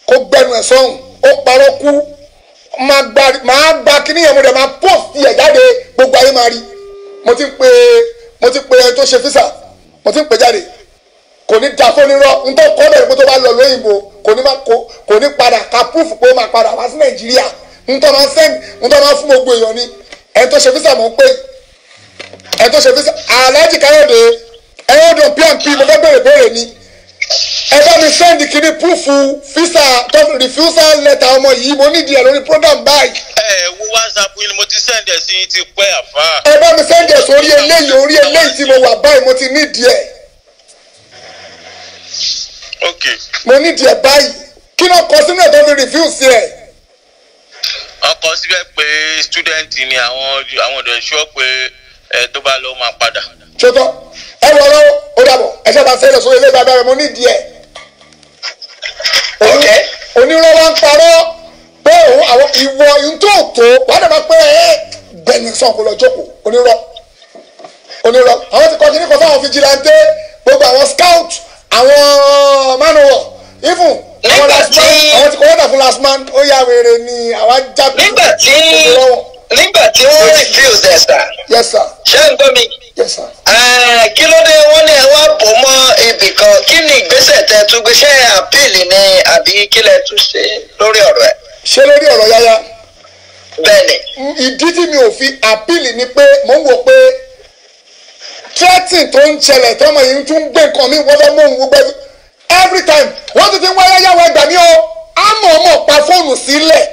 Speaker 4: kó gbẹnu ẹ̀ sọ́hùn ó parọ́ kú máa gba kíní yẹn mo dẹ̀ máa pọ́ọ̀fì ẹ̀ jáde gbogbo ayé máa rí mo ti pe mo ti pe ẹni tó ṣe físà mo ti pe jáde kò ní da fónírọ́ nítorí kọ́ bẹ̀rẹ̀ pé tó bá lọ lóyìnbó kò ní padà ká púùfù pé ó máa padà wá sí nàìjíríà ntọ́ máa send ntọ́ máa fún gbogbo èèyàn ni ẹ̀ tó ṣe físà mọ̀ ń pè ẹ̀ tó ṣe físà aláàjì káyọ̀dé ẹ̀rọ ọdún pmp mo fẹ́ bèrè bèrè ni ẹ bá mi send kiri púrúfù físà tó refusal letter ọmọ yìí mo nídìí ẹ lórí program báyìí. ẹ ẹ wo whatsapp
Speaker 1: yìí mo ti send ẹ sí ti pẹ́ àfa.
Speaker 3: ẹ bá
Speaker 4: mi send ẹ sórí eléyìí orí eléyìí tí mo wà báyìí mo ti nídìí ẹ. ok. mo nídìí ẹ báyìí kí ló kọ sínú ẹ̀ tó fi refuse ẹ
Speaker 2: ọkọ síbẹ̀ pé student ni àwọn àwọn ọ̀dọ́ ìṣúọ́ pé ẹ tó bá lọ máa padà.
Speaker 4: ṣòtọ́ ẹ wọ ọ ó dàbọ̀ ẹ ṣẹba ṣe é lọ sórí ilé bàbá rẹ mo ní ìdí ẹ. onírọ́wọ́ ń parọ́ pé òun àwọn ìwọ ìtò tó wà dàbà pé ẹ bẹ̀yìn sàn kó lọ jókòó onírọ́ onírọ́ àwọn ti kọ́ kí ní kọ́ fáwọn fìjìláńtẹ́ gbogbo àwọn scout àwọn manowar even nígbà tí àwọn ti kọ́wọ́dà fún last ó yà wèrè ni àwa jábí. nígbà tí
Speaker 2: nígbà tí wọ́n refuse ẹ̀ sà. yes sir. ṣé ń gbọ́ mi. yes sir. kí ló dé wọ́n ní ẹ wá bò mọ́ ibì kan kí ni ìgbésẹ̀ tẹ tún gbé ṣé àpíìlì ni àbí kí lẹ tún ṣe
Speaker 4: lórí ọ̀rọ̀ ẹ̀. ṣé lórí ọ̀rọ̀ yáyá. bẹ́ẹ̀ni. ìdí tí mi ò fi àpíìlì ni pé mò ń wò pé threatening tó ń ṣẹlẹ̀ tọ́mọ yìí tún gbé nǹkan mi wọ́n fẹ́ mú òun gbẹ́rù every time wọ́n tún ti ń wáyé yàwó ẹgbà ní o á mọ̀ ọmọ pa fóònù sílẹ̀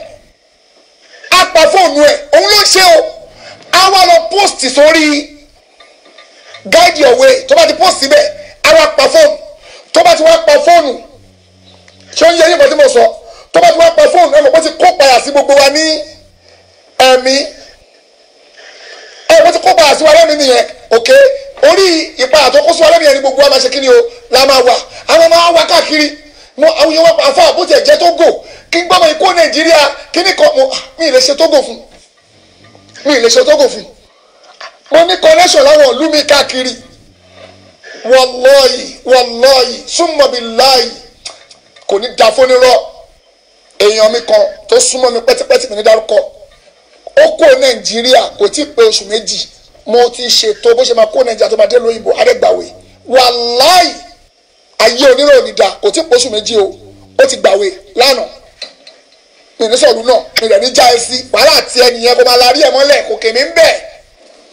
Speaker 4: á pa fóònù ẹ̀ òun ló ṣe o á wá lọ post sórí guide your way tó bá ti post síbẹ̀ á wá pa fóònù tó bá ti wá pa fóònù ṣé ó ń yẹ yín kan tí mo sọ tó bá ti wá pa fóònù ẹ mọ̀ pé ti kó padà sí gbogbo wa ní ẹ̀mí ẹ mọ̀ pé ti kó padà sí wa lẹ́mìí nìyẹn okay orí ìpayà tó kó sí wa lẹ́mìí ẹni gbogbo wa máa ṣe kí ni o la máa wà àwọn máa wá káàkiri mo àwọn yẹn wá pa àfa àbótí ẹ̀jẹ̀ Tógò kí gbọ́mọ ikú Nàìjíríà kí ni kan mo ah, mi ì lè ṣe Tógò fún mi ì lè ṣe Tógò fún mo ní connection láwọn ìlú mi káàkiri wallahi wallahi summa billahi kò ní da fónírọ́ èèyàn mi kan tó súnmọ́ mi pẹ́tipẹ́ti mi ní dárúkọ ó kó Nàìjíríà kò tí ì pé oṣù méjì mo ti ṣètò bó ṣe máa kó nàìjíríà tó máa dé lóyìnbó adẹ́gbàwé wàláì ayé onírò ní da kò tí poṣù méjì o ó ti gbàwé lánàá mínísọ̀rù náà mílẹ̀ ní já ẹ sí wàhálà tí ẹnìyẹn kò máa larí ẹ mọ́lẹ̀ kò kèmí ń bẹ̀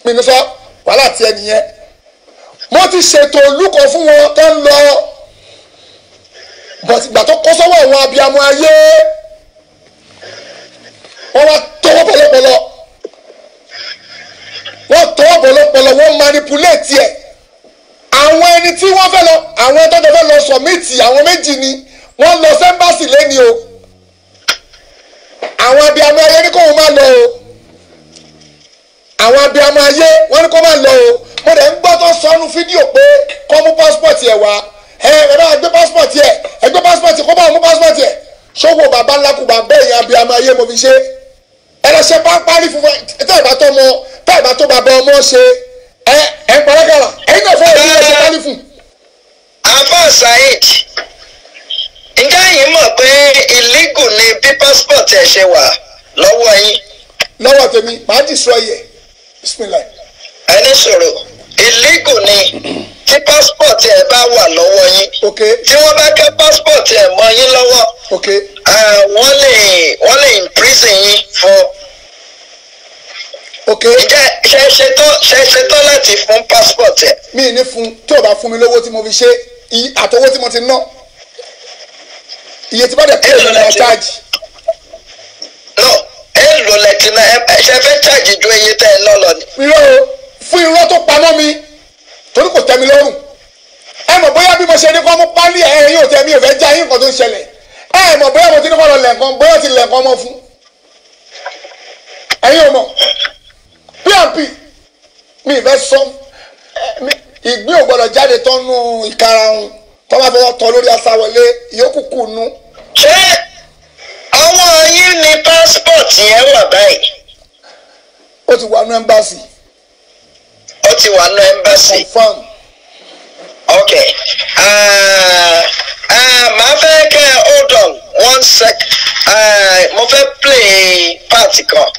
Speaker 4: mínísọ̀ wàhálà tí ẹnìyẹn mo ti ṣètò olùkọ́ fún wọn tó ń lọ bọ̀tìgbà tó kó sọ́wọ́ àwọn abiyamọ ayé wọ́n wá tọwọ́ pẹ̀lẹ́pẹ̀lẹ́ wọ́n tọ́ ọ̀pọ̀lọpọ̀lọ wọ́n manipulate ẹ̀ àwọn ẹni tí wọ́n fẹ́ lọ àwọn ẹni tó fẹ́ lọ sọ̀mìtì àwọn méjì ni wọ́n lọ sẹ́ńbàsì lẹ́ni o àwọn abiyamọ ayé ní kò wọ́n máa lọ o àwọn abiyamọ ayé wọ́n ní kò máa lọ o mo dẹ̀ ń gbọ́ tó sọnù fídíò pé kó mú passport ẹ̀ wá ẹ ẹ bá gbé passport ẹ̀ ẹ gbé passport kó bá mú passport ẹ̀ ṣòwò bàbá ńlá kù bàbá ẹ̀yìn abiyamọ ayé mo fi ṣe ẹ lọ ṣe pápá ní funfun ẹ tẹ́ ẹ bá tọ́ mọ́ táàbà tó bàbá ọmọ ṣe ẹ ẹ pàrọkàrà ẹ̀yin náà fọwọ́ ìdílé ṣe kálífù. àbá saheed
Speaker 2: ǹjẹ́ ẹ̀yin mọ̀ pé illegal ni bí passport ẹ̀ ṣe wà lọ́wọ́
Speaker 4: yín. lọ́wọ́ tèmi màá dì sọ yẹ bismillah. ẹni sọ̀rọ̀ illegal ni tí passport ẹ̀ bá wà lọ́wọ́ yín. tí wọ́n bá kẹ́
Speaker 2: passport ẹ̀ mọ́ yín lọ́wọ́. wọ́n lè wọ́n lè imprison yín fún
Speaker 4: ok. ǹjẹ́ ṣe ṣetán ṣe ṣetán láti fún passport ẹ̀. mi ní fún tí o bá fún mi lówó tí mo fi ṣe àtọwó tí mo ti ná iye tí bá dẹ̀ kúrò nínú charge.
Speaker 2: no ẹ
Speaker 4: lò lẹ́tì náà ṣe fẹ́ charge ju iye tẹ́ ẹ lọ́lọ́ ni. irọ́ o fún irọ́ tó pamọ́ mi torí kò tẹ́ mi lọ́rùn ẹ mọ̀ bóyá bí mo ṣe ní kó mú pálí ẹ̀ yóò tẹ́ mi ò fẹ́ já yín nǹkan tó ń ṣẹlẹ̀ ẹ mọ̀ bóyá mo ti ní kó lọ lẹ̀kan bóyá ti lẹ̀kan mọ́ fún ẹ̀yin ò mọ̀ pmp mi fẹ́ sọ ìgbín ò gbọ́dọ̀ jáde tán nú ìkarahun tó bá fọwọ́ tán lórí aṣáwọlé ìyókù kù nú. ṣé ọwọ́ yín ni passport yẹn wà báyìí. ó ti wà nú ẹ́mbáàsì. ó ti wà nú ẹ́mbáàsì. confam. ok ah,
Speaker 2: ah, màá fẹ́ kẹ́ hold on one sec uh, mo fẹ́ play party kan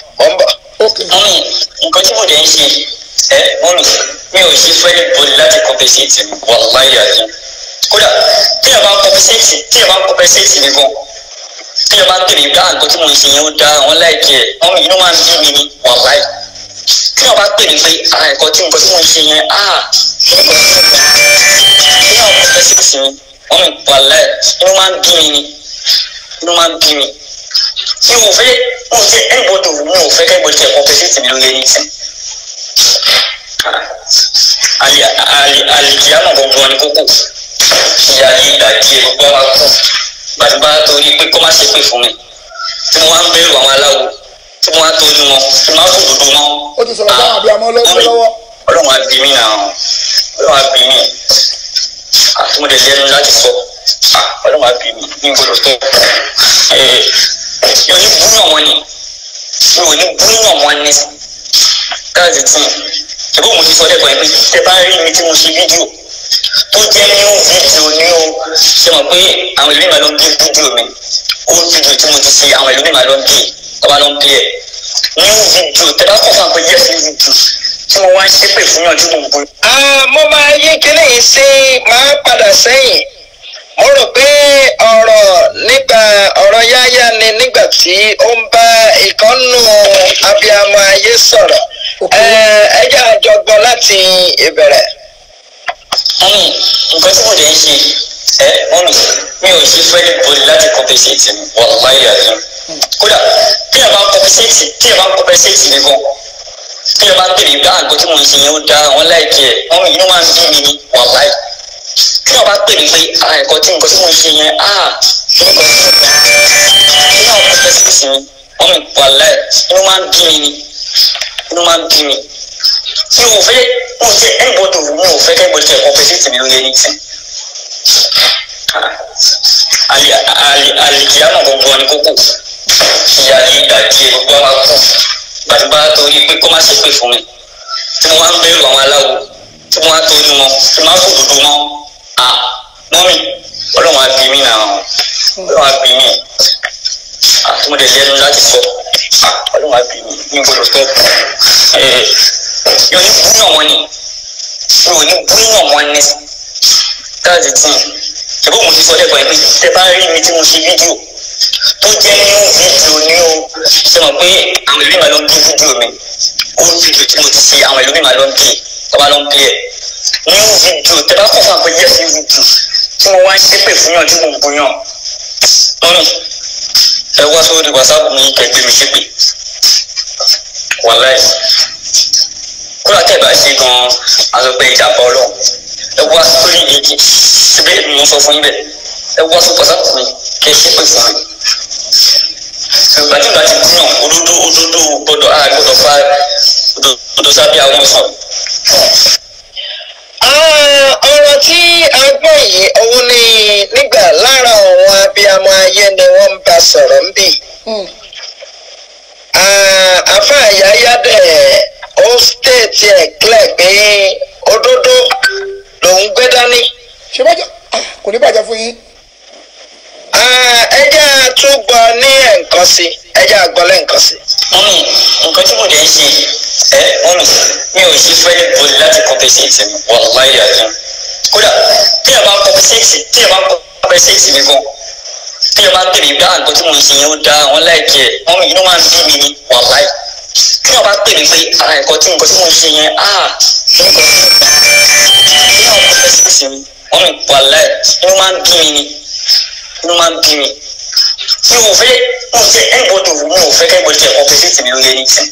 Speaker 2: mọ́mí nǹkan tí mo dẹ̀ ń ṣe ẹ mọ́mí mi ò ṣe fẹ́ bọ́lí láti compensate
Speaker 1: mi wàláyé àti kódà tí yẹn bá compensate tí yẹn bá compensate mi gan tí yẹn bá tèmi dá ah, nǹkan tí mo ṣe yẹn ó dá wọn láìkí ẹ mọ́mí inú máa ń bí mi ni wàláyé tí yẹn bá pè mí pé àwọn ah, ẹ̀kọ́ tí nǹkan tí mo ṣe yẹn á
Speaker 5: ah, tí yẹn
Speaker 1: compensate mi mọ́mí wàláyé inú máa ń bí mi ni inú máa ń bí mi mi ò fẹ́ mo fẹ́ ẹnìbọdọ mi ò fẹ́ kẹgbọdọ tẹ kọmpẹsẹtì mi lórí ẹni tí alikiyama gbogbo ni koko
Speaker 6: ìyá yìí ìgbà díẹ̀ gbogbo wa kù gbàdúgbà torí pé kọ́ má ṣe pé fún mi tí mo wá ń bẹ̀rù àwọn aláwo
Speaker 1: tí mo wá tọ́jú wọn tí mo wá fò dúdú wọn.
Speaker 4: ó ti sọ̀rọ̀ báwọn àbí àmọ́ lọ́wọ́.
Speaker 1: ọlọ́run á bí mi náà ọlọ́run á bí mi àti ah, mo lè lẹ́nu láti sọ ah, ọlọ́run á bí mi ní gbọdọ̀ tó mi ò ní búrò wọn ni mi ò ní búrò wọn ni káàdì tí ìbò mo ti sọ lẹ́kọ̀ọ́ yẹn pé tẹ bá
Speaker 2: rí mi tí mo ṣe fídíò tó jẹ́ new video ni o ṣe mọ̀ pé àwọn ìlú ìmọ̀ ló ń gé fídíò mi old video tí mo ti ṣe àwọn ìlú ìmọ̀ ló ń gé ọba ló ń play ẹ̀ new video tẹ bá kọ́ fún àpò yes new video tí mo wá ṣépè fún yànjú gbogbo. mo máa yí kílẹ̀ yìí ṣe máa padà sẹ́yìn mo rò pé ọ̀rọ̀ nípa ọ̀rọ̀ yáyá ni nígbà tí ó ń bá ìkànnù abiyamọ ayé sọ̀rọ̀ ẹ jẹ́ àjọgbọ́n láti ìbẹ̀rẹ̀. nǹkan tí mo lè ṣe ẹ mọ́mí mi
Speaker 5: ò sí fẹ́ ìbòlì láti compensate mi wọ́n máa yà á yẹn kódà tí ẹ bá ń compensate
Speaker 1: tí ẹ bá ń compensate mi gan tí ẹ bá ń bèrè bí àgọ́ tí mo ń ṣe yẹn ó dá wọn láìkí ẹ̀ mọ́mí inú máa ń bí mi ni wàhálà kí wọ́n bá pè mí pé ẹ̀kọ́ ah, tí nǹkan tí mo ṣe yẹn
Speaker 5: ah nǹkan tí mo ṣe
Speaker 1: yẹn nínú àwọn professors mi wọ́n mi pa láì inú máa ń bí mi ni inú máa ń bí mi mi ò fẹ́ mo jẹ́ ẹ̀gbọ́dọ̀ mi ò fẹ́ kẹ́gbọ́dọ̀ ẹ̀kọ́ professors mi ló yẹ ní tí alikiyama gbogbo ni koko ìyá yìí dàdí ẹ gbogbo àwọn akọ gbàdúgbà torí pé kó má ṣe pè fún mi tí mo wá ń bẹ̀rù àwọn aláwo tí mo wá torí wọn tí mo wá fò dúdú wọn ah mọ́mí ọlọ́run á bí mi náà ọlọ́run á bí mi àti ah, mo lè lẹ́nu láti sọ ah, ọlọ́run á bí mi ní gbọdọ̀ fẹ́ yóò eh, ní búyàn wọn ni yóò ní búyàn wọn ni káàdì tí ṣùgbọ́n mo ti sọ lẹ́kọ̀ọ́ yìí pé tẹ bá rí mi tí mo ṣe fídíò tó jẹ́ nínú fídíò ní o ṣe mọ̀ pé àwọn ìlú mi máa lọ ń bí fídíò mi ó fídíò tí mo ti ṣe àwọn ìlú mi máa lọ ń bí tọ́ bá lọ ń bí ẹ̀ you will do tẹ bá kọ fún àgbẹ yes you will do tí mo wá ń ṣépè fún yàn tí mo bù yàn lọ́nà ẹ wá sórí wàsáàpù mi kẹgbẹ́ mi ṣépè wàláì kúrò àti ẹ̀bà ṣe gan-an
Speaker 5: àtọ́gbẹ́ ìjàmbá ọlọ́run ẹ wá sórí ìdí síbẹ̀ mo sọ fún yín bẹ́ẹ̀ ẹ wá sórí
Speaker 1: wàsáàpù mi kẹ ṣépè fún mi gbajúgbajú ti kú yàn olódó olódó gbọdọ̀ àgbọdọ̀ fa odò sábẹ́ àwọn sọ̀rọ̀
Speaker 2: ọ̀rọ̀ tí a gbọ́ yìí òun ni nígbà lára àwọn abiyamọ ayé ni wọ́n ń bá sọ̀rọ̀ ń bì. Hmm. àfa àyáyá dẹ̀ ó stéètì ẹ̀ clear pé òdodo lòún gbé dání. ṣé bàjẹ́ kò ní bàjẹ́ fún yín. ẹ jẹ́ àtúgbọ́ ní ẹ̀ǹkan sí ẹ jẹ́ àgbọ́lẹ̀ ẹ̀ǹkan sí. mọ́mí nǹkan tí mo dẹ̀ ń ṣe yìí ẹ wọn
Speaker 5: mi ò ṣe fẹ́ níbọ̀dì láti compensate mi wàláì àdùn kódà tí a bá compensate tí a bá compensate mi gan tí a bá tẹ̀lé bí àgọ́ tí
Speaker 1: mo ṣe yẹn ó dá àwọn láìkí ẹ̀ wọn inú máa ń bí mi ní wàláì tí a bá tẹ̀lé pé ara ah, ẹ̀kọ́ tí nǹkan tí mo ṣe yẹn á nǹkan tí a bá compensate mi wọn mi wàláì inú máa ń bí mi ní inú máa ń bí mi mi ò fẹ́ mo ṣe ẹ̀ńbọ̀dì mi ò fẹ́ kẹ́ńbọ̀dì ẹ̀ compensate mi lórí ẹni tí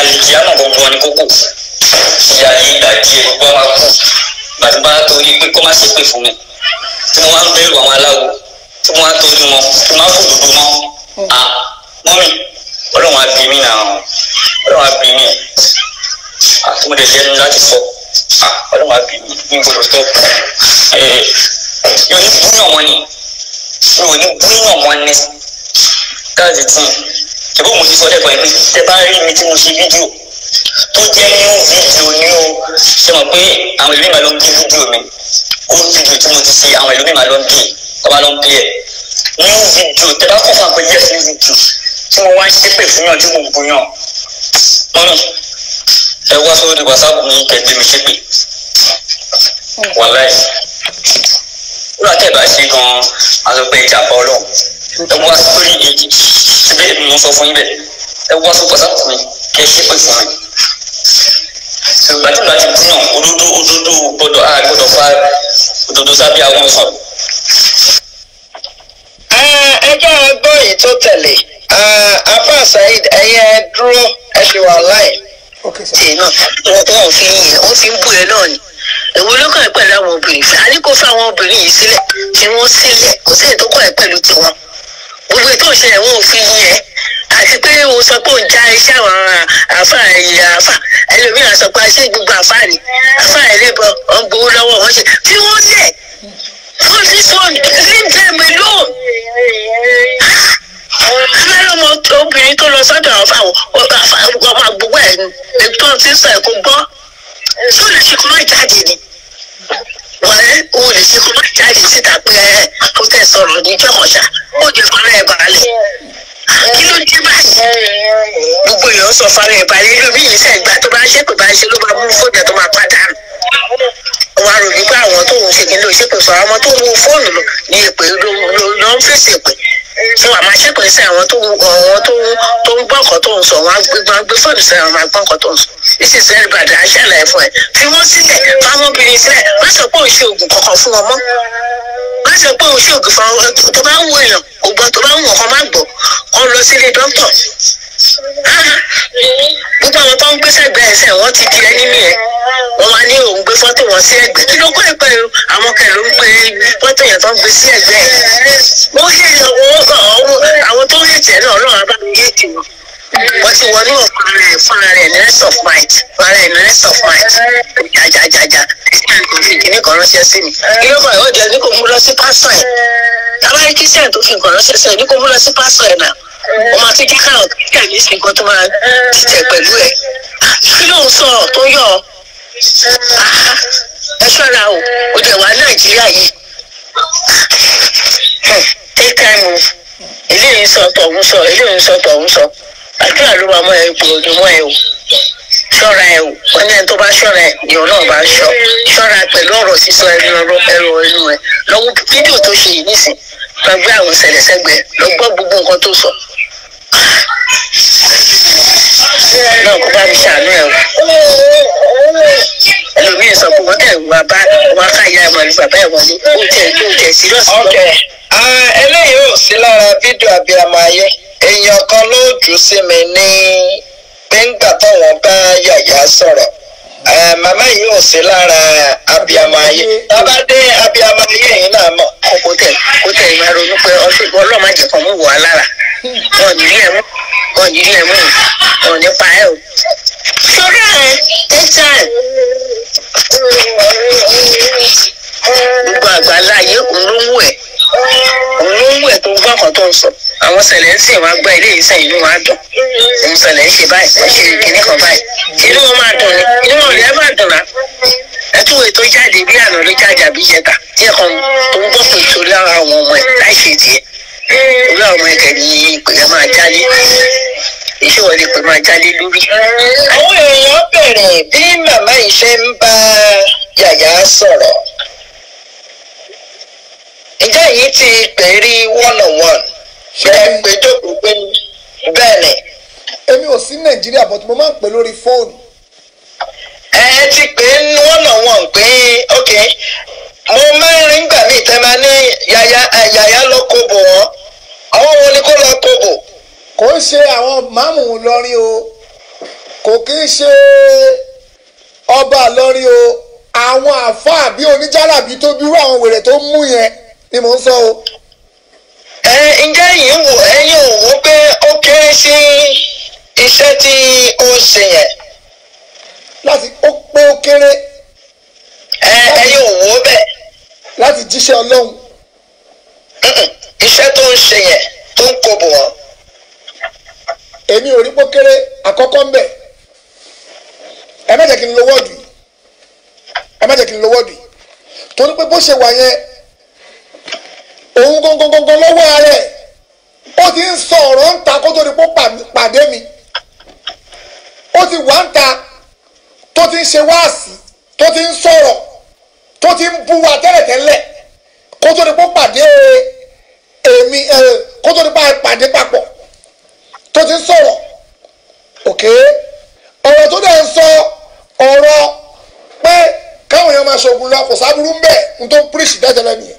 Speaker 1: alikiyama gbogbo ni kókó ìyá yìí ìdajì ẹ gbogbo àwọn kù gbàdúgbà torí pé
Speaker 5: kó má ṣe pè fún mi tí mo máa ń bẹ̀rù àwọn aláwo tí mo máa ń torí wọn tí mo máa ń kó dúdú mọ́ à
Speaker 1: mọ́mì ọlọ́run á bí mi nà ọ́n ọlọ́run á bí mi ẹ̀ àti mo lè lẹ́nu láti sọ ọlọ́run á bí mi ní gbọdọ̀ tó ẹ̀ yóò ní búyàn wọn ni yóò ní búyàn wọn ni káàdì tí ṣùgbọ́n mo ti sọ lẹ́kọ̀ọ́ yẹn pé tẹ bá rí mi tí mo ṣe fídíò tó jẹ́ new video ni o ṣe mọ̀ pé àwọn ìlú ìmọ̀ ló ń bí fídíò mi old video tí mo ti ṣe àwọn ìlú ìmọ̀ ló ń bí ọba ló ń bí ẹ̀ new video tẹ bá kọ́ fún àpẹ yes new video tí mo wá ń ṣépè fún yàn tí mo bu yàn mọ́nà ẹ wá sórí wàsáàpù mi kẹ̀tẹ́ mi ṣépè wàláì wúrà tẹ̀ ṣe gan-an àtọ́pẹ́ ìjàmbá ọlọ́run ẹ wá sórí èjì síbẹ̀ ni mo sọ fún yín bẹ́ẹ̀ ẹ wá sọ pàṣẹ fún mi kẹ ṣe pé fún mi. ṣùgbọ́n tí màá ti kúnyàn òdodo òdodo gbọdọ̀ a gbọdọ̀ fa òdodo sábẹ́ àwọn ọ̀sán.
Speaker 5: ẹ jẹ́
Speaker 2: àgbọ̀ yìí tó tẹ̀lé afa saheed ẹ̀yẹ dúró ẹ ṣì wà láì. ṣe náà wọn ò fi yìn wọn fi ń bú ẹ náà ni èwo ló kàn ẹ́ pẹ̀lú àwọn obìnrin
Speaker 3: yìí a ní kó fa àwọn obìnrin yìí sílẹ̀ tí wọ́n sílẹ̀ kò sí ètò kàn ẹ́ pẹ̀lú tiwọn gbogbo ètò ìṣẹ̀lẹ̀ wọn ò fi yẹ àti pé o sọ pé o já iṣẹ́ àwọn àáfà ẹ̀yà àáfà ẹlòmíràn sọ pé aṣẹ́ gbogbo àáfà ni àáfà ẹlẹ́bọ ọ̀n gbowó lọ́wọ́ wọn ṣe fi wọ́n lẹ̀ fún this one leave them alone obìnrin tó lọ sọ́dọ̀ àáfà ọmọ àgbọ̀wọ́ ẹ̀ tó ti sọ ẹ̀kọ́ gbọ́ sóòlù ṣe kọ́ máa jáde ni wẹ́ẹ́ o lè ṣe kó jáde síta pé ẹ kó sọ̀rọ̀ ní jọ̀mọ̀ṣà ó di fara ẹ̀ balẹ̀ kí ló dé báyìí gbogbo èèyàn sọ fara ẹ̀ balẹ̀ lórí ìṣe ìgbà tó bá ṣe kò bá ṣe ló bá mú fóònù tó máa pàdánù wọn a rò wípé àwọn tó ń ṣe kí ló ṣe kò sọ àwọn tó ń wo fóònù ní èpè ló ń fèsì èpè fún àmọ́ aṣẹ́pẹ̀ sí àwọn tó ń gbọ́ tó ń sọ wọn á gbé fóònù sí àwọn àgbọ̀ǹkan tó ń sọ this is very bad fún ẹ fi wọ́n sílẹ̀ fáwọn obìnrin sílẹ̀ má sọ pé ò ń ṣe fún wọn má sọ pé ò ń fún wọn tó bá ń wo èèyàn kò gbọ́ tó bá ń wọ̀ kọ́ má gbọ́ kọ́ lọ sílé dókítà gbogbo àwọn tó ń gbé sẹ́gbẹ̀ẹ́ ẹsẹ̀ wọ́n ti di ẹni mi wọ́n wá ní òun gbé fọ́tò wọn sí ẹ̀gbẹ́ kí ló kọ́ ẹ̀pẹ́ o àwọn kan ló ń gbé fọ́tò yẹn tó ń gbé sí ẹ̀gbẹ́ ẹ̀ mo ṣe ìyàwó àwọn tó ń hẹ̀tẹ̀ náà ọlọ́run abáyé ètò wọn wọ́n ti wọnú ọ̀kan rẹ̀ fúnra rẹ̀ ní rest of mind fúnra rẹ̀ ní rest of mind jajajaja christian kò fi kíní kan ránṣẹ́ sí mi kí ló mọ̀ ẹ́ ní kò mú lọ sí pásọ̀ ẹ̀ tábàárí christian tó fi nǹkan ránṣẹ́ sí ẹ̀ ní kò mú lọ sí pásọ̀ ẹ̀ náà wọ́n máa tún jẹ́ káwọn christian ní ìsìnkú tó máa dìtẹ̀ pẹ̀lú ẹ̀ kí ló ń sọ̀rọ̀ tó yọ̀ ẹ ṣọ́ra o ó dẹ̀ wá nàìjíríà yìí take time o eléyìí sọ tọ̀hún sọ eléyìí sọ tọ̀hún sọ àdúrà ló máa mọ ẹ gbòòdùmọ́ ẹ o ṣọ́ra ẹ o wọ́n tó bá ṣọ́ra ẹ ìyọ̀ náà bá ṣọ́ ṣọ́ra pẹ̀lú ọ̀rọ̀ sísọ ẹnu ọ̀rọ̀ ẹ̀rọ ẹnu ẹ lọ́wọ́ fídíò tó ṣe yìí nísìn lọ àwọn ìṣẹ̀lẹ̀ sẹ́gbẹ̀ẹ́ lọ gbogbo nǹkan tó sọ. náà kó bá mi ṣàánú ẹ o ẹlòmíì sọ pé wọ́n tẹ̀ wá bá wọn ká ìyá ẹ̀mọ́
Speaker 2: ní bàbá ẹ̀mọ́ ní ó tẹ̀ ó tẹ̀ sí lọ́sibọ́. eléyìí ò sí lára fídíò àbíramọ ayé. èèyàn kan ló jù sí mi ní gbẹ̀ngà táwọn bá yàyà sọ̀rọ̀ màmá yìí ò sí lára abiyamọ ayé bàbá dé abiyamọ ayé yìí náà mọ kò kò pé ọlọ́run má wọ̀
Speaker 3: lára ilé gbogbo àgbàlá ayé òun ló ń tó gbọ́ ọ̀kan tó ń sọ àwọn sẹ̀lẹ̀ ń sìn wá gbọ́ ilé yìí sẹ́yìn inú wa dùn òun sẹ̀lẹ̀ ń ṣe báyìí wọ́n ṣe kínní kan báyìí inú wọn máa dùn ni inú wọn lè máa dùn rà ẹtú ètò jáde bí àná ló jáde àbí jẹta díẹ̀ kan tó ń gbọ́ pé torí àwọn ọmọ ẹ̀ láì ṣe tiẹ̀ orí àwọn ọmọ ẹ̀kẹ́ ni ìpìlẹ̀ máa jáde iṣẹ́ wọn ni ìpìlẹ̀ máa jáde lórí. àwọn
Speaker 2: èèyàn bẹ̀rẹ̀ bí màmá ìfẹ́ ń bá yàyà sọ̀rọ̀
Speaker 4: ǹjẹ́ èyí ti pè rí one on one bẹ́ẹ̀ pé jókòó pé bẹ́ẹ̀ ni. èmi ò sí nàìjíríà but mo máa ń pè lórí fóònù. ẹ ti pè é one on one pé ok
Speaker 2: mo máa ń rí gbà mí tẹ́ máa ní yàyà yàyà lọ kobo ọ́ àwọn wo ni
Speaker 4: kó lọ kobo. kò ń ṣe àwọn máàmù lọ́rin o kò kí ń ṣe ọba lọ́rin o àwọn àfáà bíi oníjàlábí tó dúró àwọn wèrè tó mú yẹn ni mò ń sọ o. ẹ ǹjẹ́ yìí wò
Speaker 2: ẹ̀yin ò wò pé ó kéré sí iṣẹ́ tí ó ṣe yẹn.
Speaker 4: láti ó pé ó kéré. ẹ ẹ̀yin ò wò bẹ́ẹ̀. láti jíṣẹ́ ọlọ́run. iṣẹ́ tó ń ṣe yẹn tó ń kó bò wọ́n. èmi ò rí pé kéré àkọ́kọ́ ń bẹ̀. ẹ má jẹ́ kí n lo wọ́ọ̀dù ẹ má jẹ́ kí n lo wọ́ọ̀dù torí pé bó ṣe wà yẹn òun gangan gangan lọ́wọ́ ara ẹ̀ ó ti ń sọ ọ̀rọ̀ ń ta kó tó di pé pàdé mi ó ti wà ń ta tó ti ń ṣe wáàsí tó ti ń sọ̀rọ̀ tó ti ń bú wa tẹ́lẹ̀tẹ́lẹ̀ kó tó di pé pàdé èmi kó tó di pé pàdé papọ̀ tó ti ń sọ̀rọ̀ òkè ọ̀rọ̀ tó dẹ̀ ń sọ ọ̀rọ̀ pé káwọn èèyàn máa ṣoògùn lọ kò sábúrú ń bẹ̀ ń tó ń píríṣì dájọ́ lẹ́nu yẹn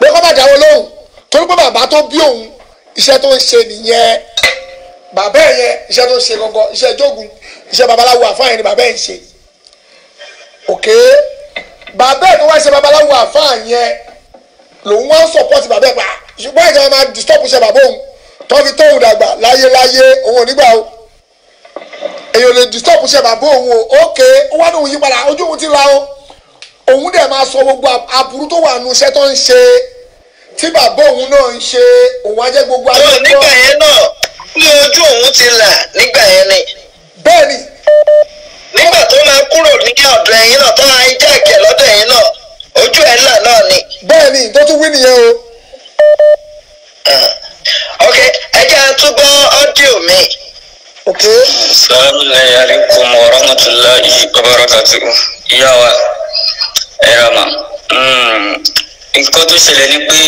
Speaker 4: pé kọ́ bá dáwọ́ lóhùn torí pé bàbá tó bí òun iṣẹ́ tó ń ṣe nìyẹn bàbá ẹ̀ yẹn iṣẹ́ tó ń ṣe gangan iṣẹ́ jogun iṣẹ́ babaláwo àfáàyàn ni bàbá ẹ̀ ń ṣe òkè bàbá ẹ̀ tó wá ṣe babaláwo àfáàyàn lòun wá ń sọpọ́tì bàbá ẹ̀ pa ah, ṣùgbọ́n ìjọba máa disturb iṣẹ́ bàbá òun tó fi tóun dàgbà láyéláyé òun ò nígbà o èyàn lè disturb iṣẹ́ bàbá òun o òkè ó ní òun yípadà ojú òun ti la o. Okay òun dẹ̀ máa sọ gbogbo aburú tó wà nù iṣẹ́ tó ń ṣe tí bàbá òun náà ń ṣe òun á jẹ́ gbogbo ayé náà. nígbà yẹn náà ní ojú òun ti là nígbà yẹn ni.
Speaker 2: bẹ́ẹ̀ni. nígbà tó máa kúrò ní ọ̀dọ̀ ẹ̀yin náà tó máa ń jẹ́ ẹ̀kẹ́ lọ́dọ̀ ẹ̀yin náà ojú ẹ̀ là náà ni. bẹ́ẹ̀ni
Speaker 4: tó tún wí nìyẹn o.
Speaker 2: Ah. ok ẹ jẹ́ àtúgbọ́ ọ́díò mi. ok.
Speaker 1: assalamu alaykum wa rahmatullahi wa barakatuh ìyá wa ẹ rà mà hmm, nǹkan tó ṣẹlẹ̀ ni pé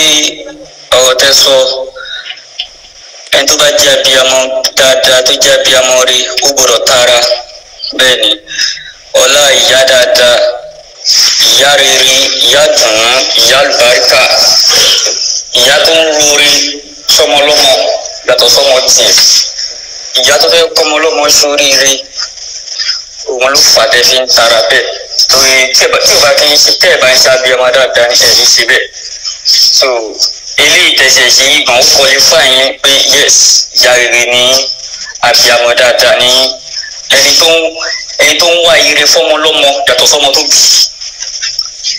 Speaker 1: ọ̀rọ̀ tẹ́ sọ ẹni tó bá jẹ́ abiyamọ dáadáa tó jẹ́ abiyamọ rí ó gbọ́dọ̀ tara bẹ́ẹ̀ ni ọlá ìyá dáadáa ìyá rere ìyá dùnú ìyá àlùbáríkà ìyá tó ń rori sọmọlọmọ yàtọ̀ sọmọ tiẹ̀ ìyá tó fẹ́ kọ́mọlọmọ sóríire òun ló fà tẹ́ fi ń tara bẹ́ẹ̀ torí tí ẹ bá tí ẹ bá kí n ṣe tẹ́ ẹ bá ń ṣàbí ọmọ dáadáa ní ẹ̀rí ṣe bẹ́ẹ̀ so eléyìí tẹ̀sẹ̀ ṣe yìí gan ó qualify yín pé yes ìyá rere ní àbíamọ dáadáa ní ẹni tó ń ẹni tó ń wá ire fọ́mọ lọ́mọ yàtọ̀ fọ́mọ tó bì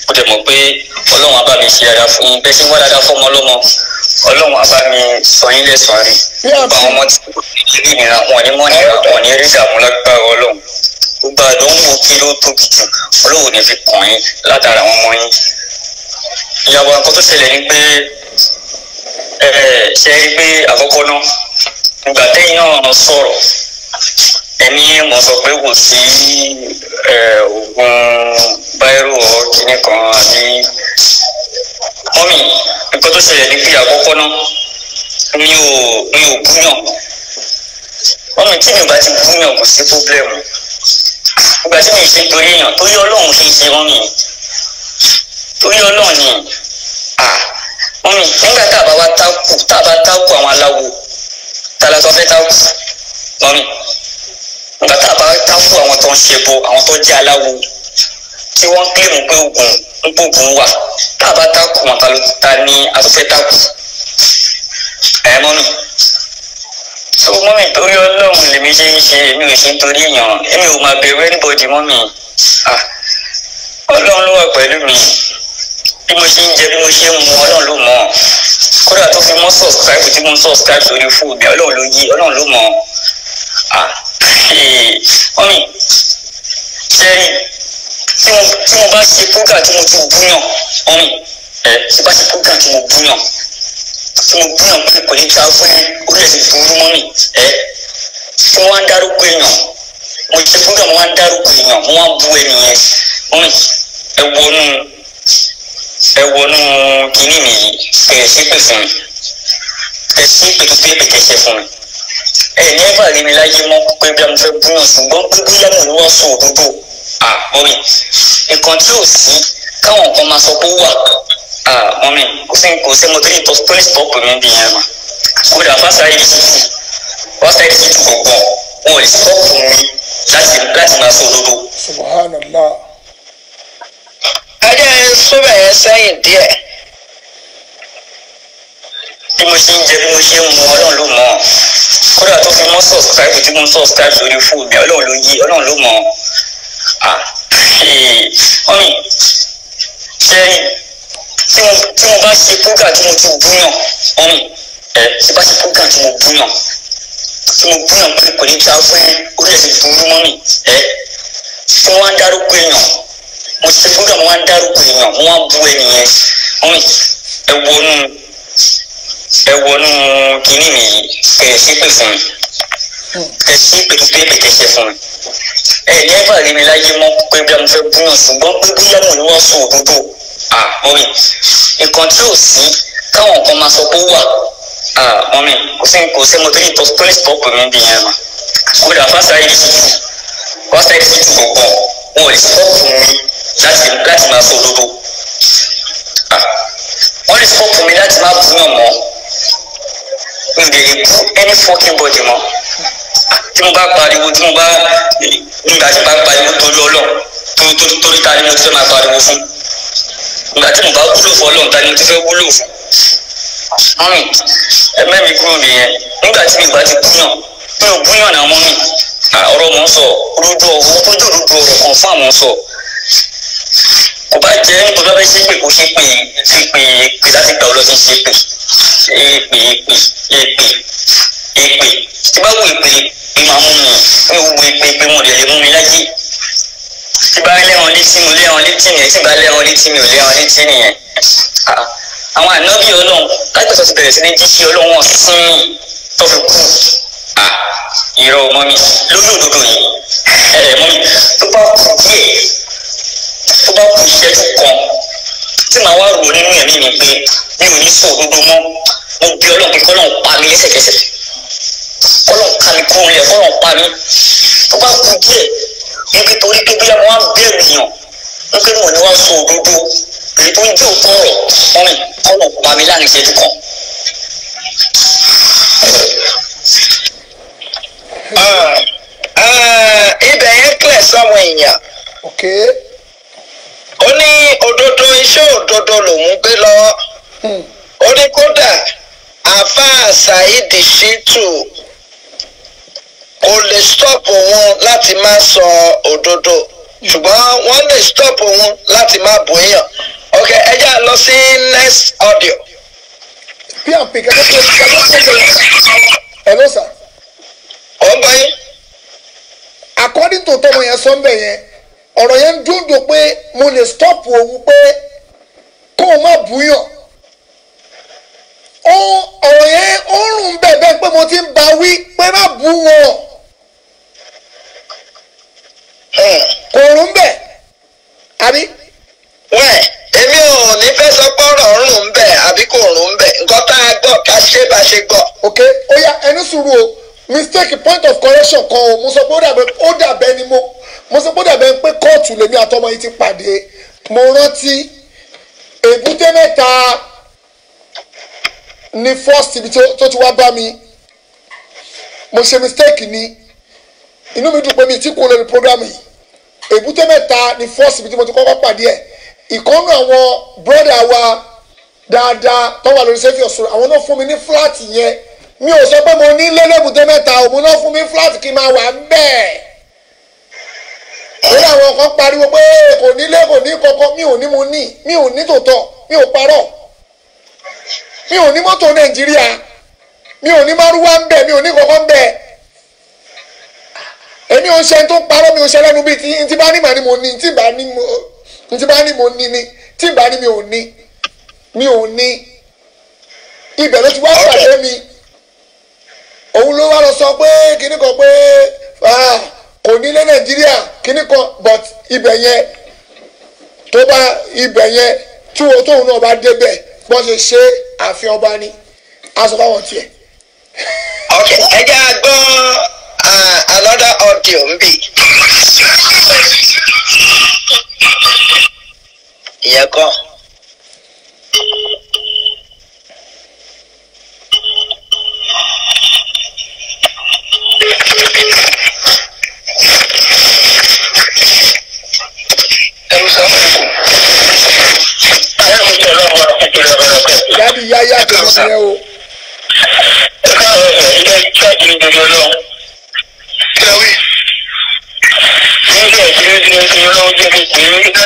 Speaker 1: ó dẹ̀ mọ̀ pé ọlọ́run á mi ṣe dáadáa fún bẹ́ẹ̀ ṣe ń wá dáadáa fọ́mọ lọ́mọ ọlọ́run á mi sọ yín lẹ́sàn rí nípa ọmọ tí kò ní rí ìnira wọn ní mọ́ nira wọn ní rí ìdààmú lágbára ọlọ́run gbogbo àdánwò kí ló tóbi jù ọlọ́run ní fi kàn yín látara àwọn ọmọ yín ìyàwó nǹkan tó ṣẹlẹ̀ ni pé
Speaker 5: ṣe rí pé àkọ́kọ́ náà ìgbà tẹ́yìn náà sọ̀rọ̀ ẹni
Speaker 1: mo sọ pé kò sí oògùn báírò kíní kan àbí mọ́mì nǹkan tó ṣẹlẹ̀ ni pé àkọ́kọ́ náà mi ò mi ò búyàn mọ́mì tí mi ò bá ti
Speaker 5: búyàn kò sí pọ́blẹ́mù ìgbà tí mi ṣe torí èèyàn torí ọlọ́run ṣe ṣe wọ́n nìyẹn
Speaker 1: torí ọlọ́run ni wọ́n mi nígbà tá a bá wa tákù tá a bá tákù àwọn aláwo tá a lọ fẹ́ tákù wọ́n mi nígbà tá a bá tákù àwọn tó ń ṣe bo àwọn tó jẹ́ aláwo tí wọ́n kílèmù pé oògùn ń wà tá a bá tákù wọn ta ni a sọ fẹ́ tákù ẹ̀ mọ́nù so mọ́mì torí ọlọ́run lèmi ṣe ń ṣe èmi ò ṣe ń torí èèyàn èmi ò máa bẹ̀rù anybody mọ́mì ah, ọlọ́run ló wà pẹ̀lú mi bí mo ṣe ń jẹ bí mo ṣe ń mu ọlọ́run ló mọ̀ kódà tó fi mọ́ subscribe tí mo subscribe lórí fóònù ọlọ́run ló yí ọlọ́run ló mọ̀ ah, mọ́mì ṣẹ́rí tí mo bá ṣe program tí mo ti búyàn mọ́mì tí mo bá ṣe program tí mo búyàn fún bíyàn pé kò ní ta fún orí ẹ̀sìn burú mọ́ mi ẹ́ fún wa ń dárúkọ èèyàn mo ṣe fún kàmú wa ń dárúkọ èèyàn mo wá bu ẹnìyẹn mọ́ ẹ wọnú ẹ wọnú kínní mi bẹ̀rẹ̀ sí pè fún mi ẹ sí pèkìpé pèkìṣẹ́ fún mi ẹ ní ẹ bá rí mi láyé mọ́ pé bí a mo fẹ́ búyàn ṣùgbọ́n pé bí lámù ló wá sọ òdodo àmọ́ mi nǹkan tí ò sí káwọn kan máa sọ pé ó wà mọ́mí kò sí kò sí mo tó ní tó ní stọ́ọ̀pù mi bí yẹn mà kódà fásitì ayé ti tù fásitì ayé ti tù gbọ̀ngàn wọn ò lè mi
Speaker 2: láti láti máa sọ òdodo.
Speaker 4: subhanallah.
Speaker 2: ajá ẹ sọ́bẹ̀ yẹn sẹ́yìn díẹ̀. mo ṣe
Speaker 1: ń jẹ bí mo ṣe ń mu ọlọ́run ló mọ̀ fi mọ́ subscribe tí mo subscribe lórí fóònù mi ọlọ́run ló yí ọlọ́run ló mọ̀ ọ́ mọ́mí ṣẹ́yìn tí mo tí mo bá ṣe program tí mo ti búyàn ọ̀hún ẹ tí bá ṣe program tí mo búyàn tí mo búyàn pé kò ní ta fún ẹ orí ẹ̀ burú mọ́ mi ẹ tí wọ́n á dárúkọ èèyàn mo ṣe program wọ́n á dárúkọ èèyàn wọ́n á bu ẹnìyẹn ọ̀hún ẹ wọnú ẹ wọnú kínní mi kẹ ẹ ṣépè fún mi ẹ ṣépè fún bébè tẹ fún mi ẹ ní ẹ bá rí mi láyé mọ́ pé bí a mo fẹ́ búyàn ṣùgbọ́n pé bí lẹ́mọ̀ sọ òdodo. Ah, mọ́mí nǹkan tí ò sí káwọn kan máa sọ pé ó wà ah, mọ́mí kò sí kò sí mo tó ní tó ní mas mi bí yẹn mà kódà fásitì ayé títì fásitì ayé títì gbọ̀ngàn wọn ò lè stọ́ọ̀pù mi láti láti máa sọ òdodo ah, wọn lè stọ́ọ̀pù mi láti máa bú yàn mọ́ n lè bú tu fọ́kín bọ́dì mọ́ tu mo bá pariwo tí mo bá nígbà tu mo bá pariwo torí ọlọ́ torí torí torí ta ni mo ti fẹ́ máa pariwo fún ìgbà tí mo bá wúlò fún ọlọ́run ta ni mo ti fẹ́ wúlò fún mọ́mì ẹ mẹ́mi kúrò nìyẹn nígbà tí mi bá ti búyàn mi ò búyàn náà mọ́mì ọ̀rọ̀ mọ̀ sọ rúdú ọ̀hún tó jò ọ̀rọ̀ kan fún àwọn sọ kò bá jẹ́ nítorí wọ́n fẹ́ ṣe pé kò ṣe pé ṣe pé pé láti gbà ọlọ́sìn ṣe pé ṣe pé pé èpè tí bá wù èpè ìmọ̀ àwọn ọmọ mi ò wù
Speaker 5: èpè pé wọn ò lè mú mi láyé tí bá lẹ́wọ̀n létí mi ò lẹ́wọ̀n létí nìyẹn tí bá lẹ́wọ̀n létí mi ò lẹ́wọ̀n létí nìyẹn àwọn ànábì ọlọ́run lágbèsọ ti bẹ̀rẹ̀ sí ní jíṣẹ́ ọlọ́run ọ̀sìn tó fi kú ìrọ̀ ọmọ mi lórí òdodo yìí ẹ̀rẹ̀ mọ́ mi tó bá kù díẹ̀ tó bá kù ìṣẹ́jú kan tí màá wá rò nínú ẹ̀mí mi pé mi ò ní sọ òdodo mọ́ mo bí ọlọ́run
Speaker 1: pé kọ́lọ́run pa mi lẹ́sẹ̀kẹsẹ̀ kọ́lọ́run ká mi kúrò lẹ̀ kọ́lọ́run pa mi tó bá kù díẹ̀ ibi torí pé bóyá wọn á bẹ̀rù yàn wọn pé wọn ni wọn sọ òdodo èyí tó ń jẹ́ òkú ọ̀rọ̀ ọ̀rìn kọ́wọ́ pa mi láàrin ìṣẹ́jú kan.
Speaker 2: Ah, ah, ibẹ̀ yẹn clear sáwọn èèyàn. ó ní òdodo iṣẹ́ òdodo lòún gbé lọ́wọ́ hmm. ó ní kódà àfáà Saheed Shittu kò lè stop wọn láti má sọ òdodo ṣùgbọ́n wọ́n lè stop wọn láti má bòyàn ok ẹ já lọ sí next audio. bí àpè kẹ́kẹ́ tó
Speaker 4: ń bá tó ń ẹ ló sà. ó bọ yín. according to tọmọ yẹn sọ́ńbẹ̀ yẹn ọ̀rọ̀ yẹn ń dúndò pé mo lè stop òun pé kó o má bùyàn ó ọ̀rọ̀ yẹn ó rùn bẹ́ẹ̀ bẹ́ẹ̀ pé mo ti ń ba wí pé má bù wọn. Ah, kò rún bẹ́ẹ̀ àbí. wẹ́ẹ̀
Speaker 2: èmi ò ní fẹ́ sọ pé ọ̀rọ̀ rùn ń bẹ̀ àbí kò rùn ń nǹkan tá a gbọ́ ká ṣe bá
Speaker 4: ṣe gbọ́. ok ó yá ẹni sùúrù o mistake point of correction kan o mo sọ pé ó dàbẹ ó dàbẹ ni mo mo sọ pé ó dàbẹ pé kóòtù lèmi àtọmọ yìí ti pàdé mo rántí èbúté mẹ́ta ni first ibi tó ti wá bá mi mo ṣe mistake ni inú mi dùn pé mi ti kú lórí program yìí èbúté mẹ́ta ni fọ́ọ̀sì bí mo ti kọ́kọ́ pàdé ẹ̀ ìkọ́nù àwọn bírọ́dà wa dáadáa tó wà lórí sẹ́fì ọ̀ṣun àwọn náà fún mi ní yẹn mi ò sọ mo ní lé lébùté mẹ́ta òun náà fún mi fúláàtì kí n máa wà bẹ́ẹ̀ lórí àwọn kan pariwo pé kò nílé mi ò ní mo ní mi ò ní mi ò mi ò ní mọ́tò nàìjíríà mi ò ní ń mi ò ní kọkọ ń èmi ò ṣe tó parọ́ mi ò ṣe bíi ti ntí bá ní mà ni mo ní ntí bá ní mo ntí bá ní mo ní ni ntí bá ní mi ò ní mi ò ní ibẹ̀ ló ti wá pàdé mi òun ló wá lọ sọ pé kíní kan pé kò ní lé nàìjíríà kíní kan but ibẹ̀ yẹn tó bá ibẹ̀ yẹn tí o tóun náà bá débẹ̀ wọ́n ṣe ṣe àfihàn ọba ni aṣọ báwọn tiẹ̀. ọ̀kẹ́ ẹ̀jẹ̀ àgbọ̀n another audio ń
Speaker 2: bì. ìyẹn kọ́. Yáàbí tó ń bẹ̀rẹ̀
Speaker 6: Ẹ káàárọ̀
Speaker 5: ẹ̀ ẹ́ ṣáàjì gbogbo lọ. Kẹ́wì. Níjọ́ ìpínlẹ̀ ti ń ṣe lọ́wọ́ jẹ́ kí pé bẹ́ẹ̀ ni kò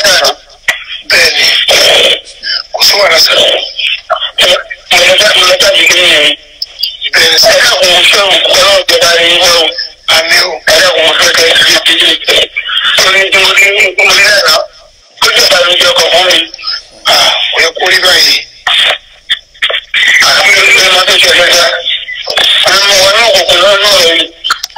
Speaker 6: sí wàhálà sá. Mọ̀lẹ́dá mọ̀lẹ́dá mi kí ni bẹ̀rẹ̀ sí ẹ̀dá kò fẹ́ ọlọ́run jẹba rẹ̀ yín wọ́n àmì o ẹ̀dá kò fẹ́ kẹ́ ẹ̀ ti di torí mo rí mo rí náà ó jọba ló jẹ ọkọ̀ fún mi kò yẹ kó rí báyìí. Àmì ìlú ẹ̀ máa tó ṣe ẹ̀fẹ́ dá. Àwọn ọmọ wa náà kò kò lọ́nà ọ̀rọ̀ yìí.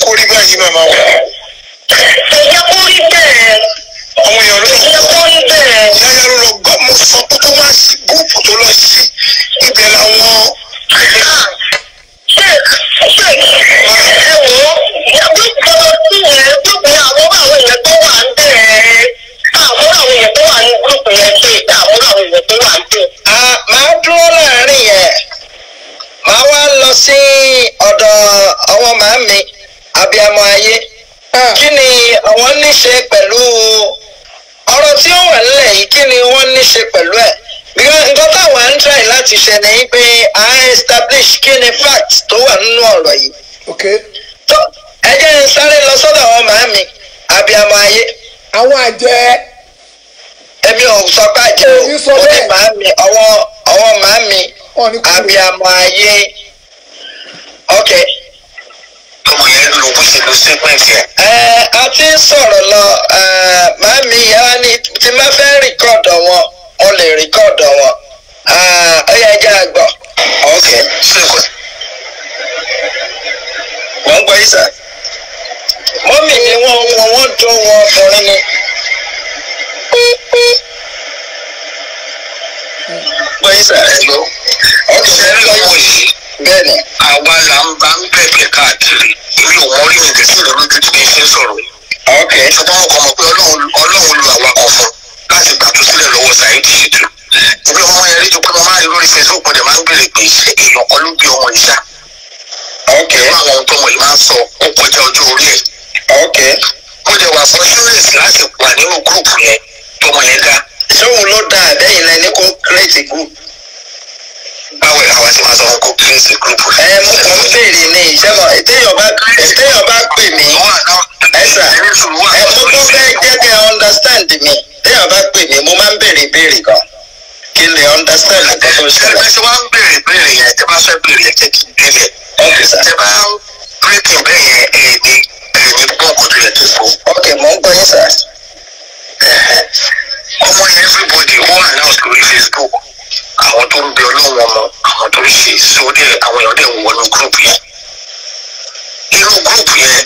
Speaker 6: kò yẹ báyìí màmá wa.
Speaker 5: kò yẹ kó àwọn èèyàn ló yẹ kó rí ló lọ gbọ́ mo sọ pé kó má sí gúùpù tó lọ sí ibẹ̀ làwọn. ṣé
Speaker 2: ah, ah, ah, dúró láàárín yẹn màá wá lọ sí ọ̀dọ̀ àwọn màámi abiyamọ ayé hmm. kí ni àwọn ní ṣe pẹ̀lú ọ̀rọ̀ tí ó wà nílẹ̀ yìí kí ni wọ́n ní ṣe pẹ̀lú ẹ̀ nǹkan táwọn ń try láti ṣe ni pé à establish kí ni fact tó wà nínú ọ̀rọ̀ yìí. tó ẹ jẹ́ n sáré lọ sọ́dọ̀ àwọn màámi abiyamọ ayé. àwọn àjẹ́ èmi ò sọ pé àjẹ́ o ó ní màámi ọwọ́ ọwọ́ màámi abiyamọ ok. a ti ń sọ̀rọ̀ lọ màmí yàrá ni tí má fẹ́ rìkọ́dọ̀ wọn mo lè rìkọ́dọ̀ wọn ó yẹ jẹ́ àgbọ̀. ok ṣé gbọ́ yìí mọ́mì ni wọ́n wọ́n dún wọn ọkùnrin ni
Speaker 6: bẹ́ẹ̀ sà ẹ̀lọ́ ọ̀sẹ̀ lọ́wọ́ yìí bẹ́ẹ̀ ni àwa là ń bá ń bẹ̀bẹ̀ káàkiri èmi ò mọ orí mi kì í sì lórí ju tí kì í ṣe sọ̀rọ̀ yìí ṣùgbọ́n ọkọ̀ mọ̀ pé ọlọ́run lu àwa kan fún láti gbàtú sílẹ̀ lọ́wọ́ Saheed Shittu
Speaker 2: èmi ọmọ yẹn rí ju pé mo máa rí lórí Facebook mo dẹ̀ máa ń béèrè pé ṣé èèyàn kan ló bí ọmọ yìí ṣá ọkẹ́ àwọn ohun tó mọ̀ yìí máa ń sọ ó kọjá ọjọ́ orí ẹ̀ ọkẹ́ mo dẹ̀ wà fún ṣúrẹ́sì láti wà nínú gúrùpù yẹn sóun ló dá àbẹ́yìn náà ní kó create group. báwo ni àwa ti máa sọ fún kó create group. ẹ mo kàn ń ní ìṣẹ́mọ̀ téèyàn bá pè mí ẹ sà ẹ mo tún fẹ́ jẹ́ kẹ́ understand mi téèyàn bá pè mí mo máa ń béèrè ìbéèrè gan kí n lè understand nǹkan tó ṣẹlẹ̀. ẹ ti wá ń béèrè ìbéèrè yẹn tẹ bá fẹ́ béèrè ẹ jẹ́ kí n délẹ̀. tẹ bá ń pírítìn bẹ́ẹ̀ yẹn ẹ̀ ní ẹ̀ ní bọ́ọ̀kù tó
Speaker 6: yẹ ọmọ everybody ó wà náà facebook àwọn tó ń bẹ ọlọ́wọ́n ọmọ àwọn tó ń ṣe sóde àwọn èèyàn dẹ̀ ń wọnú group yẹn inú group yẹn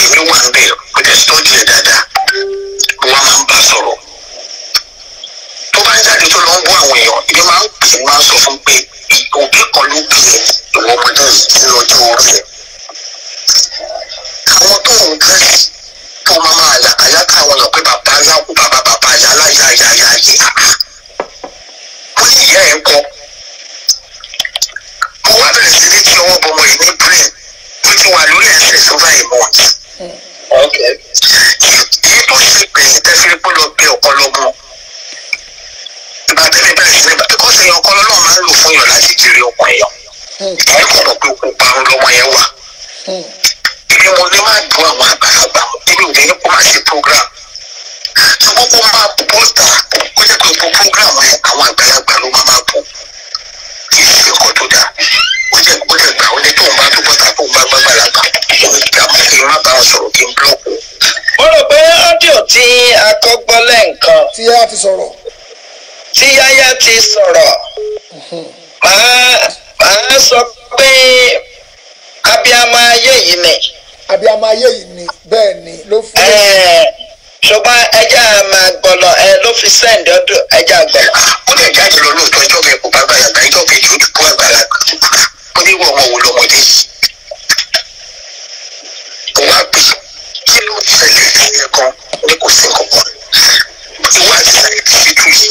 Speaker 6: èmi wà ń bẹ kò dẹ̀ sọ́ọ̀dì ẹ̀ dáadáa wọ́n máa ń bá sọ̀rọ̀ tó bá ń jáde tó lọ ń bọ́ àwọn èèyàn ìdí máa ń pè máa ń sọ fún pé òbí kan ló bí ẹ ìwọ ọmọdé yìí nínú ọjọ́ orí ẹ àwọn tó ń dírẹ́sì kí wọ́n máa àyáká àwọn èèyàn pé bàbá ńlá kú bàbá bàbá yà láyà yà yà yé wọ́n ní ìyá ẹ̀ kọ́ mo wá bẹ̀rẹ̀ sí ní kí ọwọ́ bọmọ yìí ní brain tó ti wà lórí ẹsẹ̀ tó báyìí mọ́ èyí tó ṣe gbẹ̀yìn tẹ́ fi gbọ́dọ̀ bí ọ̀pọ̀lọmọ ìbàdí mi bẹ̀rẹ̀ sí ní bàbá kọ́sẹ̀ yẹn ọkọ lọ́lọ́ máa ń lò fún yàn láti jèrè ọkùnrin yàn hmm. ẹ̀ kọ̀ mọ̀ pé kò parun lọ́mọ yẹn wà. Hmm èmi mo ní máa dùn àwọn àgbàlagbà èmi ò ní kó má ṣe program tó kókó máa bọ́ta kó jẹ́ pé gbogbo program yẹn àwọn àgbàlagbà ló máa máa bọ̀ kì í ṣe ọkọ tó dáa ó jẹ́ ó jẹ́ gbà ó jẹ́ tóun bá tó
Speaker 2: bọ́ta tóun bá gbàgbàlagbà òun gbà má kí n má bá wọn sọ̀rọ̀ kí n búlọ́ọ̀kù. mo rò pé ọ́díò tí a kọ́ gbọ́ lẹ́ǹkan. tí a ti sọ̀rọ̀. tí yáyá ti sọ̀rọ̀ màá màá sọ pé abiyamọ ayé yìí ni abiyamọ ayé yìí ni bẹ́ẹ̀ ni ló fún mi. Eh, ṣùgbọ́n ẹja máa gbọ́lọ̀ ẹ eh, ló fi sẹ́ǹdì ọdún ẹja gbọ́lọ̀. Ah, ó lè jáde lọ lóòótọ́ ẹjọ́ mi kò bá gbàlagbà ẹjọ́ mi yóò dùn kó àgbàlagbà ó ní wọ́n wọ́n lọ́mọdé
Speaker 6: yìí. òun á bì kí ló ń ṣẹlẹ̀ ẹ̀yẹ kan ní kò sí nǹkan kan ìwádìí láì fi tú yìí.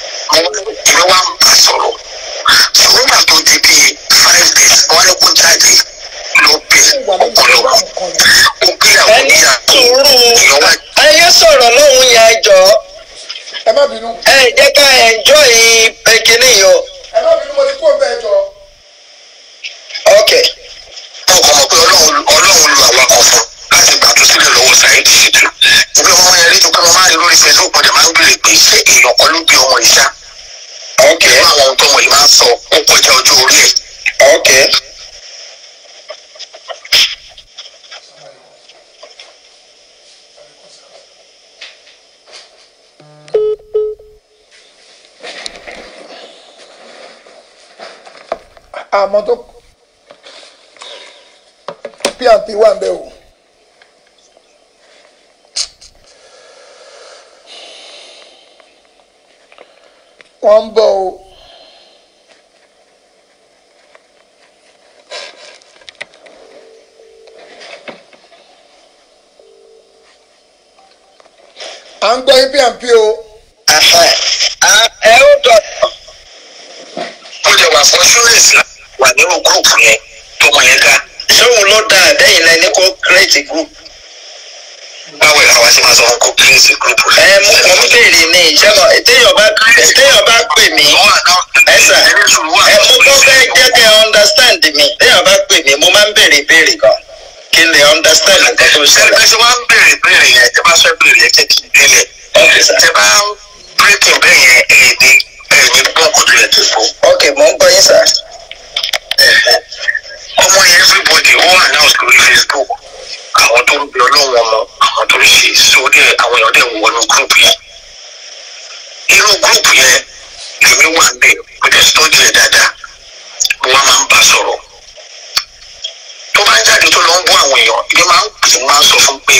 Speaker 2: àwọn èmi wá ń bá sọ̀rọ̀
Speaker 6: so nígbà tó di bíi five days wọn ní kó jáde ló bẹ
Speaker 2: ọpọlọ ògbéyàwó níyàtọ̀ ìyọwá. ayé sọ̀rọ̀ lóhùn yẹn àjọ ẹ má bínú. ẹ jẹ́ ká enjoy kíní yọ. ẹ ok. ọkọ mọ̀ pé
Speaker 6: ọlọ́run ọlọ́run lu àwọn kan fún láti gbàtú sílẹ̀ lọ́wọ́ sáyẹ́ǹtì ṣètò ìgbé ọmọ yẹn lẹ́jọ́ pé wọ́n máa ń lórí facebook ọ̀dẹ̀ máa ń gbèrè pé ṣé èèyàn kan ló gbé ọmọ ìṣá irú àwọn nǹkan wọ̀nyí
Speaker 5: máa ń sọ ó kọjá ojú orí ẹ̀.
Speaker 4: àmọ́ tó pí wà ń bẹ̀ o. wọ́n ń bọ̀ o. à ń gbọ́ yín pmp o. ẹ ó dọ̀
Speaker 2: mo lè wà fún ṣúrẹ́sì wà nínú gúrùpù yẹn tó mọ̀ yẹn ká ṣé òun ló dáa bẹ́ẹ̀ yìí náà ní kó gúrùpù báwo làwa ṣe máa sọ fún kó please group rẹ. ẹ mú mú béèrè ní ìjọba téèyàn bá pè mí ẹ sà ẹ mú kó fẹ́ jẹ́ understand mi téèyàn pè mí mo máa ń béèrè béèrè gan kí n lè understand nǹkan tó ṣẹlẹ̀. ẹ ṣe wá ń béèrè béèrè yẹn tẹ bá fẹ́ béèrè yẹn jẹ́ kí n délẹ̀ tẹ bá ń bírèkì bẹ́ẹ̀ yẹn ẹ̀ẹ́dẹ́
Speaker 6: ẹ̀ẹ́dẹ́ gbọ́ àwọn tó ń gbé ọlọ́wọ́n ọmọ àwọn tó ń ṣe sórí àwọn èèyàn dẹ̀ wọnú gúrùpù yẹn irú gúrùpù yẹn lèmi wà ń bẹ̀ kò dẹ̀ tọ́jú ẹ̀ dáadáa mo wá máa ń bá sọ̀rọ̀ tó bá ń jáde tó lọ ń bọ́ àwọn èèyàn èmi máa ń pè máa ń sọ fún pé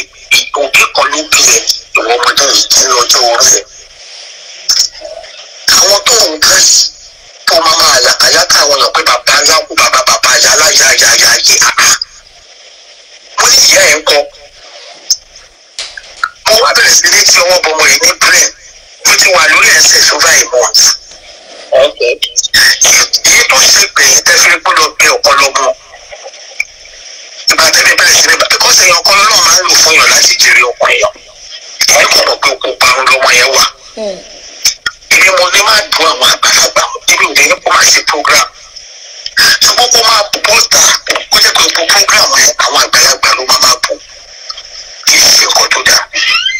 Speaker 6: òbí kan ló bí ẹ ìwọ ọmọdé yìí ti lọ́jọ́ orí ẹ̀ àwọn tó ń ga yìí tó máa máa àyàkáyà káwọn èèyàn pé bàbá ńlá kú bàbá bàbá yálà yáyáyá yé àá mo ní ìyá ẹ̀ kọ́ mo wá bẹ̀rẹ̀ sí ní ti ọwọ́ bọmọ yìí ní brain mo ti wà lórí ẹsẹ̀ sóbá ìmọ̀ọ́tì èyí tó ṣe gbẹ̀yìn tẹ́ gbọ́dọ̀ bí ọ̀pọ̀lọpọ̀ ìgbà tẹ́mi bẹ̀rẹ̀ sí ní bàbá sẹ́yìn ọkọ lọ́wọ́ máa ń lò fún yàn láti jèrè ọkọ èèyàn èyí kò mọ̀ pé oko parun lọ́mọ yẹn wà hmm. èmi mo ní máa dùn àwọn àgbàlagbà èmi ò so kókó máa bù bọ́ta kó jẹ́ pé gbogbo program yẹn àwọn àgbàlagbà ló máa máa bù kì í ṣe nǹkan tó dáa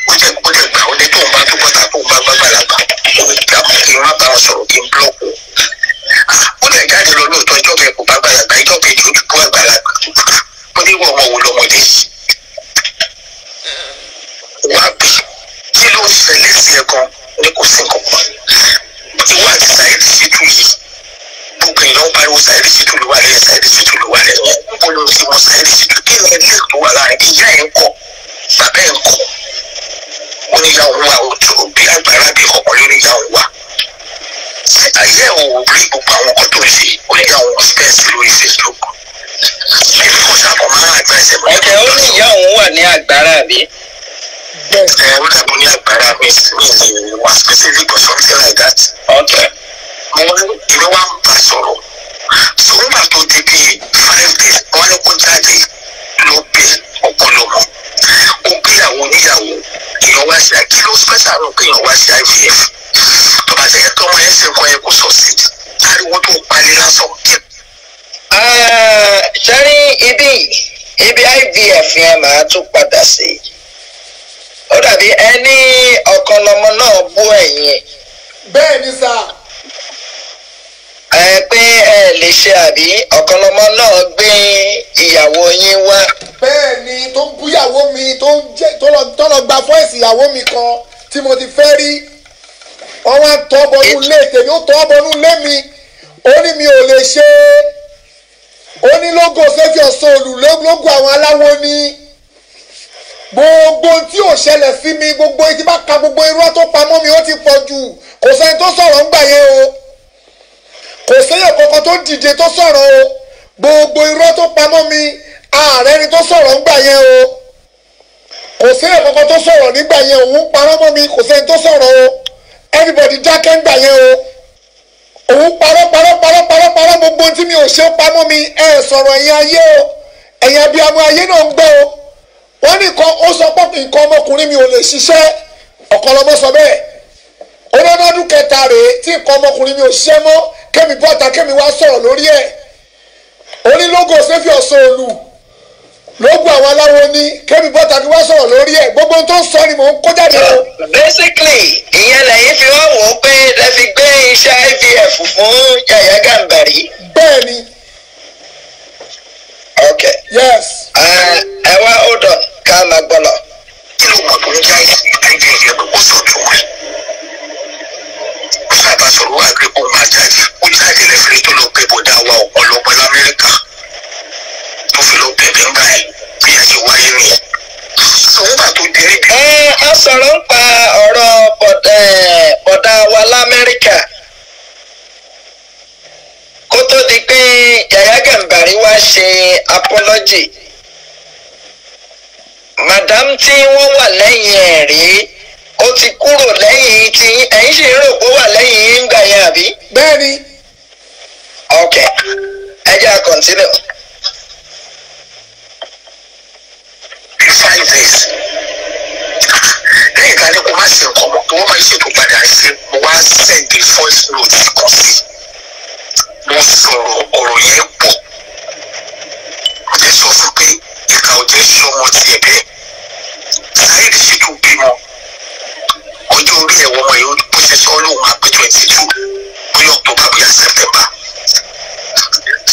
Speaker 6: ó jẹ́ ó jẹ́ gbà ó ní tóun bá tó bọ́ta tóun bá gbàgbà làgbà ó ní kí a máa kí n má bàa sọ̀rọ̀ kí n búlọ́ọ̀kù ah, ó lè jáde lọ lóòótọ́ ìjọ kẹ kò bá gbàlagbà ìjọ kejì ó ti bú àgbàlagbà ó ní wọ́n wọ́n wo lọ́mọdé yìí wá bí kí ló ń ṣẹlẹ̀ sí ẹ̀ gan ni kò sí gbogbo èèyàn ń pariwo sáyẹ́dìsì tó ló wà lẹ́yìn sáyẹ́dìsì tó ló wà lẹ́yìn wọ́n kò lọ sí wọn sáyẹ́dìsì tó kí ni ilé tó wà láàrin ìyá ẹ̀ ń kọ́ bàbá ẹ̀ ń kọ́ wọ́n ní ìyá òun wà ojú òbí o bíi kọ̀ọ̀kan ló ní ìyá o wà ayé ò rí gbogbo
Speaker 2: àwọn kan tó o ṣe ó ní ìyá òun spẹ́ǹsì lórí Facebook ẹ̀mí kò sábà máa àgbà ẹ̀sẹ̀ mọ́ ọ̀kẹ́ ó o ìyá òun wà ní àgbàrá àbí ẹ̀ ó dàbọ̀ ní àgbàrá mi mi wà specific or something like that. Okay àwọn ìlú
Speaker 6: wa ń bá sọ̀rọ̀ sọ́wọ́n tó di bíi five days wọ́n ní kó jáde ló bẹ ọkọ lọ́mọ ó bí àwọn oníyàwó èèyàn wá sí kí ló
Speaker 2: special rò pé wá sí IVF tó bá jẹ́ tọmọ ẹ̀ ṣe nǹkan yẹn kó sọ sí ariwo tó palẹ̀ lásán jẹ́. sẹ́rí ibi ibi IVF yẹn màá tún padà sí ó dàbí ẹni ọ̀kan lọ́mọ náà bú ẹ̀yìn. bẹ́ẹ̀ ni sáà ẹ pé ẹ lè ṣe àbí ọ̀kanlọ́mọ náà gbé ìyàwó yín wá.
Speaker 4: bẹ́ẹ̀ni tó ń búyàwó mi tó ń jẹ tó lọ gba fún ìyàwó mi kan tí mo ti fẹ́ rí wọn wá tọ́ bọnú lé tèmi ó tọ́ lé mi ó ní mi ò lè ṣe ó ní lógo sẹ́fì ọ̀sán olù lógo àwọn aláwo ni gbogbo tí ò ṣẹlẹ̀ sí mi gbogbo etí bá ka gbogbo irọ́ tó pamọ́ mi ó ti pọ̀ jù kò sẹ́ni tó sọ̀rọ̀ ń gbà yẹn o kò séyàn kankan tó dìde tó sọ̀rọ̀ o gbogbo irọ́ tó pamọ́ mi ààrẹ ni tó sọ̀rọ̀ ńgbà yẹn o kò séyàn kankan tó sọ̀rọ̀ nígbà yẹn òun parọ́ mọ́ mi kò sẹ́ni tó sọ̀rọ̀ o everybody dákẹ́ ńgbà yẹn o òun parọ́ parọ́ parọ́ parọ́ parọ́ gbogbo tí mi ò ṣe pamọ́ mi ẹ sọ̀rọ̀ ẹ̀yin ayé o ẹ̀yin abiyamọ ayé náà ń gbọ́ o wọ́n nìkan ó sọ pé nǹkan ọmọkùnrin mi ò lè ṣiṣẹ́ ọ̀kan sọ bẹ́ẹ̀ olódọ́dún kẹta rèé tí nǹkan ọmọkùnrin mi ò ṣiṣẹ́ mọ́ kémi bọ́ta kémi wá sọ̀rọ̀ lórí ẹ̀ onílógò sẹ́fì ọ̀sán olù lógò àwọn aláwo ní kémi bọ́ta kí wá sọ̀rọ̀ lórí ẹ̀ gbogbo tó ń sọ ni mò ń kó jáde o.
Speaker 2: basically ìyẹn lẹ́yìn fi wá wò ó pé ẹ fi gbé iṣẹ́ IVF fún Yahya Gambari. bẹ́ẹ̀ni. ok. yes. ẹ wá hold on ká máa gbọ́ lọ. kí ló máa kó ń já ìsìn ìdájọ́ ìyẹn kó sábà sọ̀rọ̀ wà pé kó máa jáde ó jáde
Speaker 6: lẹ́fẹ̀ẹ́ tó lọ pé bọ̀dá wa ọ̀pọ̀lọpọ̀ lamẹ́ríkà tó fi lọ bẹ̀bẹ̀ ń báyìí
Speaker 2: bí a ṣe wáyé nìyẹn. sọ̀rọ̀ tó di níbi. ẹ sọ̀rọ̀ ń pa ọ̀rọ̀ bọ̀dá wa lamẹ́ríkà kó tó di pé Yàyà Gàmbàrí wá ṣe apology madam tí wọ́n wà lẹ́yìn ẹ̀ rèé ó ti kúrò lẹ́yìn tí ẹ̀yin sì ń rò pé ó wà lẹ́yìn yín gbà yẹn àbí. bẹ́ẹ̀ni. ok ẹ jẹ́ à continue. five years lẹ́yìn ìgbà ní kò má
Speaker 6: ṣe nǹkan mọ́ kí wọ́n máa ṣètò padà sí mo wá send a voice note kan sí mo sọ̀rọ̀ ọ̀rọ̀ yẹn pọ̀ mo lè sọ fún pé ìkà òjẹ́ sọmọ tiẹ̀ bẹ́ẹ̀ sáyẹ̀dì ṣètò bímọ ọjọ́ orí ẹ̀ wọ́n mọ̀ yìí bó ṣe sọ lóun máa twenty two bóyá october bóyá september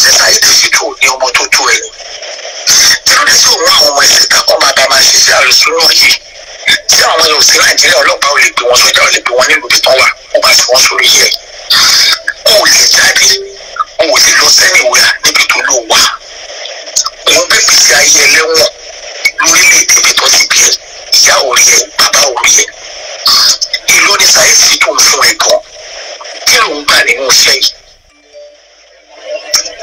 Speaker 6: sísá èdè ṣètò ní ọmọ tó tó ẹ̀ kílódé tí òun àwọn ọmọ ẹ̀sìn ìta kó máa bá máa ṣiṣẹ́ àlùsùn náà yìí tí àwọn yóò sí nàìjíríà ọlọ́pàá ò lè gbé wọn sójà ò lè gbé wọn nílùú bí tán wà ó bá fi wọn sórí yẹ kó o lè jáde kó o lè lọ sẹ́nìwé níbi tó lò wá òun bẹ́ẹ̀ fi ṣe ayé ẹlẹ́wọ̀n lórílẹ̀‐èdè ibi tó ti bí ẹ ìyá ò rí ẹ bàbá ò rí ẹ èló ni sáyẹ́ǹsì tó ń fún ẹ kí ló ń nínú iṣẹ́ yìí.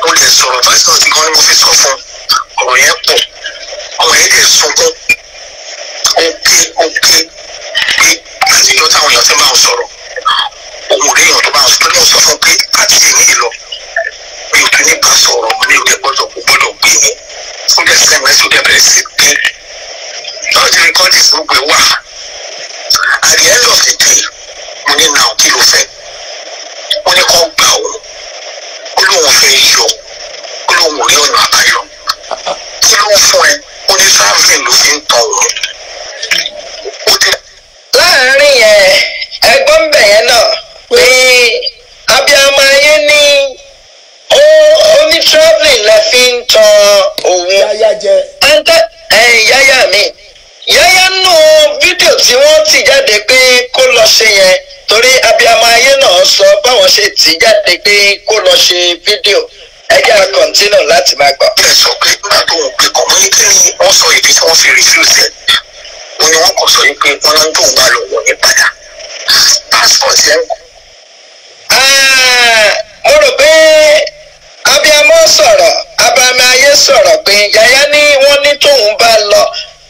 Speaker 6: mo lè sọ̀rọ̀ pásítọ̀ tí kan ní mo fi sọ fún ọ̀rọ̀ yẹn pọ̀ ọmọ yẹn lè sunkún ókè ókè pé láti ìjọ táwọn èèyàn ti ń bá òun rí èèyàn tó bá wọn sọ pé wọ́n fún pé láti ṣe ní ìlọ mi ò tún ní bá sọ̀rọ̀ mo ní ìwé gbọ́dọ̀ kó gbọ́dọ̀ gbé mi fún ẹsẹ̀ mẹ́sàn-án bẹ̀rẹ̀ sí pé lọ́ọ̀dì rìkọ́dì gbogbo ẹ̀ wà at the end of the day mo ní nà kí ló fẹ́ ó ní kó gbà òun ó lóun fẹ́ yọ ó lóun rí ọ̀nà àbáyọ kí ló fún ẹ ó ní traveling ló fi ń tọ̀ òun
Speaker 2: láàárín yẹn ẹgbọ́n bẹ̀ yẹn náà pé abiyamọ ayé ní ó ní traveling la fi ń tọ̀ òun. yáyá jẹ. yáyá mi yẹ́yẹ́ nù fídíò tí wọ́n ti jáde pé kó lọ ṣe yẹn torí abiyamọ ayé náà sọ báwọn ṣe tì jáde pé kó lọ ṣe fídíò ẹjẹ́ á láti máa gbọ́. ẹ sọ pé nígbà tó ń pe community ni wọ́n sọ èdè tí wọ́n fi refuse ẹ̀ wọ́n ní wọ́n kọ̀ sọ pé wọ́n náà ń dùn wá lọ́wọ́ ní padà passport lẹ́kọ̀ọ́. Ah, mo rò pé abiyamọ sọ̀rọ̀ abiyamọ ayé sọ̀rọ̀ pé yàyà ni wọ́n ní tóun bá lọ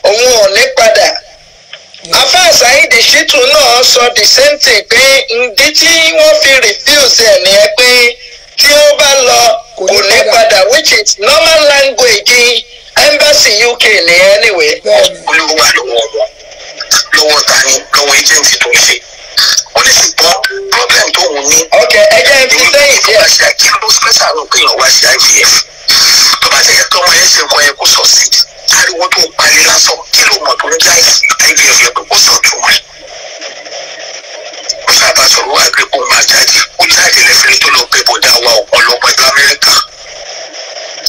Speaker 2: òun ò ní padà afa Saheed náà sọ the same thing pé ǹdí tí wọ́n fi refuse ẹ̀ nìyẹn pé tí ó bá lọ kò ní padà which is normal language embassy UK nìyẹn anyway. olùwà lọ́wọ́ lọ́wọ́ ta ni lọ́wọ́ agent
Speaker 6: tó ń ṣe ó lè sì problem tó wù ní. ok ẹ jẹ́ fi sẹ́yìn díẹ̀. kí ló special ló pè yàn wá sí IVF tó bá ti yẹ kí ọmọ yẹn ṣe nǹkan yẹn kó sọ ariwo tó parí lásán kí ló mọ̀ tó ń já ivf yẹn pé ó sàn tó mọ̀ ó sábà sọ̀rọ̀ wá pé kó máa jáde ó jáde lẹ́sẹ̀rẹ́ tó lọ pé bọ̀dá wa ọ̀pọ̀lọpọ̀ ìlú amẹ́ríkà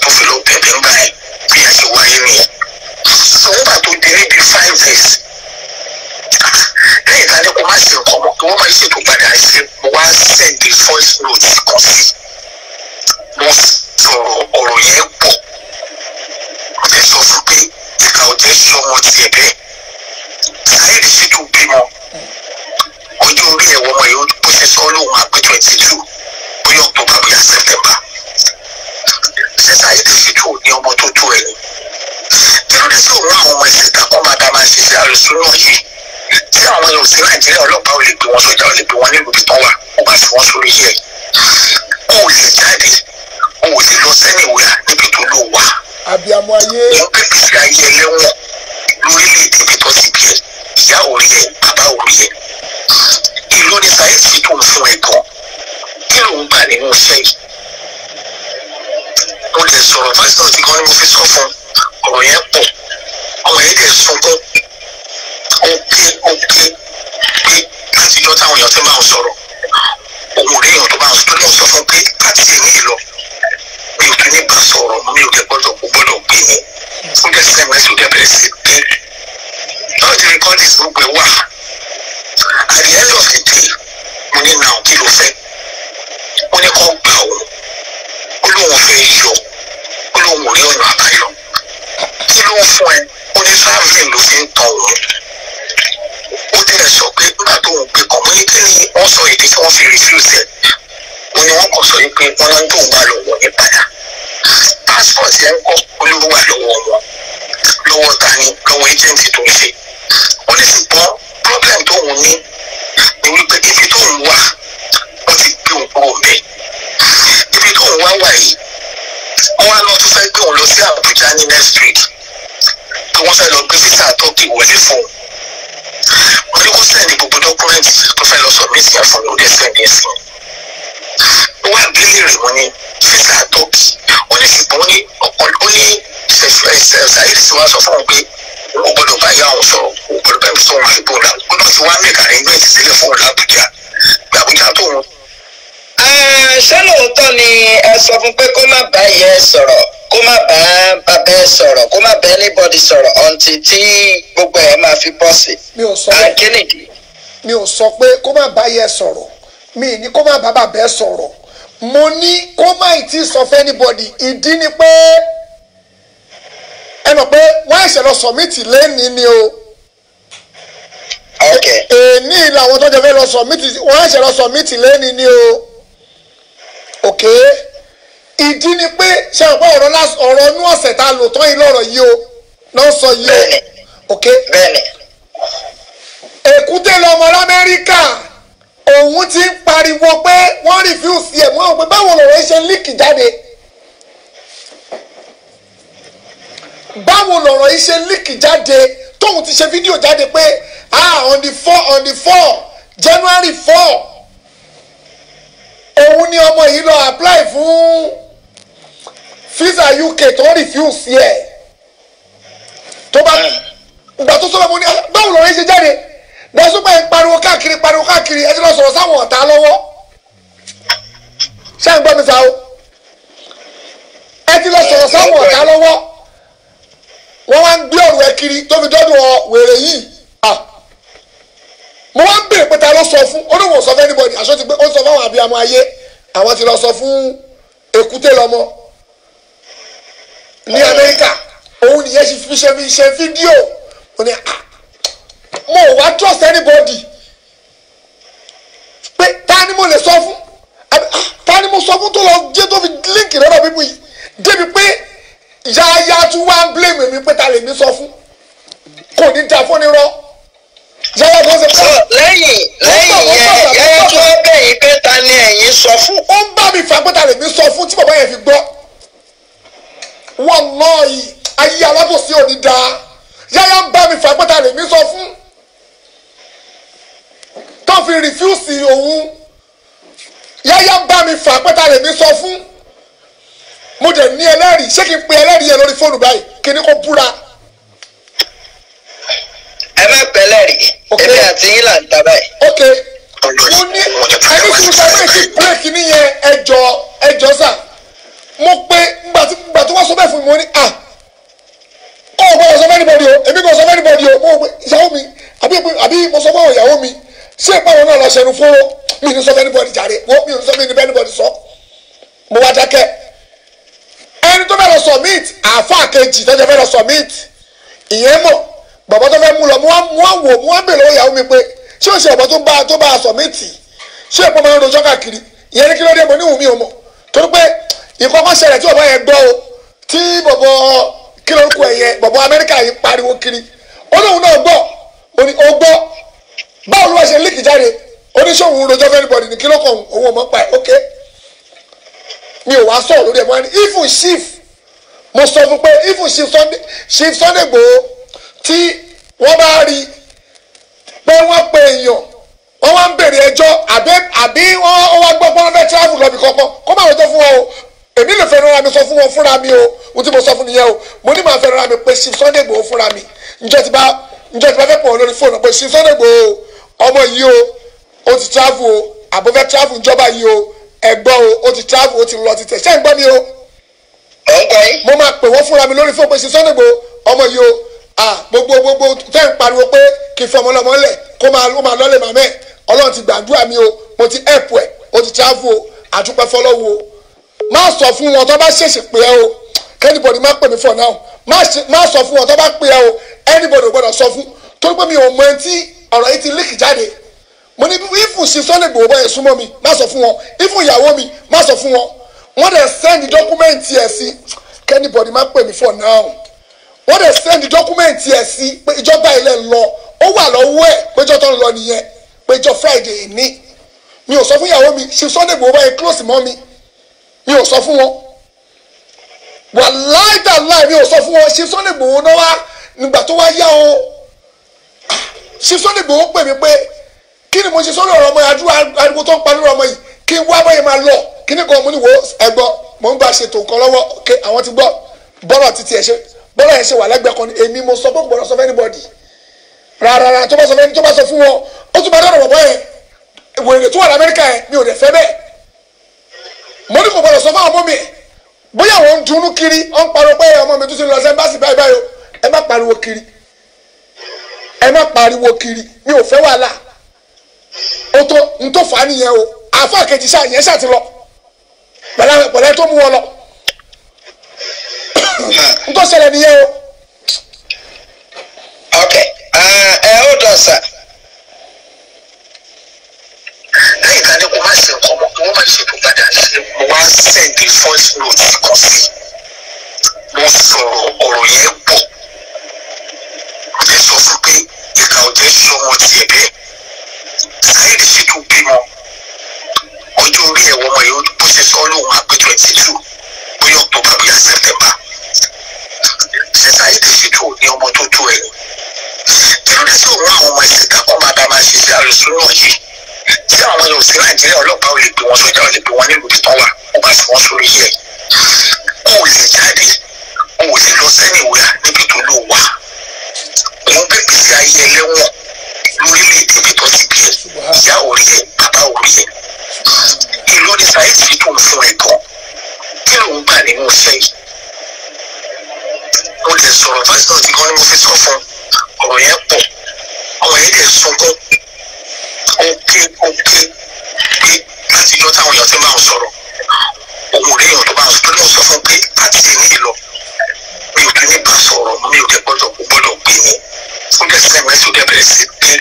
Speaker 6: tó fi lọ bẹ̀bẹ̀ ń báyìí bí a ṣe wáyé nìyẹn sọ nígbà tó dé níbi five years lẹ́yìn tá a ní kó má ṣe nǹkan mọ́ kí wọ́n máa ṣètò padà ṣe wá send the voice note kan sí mo sọ̀rọ̀ ọ̀rọ̀ yẹn pọ̀ ọ̀fẹ́ sọ fún pé ìka ọ̀jẹ̀ sọmọ tiẹ̀ bẹ́ẹ̀ sáyẹ̀dì sì tún bímọ ọjọ́ orí ẹ̀wọ̀ ọmọ yìí bó ṣe sọ lóhùn àpè twenty two bóyá october bóyá september ṣé sáyẹ̀dì sì tún ní ọmọ tó tó ẹ̀ kí ló dé òun àwọn ọmọ ìsìta kó máa dá máa ṣe sí àlùsùn náà yìí tí àwọn èèyàn nàìjíríà ọlọ́pàá ò lè gbé wọn sọ́jà ò lè gbé wọn nílùú ibi tán wà ó bá fi wọn sórí yẹ kó o lè jáde o lè lọ sẹ́nìwéà níbi tó lò wá
Speaker 4: abiamọ ayé. wọ́n
Speaker 6: bẹ̀ fi ṣe ayé ẹlẹ́wọ̀n lórílẹ̀‐èdè bíkọ́ sí jẹ ìyá òrí ẹ̀ bàbá òrí ẹ̀ ìlú ní sáyẹ́ǹsì tó ń fún ẹ̀ gan kí ló ń bà nínú iṣẹ́ yìí. mo lè sọ̀rọ̀ pásítọ̀ tí kan ní mo fi sọ fún ọ̀rọ̀ yẹn pọ̀ ọmọ yẹn dẹ̀ sunkún ó ké ó ké pé láti jọ́ táwọn èèyàn ti máa ń sọ̀rọ̀ òun ò rí èèyàn tó máa ń sọ fún pé láti ṣe ní ìlọ mi ò tún ní bá sọ̀rọ̀ mi ò dẹ̀ gbọ́dọ̀ kó gbọ́dọ̀ pè mí ó dẹ̀ sẹ́yìn mẹ́sì ó dẹ̀ bẹ̀rẹ̀ sí bẹ́ẹ̀ náà ti rìkọ́dìs gbogbo ẹ̀ wà at the end of the day mo ní nà kí ló fẹ́ ó ní kọ́ gbà ó ó lóun fẹ́ yọ ó lóun ò rí ọ̀nà àbáyọ kí ló ń fún ẹ ó ní travelling ló fi ń tọ̀ òun ó dẹ̀ sọ pé nígbà tó ń pe community ni wọ́n sọ èdè tí wọ́n fi refuse ó ní wọn kò sọ yìí pé wọn náà ń dùn wá lọ́wọ́ ní padà passport ẹ̀ ń kọ́ olówó wà lọ́wọ́ wọn lọ́wọ́ ta ni lọ́wọ́ agent tó ń ṣe ó ní ṣùgbọ́n problem tóun ní ni wípé ibi tóun wà wọ́n ti gbé òun kúrò mẹ́ ibi tóun wá wà yìí wọ́n wá lọ tún fẹ́ gbé òun lọ sí Àbújá ní next week tí wọ́n fẹ́ lọ gbé visa tọ́kì wọlé fún un wọ́n ní kó sẹ́ni gbogbo dọ́kúmẹ́ntì tó fẹ́ lọ sọ mí sí àfọ̀nù ó dẹ̀ mo wá bí lè rè wọ́n ní sísá tọ́kì ó ní ṣùgbọ́n ní ọ̀pọ̀ ó ní ṣàyẹ̀dì tí wọ́n sọ fún un pé o gbọ́dọ̀ bá ìyá òun sọ̀rọ̀ o gbọ́dọ̀ bá ìfisọ òun àìbò la ó náà ti wá mẹ́ka rẹ̀
Speaker 2: gbẹ́ ti sílẹ̀ fún òun làbújá làbújá tó òun. ṣé lóòótọ́ ni ẹ sọ fún pé kó má bá ìyá ẹ sọ̀rọ̀ kó má bá bàbá ẹ sọ̀rọ̀ kó má bá anybody sọ̀rọ̀ ọ̀ǹtì tí gbogbo ẹ̀ máa fi bọ́ sí.
Speaker 4: mi ò sọ pé kó má bá ìyá sọ̀rọ̀ mi ní kó má bá bàbá sọ̀rọ̀ mo ní kó má ìtì sọ fún anybody ìdí ni pé ẹ mọ̀ pé wọ́n ẹ̀ṣẹ̀ lọ sọ̀mìtì lẹ́ni ni o ah, èní làwọn tó fẹ́ lọ sọ̀mìtì wọ́n ẹ̀ṣẹ̀ lọ sọ̀mìtì lẹ́ni ni o ok ìdí ni pé ṣe àpá ọ̀rọ̀ ọ̀rọ̀ inú ọ̀sẹ̀ tá lò tán yìí lọ́rọ̀ yìí o lọ́ sọ yìí o ok èkúté lọmọ lamẹ́ríkà òun ti ń pariwo pé wọ́n refuse ẹ̀ mọ́ pé báwo lọ̀rọ̀ ṣe líkì jáde báwo lọ̀rọ̀ ṣe líkì jáde tóun ti ṣe fídíò jáde pé ah on the four on the four January four òun ni ọmọ yìí lọ apply fún visa UK tó refuse ẹ̀ tó bá eh. gbà tó sọ̀rọ̀ mo ní ah, báwo lọ̀rọ̀ ṣe jáde lẹ́sùpẹ́ ń pariwo káàkiri pariwo káàkiri ẹ ti lọ sọ̀rọ̀ sáwọn ọ̀tá lọ́wọ́ ṣé ń gbọ́ mi sá o ẹ ti lọ sọ̀rọ̀ sáwọn ọ̀tá lọ́wọ́ wọ́n wá ń gbé ọ̀rọ̀ ẹ kiri tó fi dọ́dún ọ wèrè yìí mo wá ń bèrè pé ta ló sọ fún ó ní wò sọ fún anybody àṣọ ti gbé ó sọ fún àwọn abiyamọ ayé àwọn ti lọ sọ fún èkúté lọmọ ní Amẹ́ríkà òun nìyẹn ṣe fi ṣe fídíò ó ní ah mo ò trust anybody pé ta ni mo lè sọ fún ah, ta ni mo sọ fún tó lọ jẹ́ tó fi líǹkì lọ́dọ̀ bíbú yìí débi pé yáyá tún wá ń blame mi pé ta lè mi sọ fún kò ní da fún ni rọ yáyá tó ń ṣe pé. Ah, lẹ́yìn lẹ́yìn yẹn yáyá tó wá bẹ̀yìn pé ta ni ẹ̀yin sọ fún. ó ń bá mi fà pé ta lè mi sọ fún tí bàbá yẹn fi gbọ́ wọ́n náà yìí ayé alábòsí ò ní da yáyá ń bá mi fà pé ta lè mi sọ fún tó fi rìfúùsì òun yáyá bá mi fà pẹ́tà rẹ̀ mi sọ fún mo dẹ̀ ní ẹlẹ́rìí ṣé kí n pe ẹlẹ́rìí yẹn lórí fóònù báyìí kí ni kó búra. ẹ má pẹ́ lẹ́rìí èmi àti yín là ń ta báyìí. ok mo ní ẹni tí mo sọ pé kí bírèkì nìyẹn ẹjọ ẹjọ sà mo pe gbà tó wá sọ bẹ́ẹ̀ fún mi mo ní à ó gbọ́dọ̀ sọ fẹ́ẹ́ níbọ̀dì o èmi kò sọ fẹ́ẹ́ níbọ̀dì o mo ìyàwó mi àbí mo sọ fún ìyàwó mi ṣé báwọn náà lọ ṣẹnu fóró mi ní sọ fẹ́ anybody jàre wọ́n mi ní sọ fẹ́ níbẹ̀ anybody sọ mo wá dákẹ́ ẹni tó fẹ́ lọ submit àáfàá kejì tó fẹ́ lọ submit ìyẹn mọ̀ bàbá tó fẹ́ mú lọ mo wá wò mo wá bèèrè ìyàwó mi pé ṣé o ṣe ọ̀bọ tó bá tó bá submit ṣé ìpọ́n máa ń rojọ́ káàkiri ìyẹn ní kí ló dé mo ní wùmí o mọ̀ torí pé ìkọ́kọ́ ṣẹlẹ̀ tí bàbá yẹn gbọ́ o tí bàbá kí ló ń kó ẹ̀yẹ bàbá Amẹ́ríkà yìí pariwo kiri ó lóun náà gbọ́ ó ní ó gbọ́ báwo ló wá ṣe líkì jáde oníṣòwò ń rojọ́ everybody ní kílókọ̀ owó ọmọ pa ẹ̀ ok mi ò wá sọ̀rọ̀ lórí ẹ̀ wọ́n á ní even chief mo sọ fún pé even chief Sunday chief Sunday Igboho tí wọ́n bá rí pé wọ́n pe èèyàn wọ́n wá ń bèrè ẹjọ́ àbí àbí wọ́n wá gbọ́ pé wọ́n fẹ́ travel lọ́bì kankan kó má rojọ́ fún wọn o èmi lè fẹ́ rárá mi sọ fún wọn fúnra mi o ohun tí mo sọ fún nìyẹn o mo ní màá fẹ́ rárá mi pé chief Sunday Igboho fúnra mi njẹ́ ti bá njẹ́ ti bá fẹ́ pọ̀ lórí fóònù pé chief Sunday Igboho o ọmọ yìí o ó ti travel o àbúfẹ́ travel ìjọba yìí o ẹ̀gbọ́n o ó ti travel ó ti lọ ti tẹ̀ ṣé ń gbọ́ mi o. mo máa pè wọ́n fúnra mi lórí fún pé ṣe sọ́nìgbò ọmọ yìí o gbogbo gbogbo tẹ́ ń pariwo pé kì í fọmọ lọmọ lẹ̀ kó máa lọ́lẹ̀ màmẹ́ ọlọ́run ti gbàdúrà mi o mo ti help ẹ̀ ó ti travel o àtúpẹ́ fọlọ́wọ́ o má sọ fún wọn tó bá ṣèṣì pé ẹ o anybody má pè mí for now má sọ fún wọn tó bá pè ẹ o anybody ò gbọ́dọ̀ sọ fún torí pé mi ò mọ ẹni tí ọ̀rọ̀ yìí ti líkì jáde mo ní ifun sí Sunday Igboho súnmọ́ mi má sọ fún wọn ifun ìyàwó mi má sọ fún wọn wọ́n dẹ̀ send document ẹ̀ sí kẹ́nìbọ̀dì má pè mí for now wọ́n dẹ̀ send document ẹ̀ sí pé ìjọba ilẹ̀ ń lọ ó wà lọ́wọ́ ẹ̀ péjọ tó ń lọ nìyẹn péjọ Friday ní mi ò sọ fún ìyàwó mi sí Sunday Igboho close mọ́ mi mi ò sọ fún wọn wàláìdàláì mi ò sọ fún wọn sí Sunday náà wá nígbà tó wá yá o. Chief Sunday Igboho pè mí pé kí ni mo ṣe sórí ọ̀rọ̀ ọmọ yìí adúrú ariwo tó ń pa lórí ọmọ yìí kí n wá báyìí máa lọ kí ni kan mo ní wo ẹgbọ́ mo ń gba ṣètò nǹkan lọ́wọ́ ké àwọn ti gbọ́ bọ́lọ̀ títí ẹ̀ ṣe bọ́lọ̀ ẹ̀ ṣe wà lẹ́gbẹ̀ẹ́ kan ni èmi mo sọ gbọ́dọ̀ sọ fẹ́ni bọ́ọ̀dì rárá tó bá sọ fẹ́ni tó bá sọ fún wọn ó tún bá dọ̀rọ̀ bọ̀bọ̀ yẹn wèrè tó wà lamẹ́ríkà ẹ má pariwo kiri mi ò fẹ́ wàhálà ó tó n tó fà á nìyẹn o àáfà kejì sáà yẹn sáà ti lọ pẹ̀lẹ́ tó mú wọn lọ n tó ṣẹlẹ̀ nìyẹn o. ok ẹ ó dọ̀ sà.
Speaker 2: lẹ́yìn tá a ní kó má ṣe nǹkan mọ́ kí wọ́n má ṣe tó padà ṣe mo wá sẹ́ǹdì
Speaker 6: fọ́ọ̀sì note kan sí mo sọ̀rọ̀ ọ̀rọ̀ yẹn pọ̀ ẹ sọ fún pé ìka ọ̀jẹ̀ sọmọ tiẹ̀ bẹ́ẹ̀ Saheed Shittu bímọ ọjọ́ orí ẹ̀ wọ́n yóò bó ṣe sọ lóun àpé twenty two bóyá October bóyá September ṣé Saheed Shittu ní ọmọ tó tó ẹ̀ kí ló dé sí òun àwọn ọmọ ẹ̀ síta kó máa bá máa ṣe sí àlùsùn náà yìí tí àwọn yóò sí nàìjíríà ọlọ́pàá ò lè gbé wọn sọ́jà ò lè gbé wọn nílùú tí wọ́n wà ó bá fi wọ́n sórí yẹ kó o lè jáde kó o lè lọ sẹ́niwẹ̀ẹ́ níbi tó lò wọ́n gbé gbèsè ayé ẹlẹ́wọ̀n lórílẹ̀‐èdè ibi tó ti bí ẹ ìyá orí ẹ bàbá orí ẹ ìlú ni Saheed fi dùn fún ẹ gan kí lòun gbà nínú iṣẹ́ yìí mo lè sọ̀rọ̀ fásitì náà ti gan ni mo fi sọ fún ọ̀rọ̀ yẹn pọ̀ ọ̀rọ̀ yẹn lè sunkún ókè ókè pé látijọ́ táwọn èèyàn ti máa ń òun ò tó bá sọ fún pé àti tèmi lọ mi ò tún ní bá sọ̀rọ̀ mọ́ mi ò tẹ gbọ́dọ̀ kó gbọ́dọ̀ pè mí fún the same message dẹ̀ bẹ̀rẹ̀ sí pé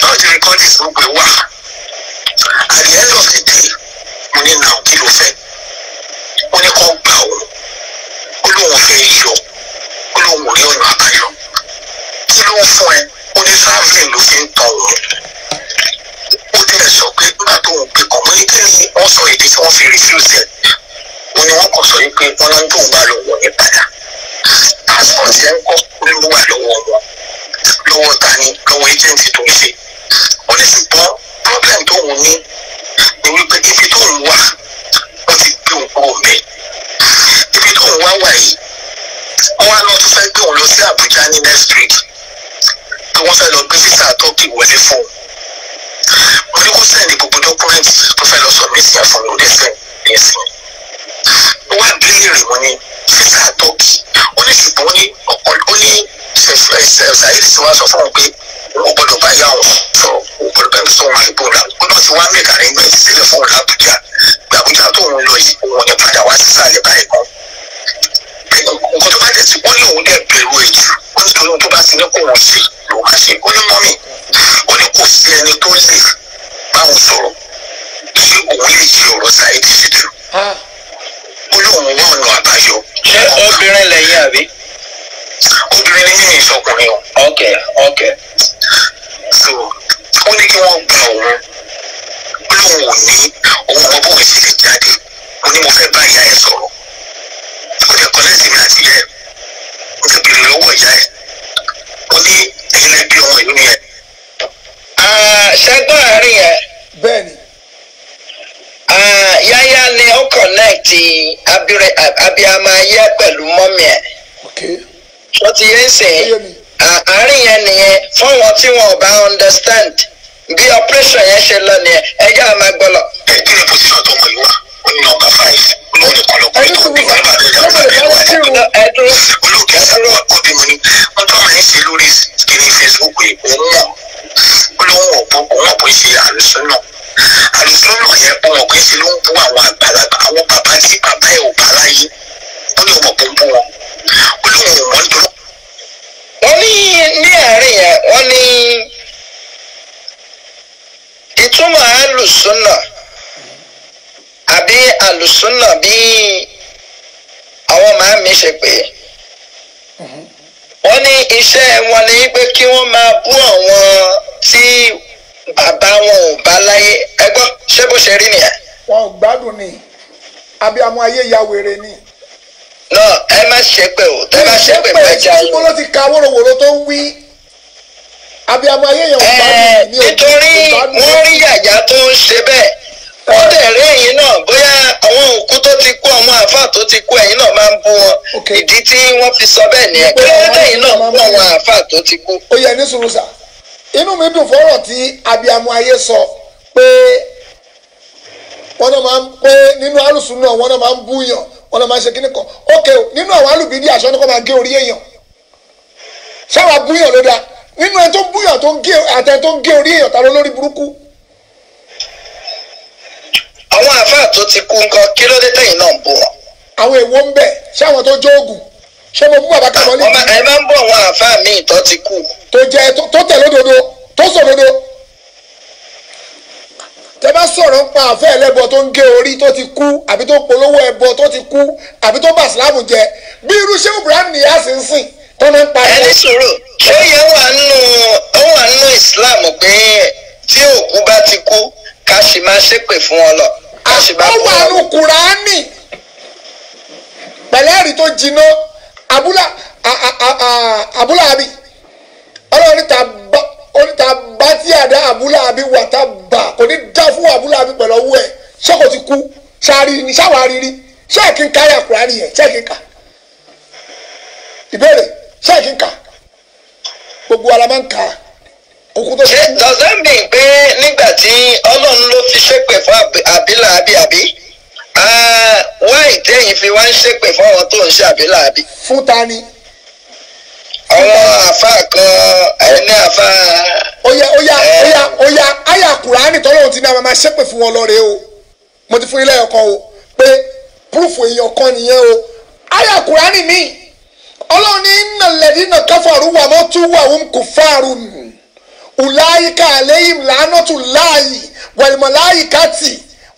Speaker 6: náà jẹ́ nǹkan dì sí at the end of the day mo ní nà kí ló fẹ́ wọ́n ní kó gbà òun ó lóun fẹ́ yọ ó lóun rí ọ̀nà àbáyọ kí ló ń fún ẹ ó ní sáfìn ló fi ń tàn òun ó dẹ̀ sọ pé nígbà tó ń gbé kàn mọ́ ní kí ni wọ́n sọ èdè tí wọ́n fi refuse ẹ̀ wọn ni wọn kàn sọ yìí pé wọn náà ń dùn wá lọ́wọ́ ní padà passport yẹn kọ́ ló wà lọ́wọ́ wọn lọ́wọ́ ta ni lọ́wọ́ agent tó ń ṣe ó ní ṣùgbọ́n problem tó ń ní ni wípé ibi tó ń wà wọ́n ti gbé òun kúrò ibi tó ń wá wà yìí wọ́n á lọ tún fẹ́ gbé òun lọ sí Àbújá ní next week tí wọ́n fẹ́ lọ gbé físà tọ́kì wọlé fún un mo ní sẹ́ni gbogbo dọ́kúmẹ́ntì tó fẹ́ lọ sọ̀rọ̀ ìsìn àfọ̀rọ̀ ó ní ìsìn mo wá bí léèrè wọn ní físà tọ́kì ó ní ṣùgbọ́n ó ní ọkọ ó ní ṣàyẹ̀dì tí wọ́n sọ fún un pé o gbọ́dọ̀ bá yà wọn sọ o gbọ́dọ̀ bẹ́ẹ̀ sọ wọn àìbò rà ó náà ti wá mẹ́ka ní gbẹ́ẹ̀tì sílẹ̀ fún òun làbújá gbàbújá tó ń lọ yìí òun ni padà wá sísàlẹ̀ báyìí kan nǹkan tó bá dẹ̀ ti ó ní òun dẹ̀ bẹ̀rù èjì ó ní tòun tó bá ti ní kò wọ́n ṣe lòun á ṣe ó ní mọ́mì ó ní kò sí ẹni tó lè báwọn sọ̀rọ̀ kí òun lè ṣe ọ̀rọ̀ Saheed Shittu. Ah ó lóun wá ọ̀nà àbáyọ. ṣé obìnrin lẹ́yìn àbí. obìnrin ni yẹn ìṣọkùnrin o. ok ok. so ó ní kí wọ́n gba òun ó lóun ò ní òun mọ bóun ṣe lè jáde ó ní mo fẹ́ bá ìyá ẹ̀ sọ̀rọ̀ ó dẹ̀ kọ́ lẹ́sìn mi àti ìyá ẹ̀ ó dẹ̀ bèrè
Speaker 2: lọ́wọ́ ìyá ẹ̀ ó ní ẹ̀yin lẹ́bi ọmọ ìlú yẹn. Ah, ṣẹ́gbọ́n àárín yẹn. bẹ́ẹ̀ni. Eh, yáyá ni ó connect abiyama yẹ pẹ̀lú mọ́mí ẹ̀ ti yé sè àárín yẹn nìyẹn fáwọn tí wọn ò bá understand bí operation yẹn ṣe lọ nìyẹn ẹ jẹ́ àmà gbọ́lọ̀. ẹ kí ni position tó kàn yín wá ó ní nọ́mbà five lórí kọlọkọ ní kò ní bàbá rẹ lọ́wọ́ rẹ lọ́wọ́ rẹ lọ́wọ́ olóògbé
Speaker 6: sábà ọdún mi wọn tó máa ń ṣe lórí kiri Facebook òun mọ̀ ó lóun òun ọ̀pọ̀ ìṣe àlùsùn náà àlùfẹ́rọ̀ yẹn ó mọ̀ pé ṣe ló ń bú àwọn àgbàlagbà àwọn bàbá tí bàbá ẹ̀ ò bá láyé ó ní ọmọ gbogbo wọn ó lóun ò mọ̀ nítorí.
Speaker 2: wọ́n ní ní àárín yẹn wọ́n ní ìtumọ̀ àlùsùnà àbí àlùsùnà bí àwọn màá mi ṣe pé mm-hmm. wọ́n ní iṣẹ́ wọn ni pé kí wọ́n máa bú àwọn tí bàbá wọn ò bá láyé ẹgbọ́n ṣé bó ṣe rí nìyẹn.
Speaker 4: wọn ò gbádùn ni abiyamọ ayé ya wèrè ni. náà ẹ má ṣépè o ẹ má ṣépè mẹjà yìí. ìṣèpè ti ka wóróworó tó ń wí abiyamọ ayé yẹn ò eh, gbádùn ni. nítorí
Speaker 2: wọ́n rí yàyà tó ń ṣe bẹ́ẹ̀ wọ́n eh. dẹ̀ rí ẹ̀yin náà bóyá àwọn òkú tó ti kú àwọn àáfàá tó ti kú ẹ̀yin náà máa ń bú wọn ìdí tí wọ́n fi sọ bẹ́ẹ̀ nìyẹn kí ló
Speaker 4: dé ẹ̀yin náà bú àwọn àáfàá tó ti kú. ó yẹ ní sùúrù sáà inú mi dùn fọ́rọ̀ tí abiyamọ ayé sọ pé wọ́n náà máa ń pé nínú alùsùn náà wọ́n náà máa ń búyàn wọ́n náà máa ń ṣe kíní kan ok nínú àwọn alùbídí aṣọ ni kò máa gé orí èèyàn ṣáwa búyàn ló dáa nínú ẹ tó búyàn tó ń gé àtẹ tó ń gé orí èèyàn ta ló burúkú. àwọn àfáà tó ti kú nǹkan kí ló dé tẹ̀yìn náà ń bú àwọn èèwọ̀ ń bẹ ṣé tó jó oògùn ṣé mo bú bàbá Kamoli. ọmọ ẹ máa ń bọ̀ wọn àáfàá mi ìtọ́ ti kú. tó jẹ tó tẹ̀ lódodo tó sòdodo. tẹ bá sọ̀rọ̀ ń pa àfẹ́ ẹlẹ́bọ tó ń gé orí tó ti kú àbí tó polówó ẹbọ tó ti kú àbí tó bà sílámù jẹ bí irú ṣé Ibrahim a sì ń sìn tó ní pa ẹ. ẹni sòrò ṣé yẹn wà nù ó wà nù Islam pé tí òkú bá ti kú ká sì máa ṣépè fún ọ lọ. àpò wà nù Kùránì pẹ̀lẹ́rì tó jiná abúlá abúlá abi ọlọ́run ta bá oníta bá tí àdá abúlá abi wata ba. bà kò ní dá fún abúlá abi pẹ̀lú ọwọ́ ẹ̀ ṣé kò ti kú sáré ní sáwà rírí ṣé kí n kárí àkùrárì yẹn ṣé kí n kà ìbéèrè ṣé kí gbogbo ara máa ń kà á ṣé does that pé
Speaker 2: nígbà tí ọlọ́run ló fi ṣépè fún àbílà àbí àbí wáì tẹ́yìn fi wá ń ṣépè fún àwọn tó ń ṣàbílàbí.
Speaker 4: fún ta ni. àwọn àfáà kan ẹni àfáà. ó yá ó yá eh. ó yá ó yá àyà kùránì tọ́lọ́hún ti ní àwọn máa ṣépè fún wọn lọ́rẹ́ o mo ti fún ilé ọkàn o pé púrúfù èèyàn kan nìyẹn o àyà kùránì míì ọlọ́run ní nàlẹ́dí nà káfàrú wà mọ́ tún wà ń kò fáàrù ùláyíká àléyìn lánàtú láàyè wàlmọ̀láyíká tì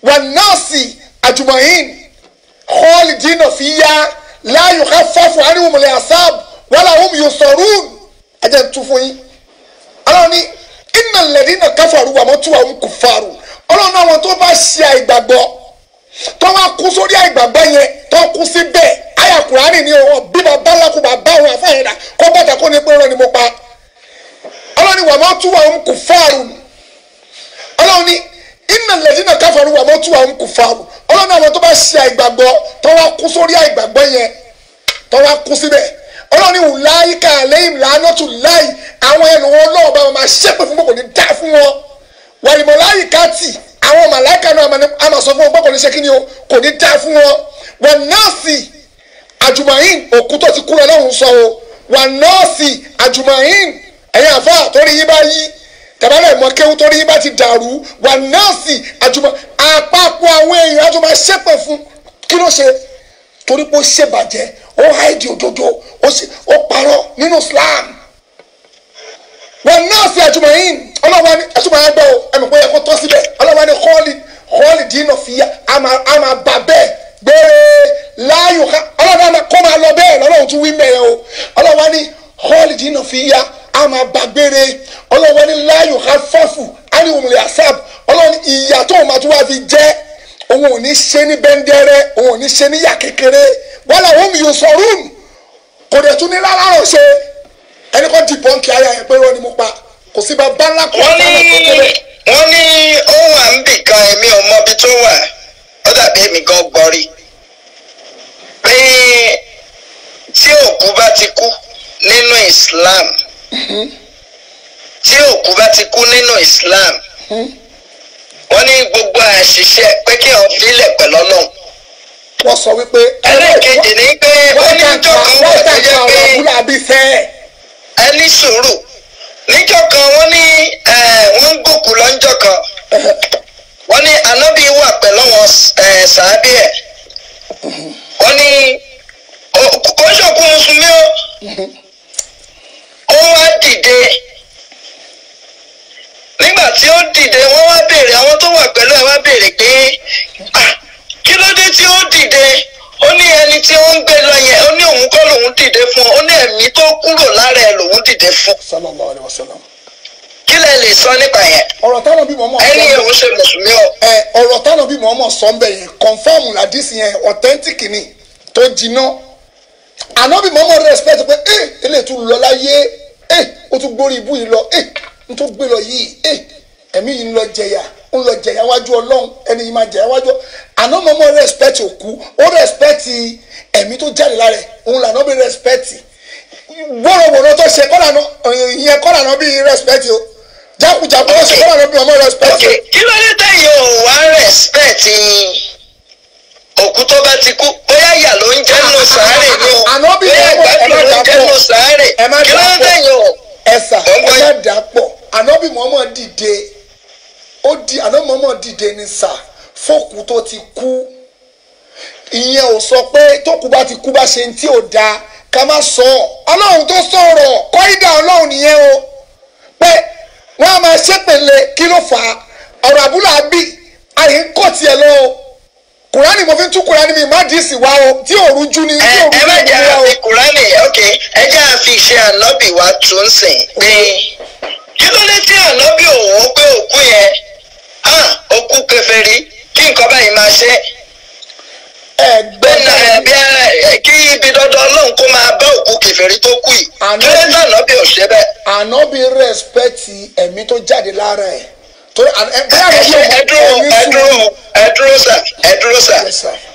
Speaker 4: wà náà sì àjùmọ̀yìn kọ́ọ̀lì dínà fi yá láàyò ká fọ́fù ánìwòmọ̀lẹ̀ àsáàbù wọ́n làwọn mi yóò sọ̀rún ẹ̀jẹ̀ ń tún fún yín. ọlọ́run ní iná lẹ́rìí náà káfàrú àmọ́ tí wàá ń kú fàrú ọlọ́run àwọn tó bá ṣe àìgbàgbọ́ tó wá kú sórí àìgbàgbọ́ yẹn tó kú síbẹ̀ àyà kùránì ni ọ̀ bí bàbá ńlá kù bàbá òun àfáàyẹ̀dà kó bàtà kó ní pé ni mo pa ọlọ́run wàá mọ́ tí wàá ń iná lẹ́yìn náà káfọ́rù wà mọ́tò àwọn kò fa ọlọ́run àwọn tó bá ṣe àìgbàgbọ́ tó wá kú sórí àìgbàgbọ́ yẹn tó wá kú síbẹ̀ ọlọ́run ìwù láyé ká lẹ́yìn lánà tù láyé àwọn ẹlòmọ́ ọlọ́ọ̀bá wọn máa ṣépè fún gbogbo ní dá fún wọn wàrìmọ̀ láyé ká tì àwọn màláìka náà a sọ fún wọn ṣe kí o kò ní dá fún wọn wọn nọ́ọ̀sì àjùmọ̀yìn òkú tó ti kú lọ́run sọ o wọn nọ́ọ̀sì àjùmọ̀yìn ẹ̀yin àfáà torí yín bá yí tàbálẹ̀ mọ kéwù torí yín bá ti dàrú wà nọ́ọ̀sì àjùmọ̀ àpapọ̀ àwọn èèyàn àjùmọ̀ ṣépè fún kí ló ṣe torí pé ó ṣèbàjẹ́ ó háìdì òdodo ó parọ́ nínú Islam wà nọ́ọ̀sì àjùmọ̀ yìí ọlọ́wà ni àjùmọ̀ yẹn gbọ́ ẹ̀mí pé ó yẹ kó tọ́ síbẹ̀ ọlọ́wà ni kọ́ọ̀lì kọ́ọ̀lì dínà fìyà àmà bà bẹ́ẹ̀ gbére láàyò ọlọ́wà kọ́ máa lọ bẹ́ẹ̀ lọ́wọ́ a máa bá gbére ọlọ́wọ́ ní láyò ha fọ́fù aliwomule asab ọlọ́run ìyà tó o máa tún wá fi jẹ́ òun ò ní ṣe ní bẹ́ńdẹ́rẹ́ òun ò ní ṣe ní yà kékeré wọ́n làwọn mi yóò sọ rúùmù kò dẹ̀ tún ní rárá ṣe ẹni kan di bọ́ǹkì ayé ẹ̀ pé irọ́ ni mo pa kò sí bàbá ńlá kan sáà náà
Speaker 2: wọ́n ní ó wà níbì kan èmi ò mọ tó wà ó dàbí èmi gan gbọ́rí pé tí òkú bá ti kú nínú Islam tí òkú bá ti kú nínú Islam hm? wọ́n ní gbogbo àṣìṣe pé kí wọ́n filẹ̀ pẹ̀lú Ọlọ́run. wọ́n sọ wípé. ẹlẹ́ẹ̀kejì ni pé wọ́n ní ìjọ kan wọ́n tó yẹ pé ẹ ní níjọ kan wọ́n ní wọ́n ń gòkú lọ́njọ́ kan wọ́n ní anábì wà pẹ̀lú wọn sàábì ẹ̀ hm. wọ́n ní kò ń ṣòkú ó wá dìde nígbà tí ó dìde wọ́n wá béèrè àwọn tó wà pẹ̀lú ẹ̀ wá béèrè pé kí ló dé tí ó dìde ó ní ẹni tí ó ń gbé lọ yẹn ó ní òun kọ́ lòun dìde fún ó ní ẹ̀mí tó kúrò lára ẹ̀ lòun dìde fún. sallallahu kí lẹ lè sọ nípa yẹn.
Speaker 4: ọ̀rọ̀ táwọn bímọ ọmọ ẹni yẹn ò ṣe mùsùlùmí o. ẹ ọ̀rọ̀ táwọn bímọ ọmọ sọ ń bẹ yẹn confam ladisi yẹn authentic ni tó jiná ànábìmọ̀ ọmọ respect pé ẹ eh, eléyìí tún lọ láyé ẹ o tún gbórí ibú yìí lọ n tó gbé lọ yìí ẹ yìí ń lọ jẹyà ń lọ jẹyà wájú Ọlọ́run ẹni yìí máa jẹyà wájú àná mọ́mọ́ respect òkú ó respect ẹ̀mí tó jáde lára ẹ̀ òun làná bí respect wọ́rọ̀wọ́rọ̀ tó ṣe kọ́là náà ìyẹn kọ́là náà bí respect o jákujàku tó ṣe kọ́là náà bí ọmọ respect. ok kí ló dé tẹ̀yìn ò wá respect òkú
Speaker 2: tó bá ti kú bóyá ìyà ló ń jẹ́ nù sáré ni o bóyá ìgbà ló ń jẹ́ nù sáré
Speaker 4: kí ló ń anabi muhammad dìde ó di anabi muhammad dìde ní sà fókù tó ti kú ìyẹn ò sọ pé tókù bá ti kú bá ṣe ní tí ò dáa ká má sọ ọ ọlọ́run tó sọ̀rọ̀ kọ́ídà ọlọ́run nìyẹn o pé wọ́n á máa ṣépèlè kí ló fà á ọ̀rọ̀ àbúlà bí àyè ń kọ̀ tiẹ̀ lọ o kùránì mo fi ń tú kùránì mi má dìísì o tí òru jú ni tí òru jú ni wá o. ẹ bá jẹ́ àfi kùránì ok ẹ jẹ́ àfi iṣẹ́
Speaker 2: ànábì wa tún sìn kí ló dé tí ànábì òun gbé òkú yẹn hàn òkú kèfèrí kí nǹkan báyìí máa ṣe
Speaker 4: ẹgbẹ́nà ẹ̀bí kí ibi dandan ọlọ́run kó máa bá òkú kèfèrí tó kù yìí kí tí ànábì ò ṣe bẹ́ẹ̀. ànábì rẹ́spẹ̀tì ẹ̀mí tó jáde lára ẹ̀ ẹdúró ẹdúró ẹdúró sà ẹdúró sà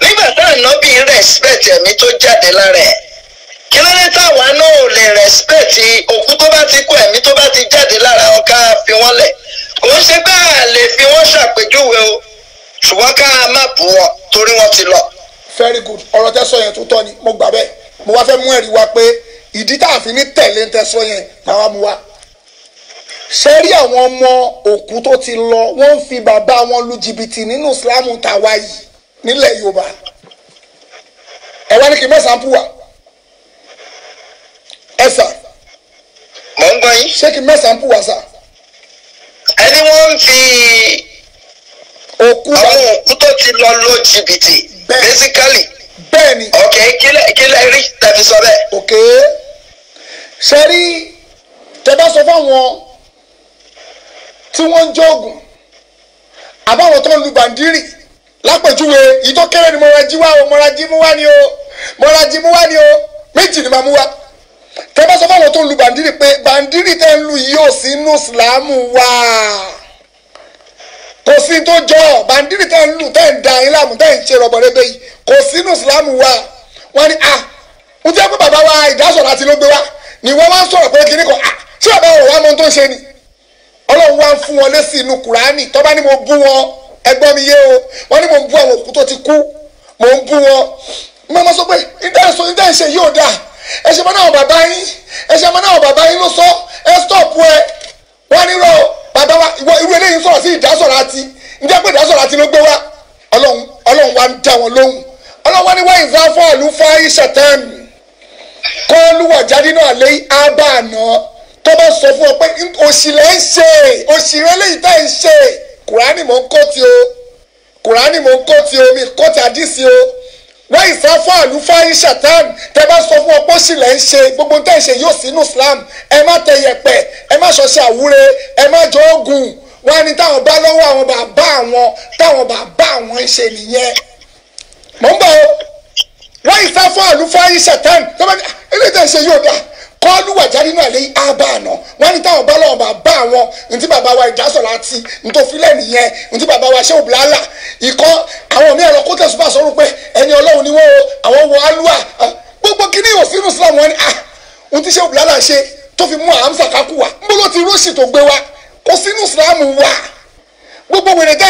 Speaker 2: nígbà ànábì ẹ̀mí tó jáde lára ẹ̀ kí ló náà lè respect òkú tó bá ti kú ẹ̀mí tó bá ti jáde lára wọn fi wọ́n lẹ̀ kò ń ṣe
Speaker 4: bẹ́ẹ̀ lè fi wọ́n ṣàpèjúwe o ṣùgbọ́n ká má bù wọn torí wọ́n ti lọ. very good ọ̀rọ̀ tẹ́ sọ yẹn tó tọ́ ni mo gbà bẹ́ẹ̀ mo wá fẹ́ mú ẹ̀rí wa pé ìdí tá a fi ní tẹ̀lé ń tẹ́ sọ yẹn làwa mú wa. ṣé rí àwọn ọmọ òkú tó ti lọ wọ́n ń fi bàbá wọn lu jìbìtì nínú ìsìlámù tàwa yìí nílẹ̀ yorùbá ẹ̀ wá ní kí mẹ́sàn-án pù wá ẹ sà. mò ń gbọ́ yín. ṣé kí mẹ́sàn-án pù wá sà. ẹni wọ́n fi àwọn òkú tó ti lọ lọ jìbìtì basically. bẹ́ẹ̀ni. ok kílẹ̀ kílẹ̀ rí tẹ̀mí sọ bẹ́ẹ̀. ok ṣe rí tẹ bá sọ fáwọn tí wọ́n ń jọ́ọ̀gùn àbáwọn tó ń lu bàǹdírì lápèjúwe ìtọ́kẹ́rẹ́ ni mo ra jí wá o mo jí mú wá ni o mo ra jí mú wá ni o méjì ni màá mú wá tẹ́ bá sọ fáwọn tó ń lu bàǹdírì pé bàǹdírì tẹ́ ń lu yìí ò sí inú ìsìlámù wa kò sí tó jọ bàǹdírì tẹ́ ń lu tẹ́ ń da yín láàmú tẹ́ ń ṣe rọ̀bọ̀rẹ́bẹ̀ yìí kò sí inú ìsìlámù wa wọ́n ní à ah, ń jẹ́ pé bàbá wa ìdásọ̀rọ̀ àti ló gbé wa ni wọ́n wá ń sọ̀rọ̀ pé kíní kan à ah, ṣé bàbá ọ̀rọ̀ wa mọ tó ń ṣe ni ọlọ́run wá ń fún wọn lésì inú kùránì tó bá ní mo bú wọn ẹgbọ́n mi yé o wọ́n ní mo bú àwọn òkú tó ti kú mo ń bú wọn mo máa sọ pé ìdáhùn ìdáhùn yóò dáa ẹ ṣe mọ́ náà bàbá yín ẹ ṣe mọ́ náà bàbá yín ló sọ ẹ stop ẹ wọ́n nírọ̀ bàbá wa ìwọ irú eléyìí sọ̀rọ̀ sí ìdásọ̀rọ̀ àti ǹjẹ́ pé ìdásọ̀rọ̀ àti ló gbé wá ọlọ́run ọlọ́run wa ń dá wọn lóhùn ọlọ́run wa ní wáyé ìzáfọ́ọ̀lù fáyì ṣẹ̀tẹ́n kọ́ lúwọ̀ jáde náà lé ábà àná tó bá sọ fún ọ pé òṣìlẹ̀ ń ṣe òṣìlẹ̀ eléyìí tá ń ṣe kùránì mò ń kọ́ ti o kùránì mò ń kọ́ ti o mi kọ́ ti àdísì o wọ́n ìfáfọ́ àlùfáà yìí ṣàtàn tẹ bá sọ fún ọpọ́ sì lẹ́ ń ṣe gbogbo tẹ́ ń ṣe yóò sínú Islam ẹ má tẹ yẹ̀pẹ̀ ẹ má ṣọṣẹ àwúre ẹ má jọ oògùn wọ́n ní táwọn bá lọ́wọ́ àwọn bàbá àwọn táwọn bàbá àwọn ń ṣe nìyẹn mọ̀ ń bọ̀ wọ́n ìfáfọ́ àlùfáà yìí ṣàtàn tẹ bá ilé ah, tẹ̀ ń ṣe yóò dáa kọ́lù wàjáde náà lé ábà àná wọ́n ní táwọn bọ́lá ọba bá àwọn ntí bàbá wa ìdásọ̀ láti ntòfilẹ̀ nìyẹn ntí bàbá wa ṣé òbílálà ikọ́ àwọn mí ẹ̀rọ kótó ṣùgbọ́n sọ̀rọ̀ pé ẹni ọlọ́run ni wọ́n o àwọn wọ alúwà ah, gbogbo kíní yóò sínú Islam wọn ni à ń ti ṣe òbílálà ṣe tó fi mú àhámsà kákú wa ń bọ́lọ́ ti róṣì tó gbé wa kò sínú Islam wa gbogbo wèrè dá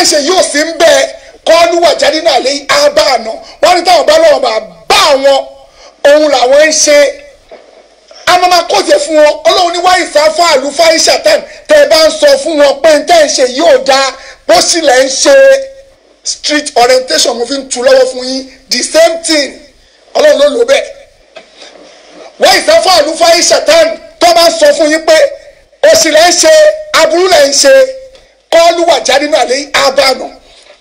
Speaker 4: a máa ma kó tiẹ̀ fún wọn ọlọ́run ní wáyé fáfá àlù fáyé ṣàtàn tẹ́ ẹ bá ń sọ fún wọn pé tẹ́ ń ṣe yóò dáa bó sì lẹ́ ń ṣe street orientation mo fi ń tu lọ́wọ́ fún yín the same thing ọlọ́run ló lò bẹ́ẹ̀ wáyé fáfá àlù fáyé ṣàtàn tó bá ń sọ fún yín pé òsì lẹ́ ń ṣe aburú lẹ́ ń ṣe kọ́ọ̀lù wàjá nínú àlẹ́ abànú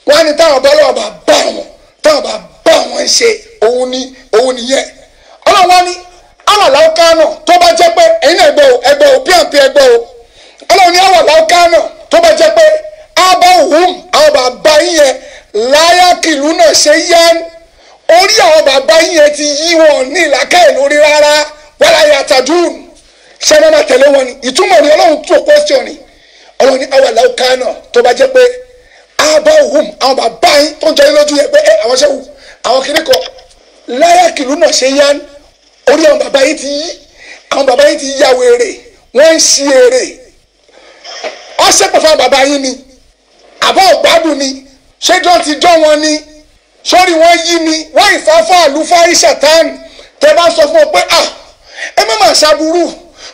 Speaker 4: wọn ni táwọn bá lọ́wọ́ bá bá wọn táwọn bá bá wọn ṣe òun ni òun nìyẹn ọlọ́run wá ní awàláwò kánà tó bá jẹ́ pé ẹ̀yin náà ẹgbẹ́ o ẹgbẹ́ o píàǹpì ẹgbẹ́ o ọlọ́run ní awàláwò kánà tó bá jẹ́ pé abáwùm àwọn bàbá yín yẹn láyà kìlú náà ṣe yán orí àwọn bàbá yín yẹn ti yí wọn ní ìlàkàyè lórí rárá wàlá yàtàdùn ṣẹ́ni máa wọn ni ìtumọ̀ ni ọlọ́run tó question ni ọlọ́run ní awàláwò kánà tó bá jẹ́ pé abáwùm àwọn bàbá yín tó ń jẹ́ lójú yẹn pé eh, àwọn ṣẹ́wù àwọn kìnnìkan láyà kìlú náà ṣe yán orí àwọn bàbá yìí ti yí àwọn bàbá yìí ti yá wèrè wọ́n ń ṣí èrè ọ̀sẹ̀ pọ̀ fáwọn bàbá yìí ni àbọ̀ ọ̀gbádùn ni ṣéjọ́ ti jọ́ wọn ni sórí wọn yí ni wọ́n ìfáfá àlùfá ìṣàtàn tẹ bá sọ fún ọ pé à ah, ẹ má má ṣàbùrù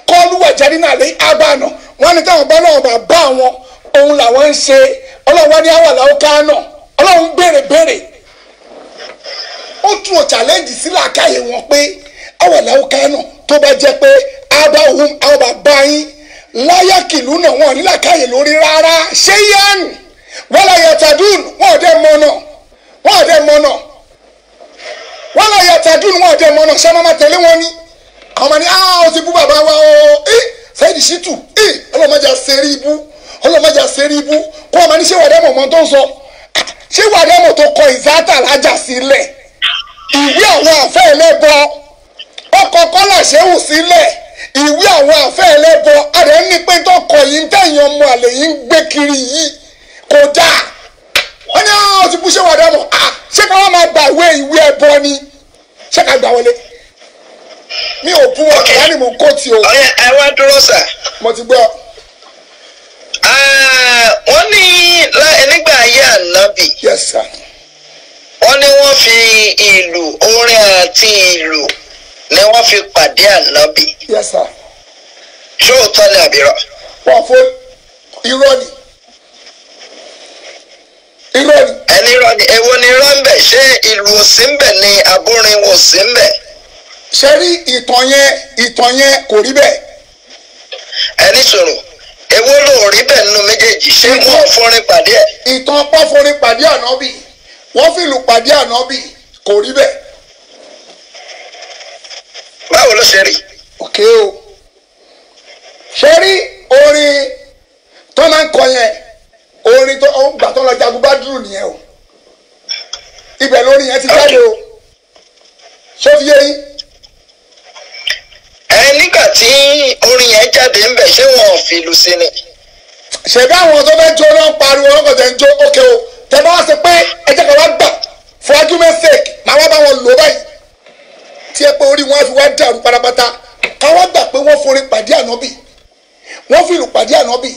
Speaker 4: kọ́lùwà jáde náà lé àbànà wọ́n ní táwọn bá lọ́wọ́ bá bá wọn òun làwọn ń ṣe ọlọ́wọ́ ní àwọn àlàó kánà ọlọ́run béèrè béèrè ó tún ọ̀ challenge sí làákàyè wọn pé awàláwò kánú tó bá jẹ́ pé abáhùn àwọn bàbá yín láyà kìlú náà wọn nílà káyè lórí rárá ṣé yánu wọn là yàtàdùn wọn ò dé mọ́nà wọn ò dé mọ́nà wọn là yàtàdùn wọn ò dé mọ́nà ṣé máa tẹ̀lé wọn ni àwọn ni ah ti bú bàbá wa o ẹ sẹ́yìn ṣìtù ẹ ọlọ́mọdé àṣẹrí ibú ọlọ́mọdé àṣẹrí ibú kó ọmọ ní ṣé wàá dẹ́mọ̀ ọmọ tó ń sọ ah, ṣé wàá dẹ́mọ̀ tó kọ ìzátà lájà sílẹ̀ ah. ìwé àwọn àfẹ́ ẹlẹ́bọ̀ọ́ ọkọ̀ kọ́lá ṣéwù sílẹ̀ ìwé àwọn àfẹ́ ẹlẹ́bọ àrẹ ní pé tọkọ yìí tẹ̀yìn ọmọ àlè yìí ń gbé kiri yìí kò dáa wọ́n ní àwọn ah, ti búṣẹ́ wà dáàbò à ah, ṣé ká máa gba ìwé ìwé ẹbọ ni ṣé ká gbà wọlé mi ò bú wọn wọ́n ní mò ń kó ti o. ọyẹ ẹ dúró sà. mo ti gbọ́. Eh, wọ́n ní
Speaker 2: nígbà ayé ànábì. yes sir. wọ́n ní wọ́n fi ìlú orin àti ìlú ni wọ́n fi pàdé ànábì. yes sir. ṣé òótọ́ ni àbírọ̀. wọ́n fún irọ́ ni irọ́ ni. ẹni irọ́ ni èwo ni irọ́ ń bẹ̀ ṣé ìlú òsì ń bẹ̀ ni abúrin òsì ń bẹ̀. ṣé rí ìtàn yẹn ìtàn yẹn kò rí bẹ́ẹ̀.
Speaker 4: ẹni sọ̀rọ̀ èwo ló rí bẹ́ẹ̀ nínú méjèèjì ṣé wọ́n fọrin pàdé ẹ̀. ìtàn pọ́ fọrin pàdé ànábì wọ́n fìlù pàdé ànábì kò rí bẹ́ẹ̀ báwo ló ṣe òkè o ṣe rí orin tó máa ń kọ yẹn orin tó ń gbà tó lọ jagun bá dúró nìyẹn o ibẹ̀ lórí yẹn ti jáde o ṣé fi yé yín. ẹ nígbà tí
Speaker 2: orin yẹn jáde ń ṣé wọn ò fi ìlú sí ni. ṣèbí àwọn tó fẹ́ jó náà pariwo
Speaker 4: ọlọ́kọ̀ tẹ̀ ń jó òkè o tẹ̀ bá wá sí pé ẹ jẹ́ ká wá gbà for argument sake màá wá bá wọn lò báyìí tí ẹ pé orí wọn fi wá dàrú pátápátá káwá gbà pé wọ́n forí pàdé ànábì wọ́n fi ìlú pàdé ànábì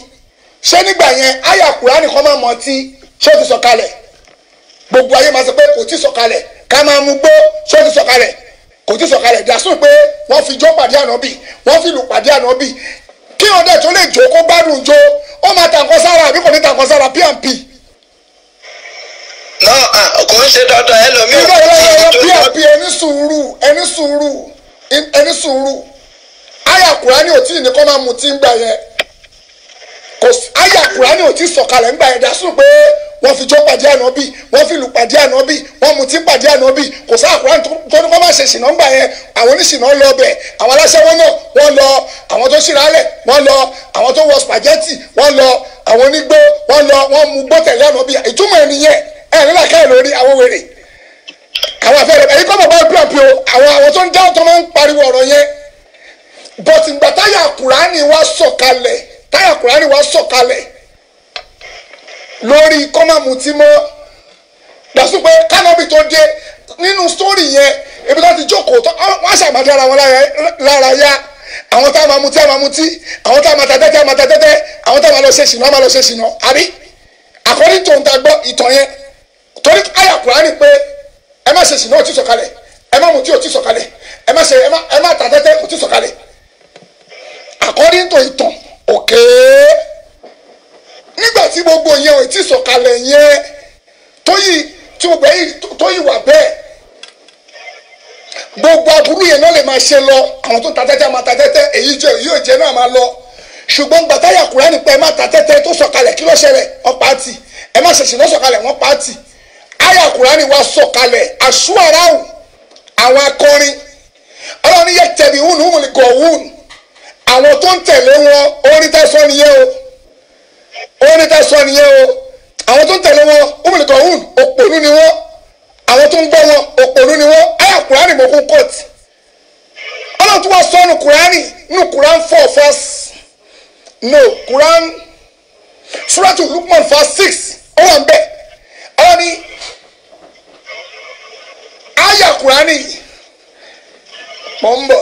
Speaker 4: ṣé nígbà yẹn àyà kùránì kan máa mọ̀ tí ṣé ó ti sọ̀kalẹ̀ gbogbo ayé máa sọ pé kò tí sọ̀kalẹ̀ ká máa mú gbó ṣé ó ti sọ̀kalẹ̀ kò tí sọ̀kalẹ̀ dàsún pé wọ́n fi jó pàdé ànábì wọ́n fi ìlú pàdé ànábì kí ọ̀dẹ̀ tó lè jó kó gbádùn jó ó máa tàǹkọ́ sára àbí kò ní tàǹkọ́ sára pmp Ah, kò ń ṣe dandan ẹlòmíì. mi. ìwé ìwé bí ẹni sùúrù ẹni sùúrù ẹni sùúrù àyà kọ́ máa ń gbà kò àyà sọ̀kalẹ̀ ń gbà dasùn pé wọ́n fi pàdé wọ́n fi lù pàdé tó ní kọ́ tó wọ́n tó wọ ẹ nílà káyọ̀ lórí àwọn wèrè àwọn afẹ́rẹ́ ẹ̀yin kọ́ bàbá ọdún àpè o àwọn àwọn tó ń dá ọtọ́ máa ń pariwo ọ̀rọ̀ yẹn bọ̀tì ìgbà táyà kùránì wa sọ̀kalẹ̀ táyà kùránì wa sọ̀kalẹ̀ lórí kọ́mọ̀mùtí mọ́ dàsú pé kánábì tó dé nínú sítórì yẹn ebi láti jókòó tó wọ́n ṣàmàdé ara wọn lára yá àwọn tá a máa mutí a máa mutí àwọn tá a máa tàtẹ́tẹ́ a máa tàtẹ́tẹ́ àwọn tá a máa lọ ṣe ṣìnà a máa lọ ṣe ṣìnà àbí àkọ́rí tòun ta gbọ́ ìtàn yẹn torí àyà Kùránì pé ẹ má ṣe sìnà ó ti sọ̀kalẹ̀ ẹ má mutí ó ti sọ̀kalẹ̀ ẹ má ṣe ẹ má ta tẹ́tẹ́ ó ti sọ̀kalẹ̀ according to ìtàn òkè nígbà tí gbogbo yẹn ò ti sọ̀kalẹ̀ yẹn tó yí tí gbogbo yẹn tó yí wà bẹ́ẹ̀ gbogbo aburú yẹn náà lè máa ṣe lọ àwọn tó ń ta tẹ́tẹ́ máa ta tẹ́tẹ́ èyí jẹ èyí ò jẹ náà máa lọ ṣùgbọ́n gbàtà yà Kùránì pé ẹ má ta tẹ́tẹ́ tó sọ̀kalẹ̀ kí ló ṣẹlẹ̀ ó pa tì ẹ má ṣèṣì lọ́sọ̀kalẹ̀ wọ́n pa tì àyà kùránì wa sọ̀kalẹ̀ àṣùwàráhùn àwọn akọrin ọlọ́run yẹ tẹ̀lé hùn hùn gọ̀ hùn àwọn tó ń tẹ̀lé wọn orin tá sọ nìyẹn o orin tá sọ nìyẹn o àwọn tó ń tẹ̀lé wọn hùn gọ̀ òpònú ni wọn àwọn tó ń gbọ́ wọn òpònú ni wọn àyà kùránì mọ̀kún kọ́ọ̀tì ọlọ́run tó wá sọ nù kùránì nù kùránì four verse no kùránì suratu Lukman verse six ó wà ń bẹ̀ ọ àyà kùránì mọ̀ ń bọ̀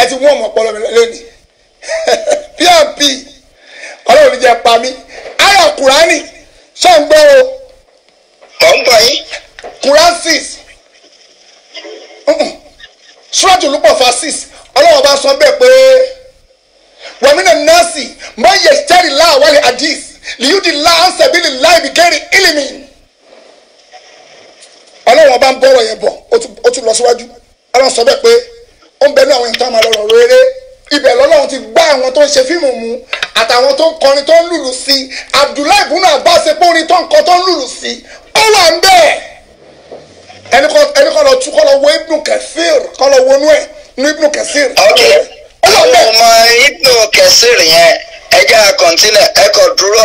Speaker 4: ẹ ti wọ́n mọ̀ pọ̀lọ́ mi lónìí pmp ọlọ́run ní jẹ́ pami. mí àyà kùránì ṣé ń gbọ́ o. mọ̀ ń bọ̀ yín. Quran six ṣúrọ́jù lúpọ̀ fa six ọlọ́run bá sọ bẹ́ẹ̀ pé wàmínà nọ́ọ̀sì mọ̀ yẹ jẹ́rìí láàwálé hadith lìyúdì láàánṣẹ́bí lè láì bìkẹ́rì ìlìmí ọlọ́run ọba ń bọ̀rọ̀ yẹn bọ̀ ó tún lọ síwájú ọlọ́run sọ bẹ́ẹ̀ pé ó ń bẹnu àwọn ìtàn àmàlọ́rọ̀ rere ibẹ̀ lọ́lọ́run ti gbá àwọn tó ń ṣe fíìmù mu àtàwọn tó ń kọrin tó ń lùlù sí i Abdullahi ibùnú àbáṣepọ̀ orin tó ń kọ tó ń lùlù sí i ó wà ń bẹ́ẹ̀ ẹni kọ́ lọ tú kọ́ lọ wo Ibn Kathir kọ́ lọ wonú ẹ̀ ní Ibn Kathir. ok
Speaker 2: ọmọ Ibn Kathir yẹn ẹja kọ̀ǹtínà ẹkọ̀ dúró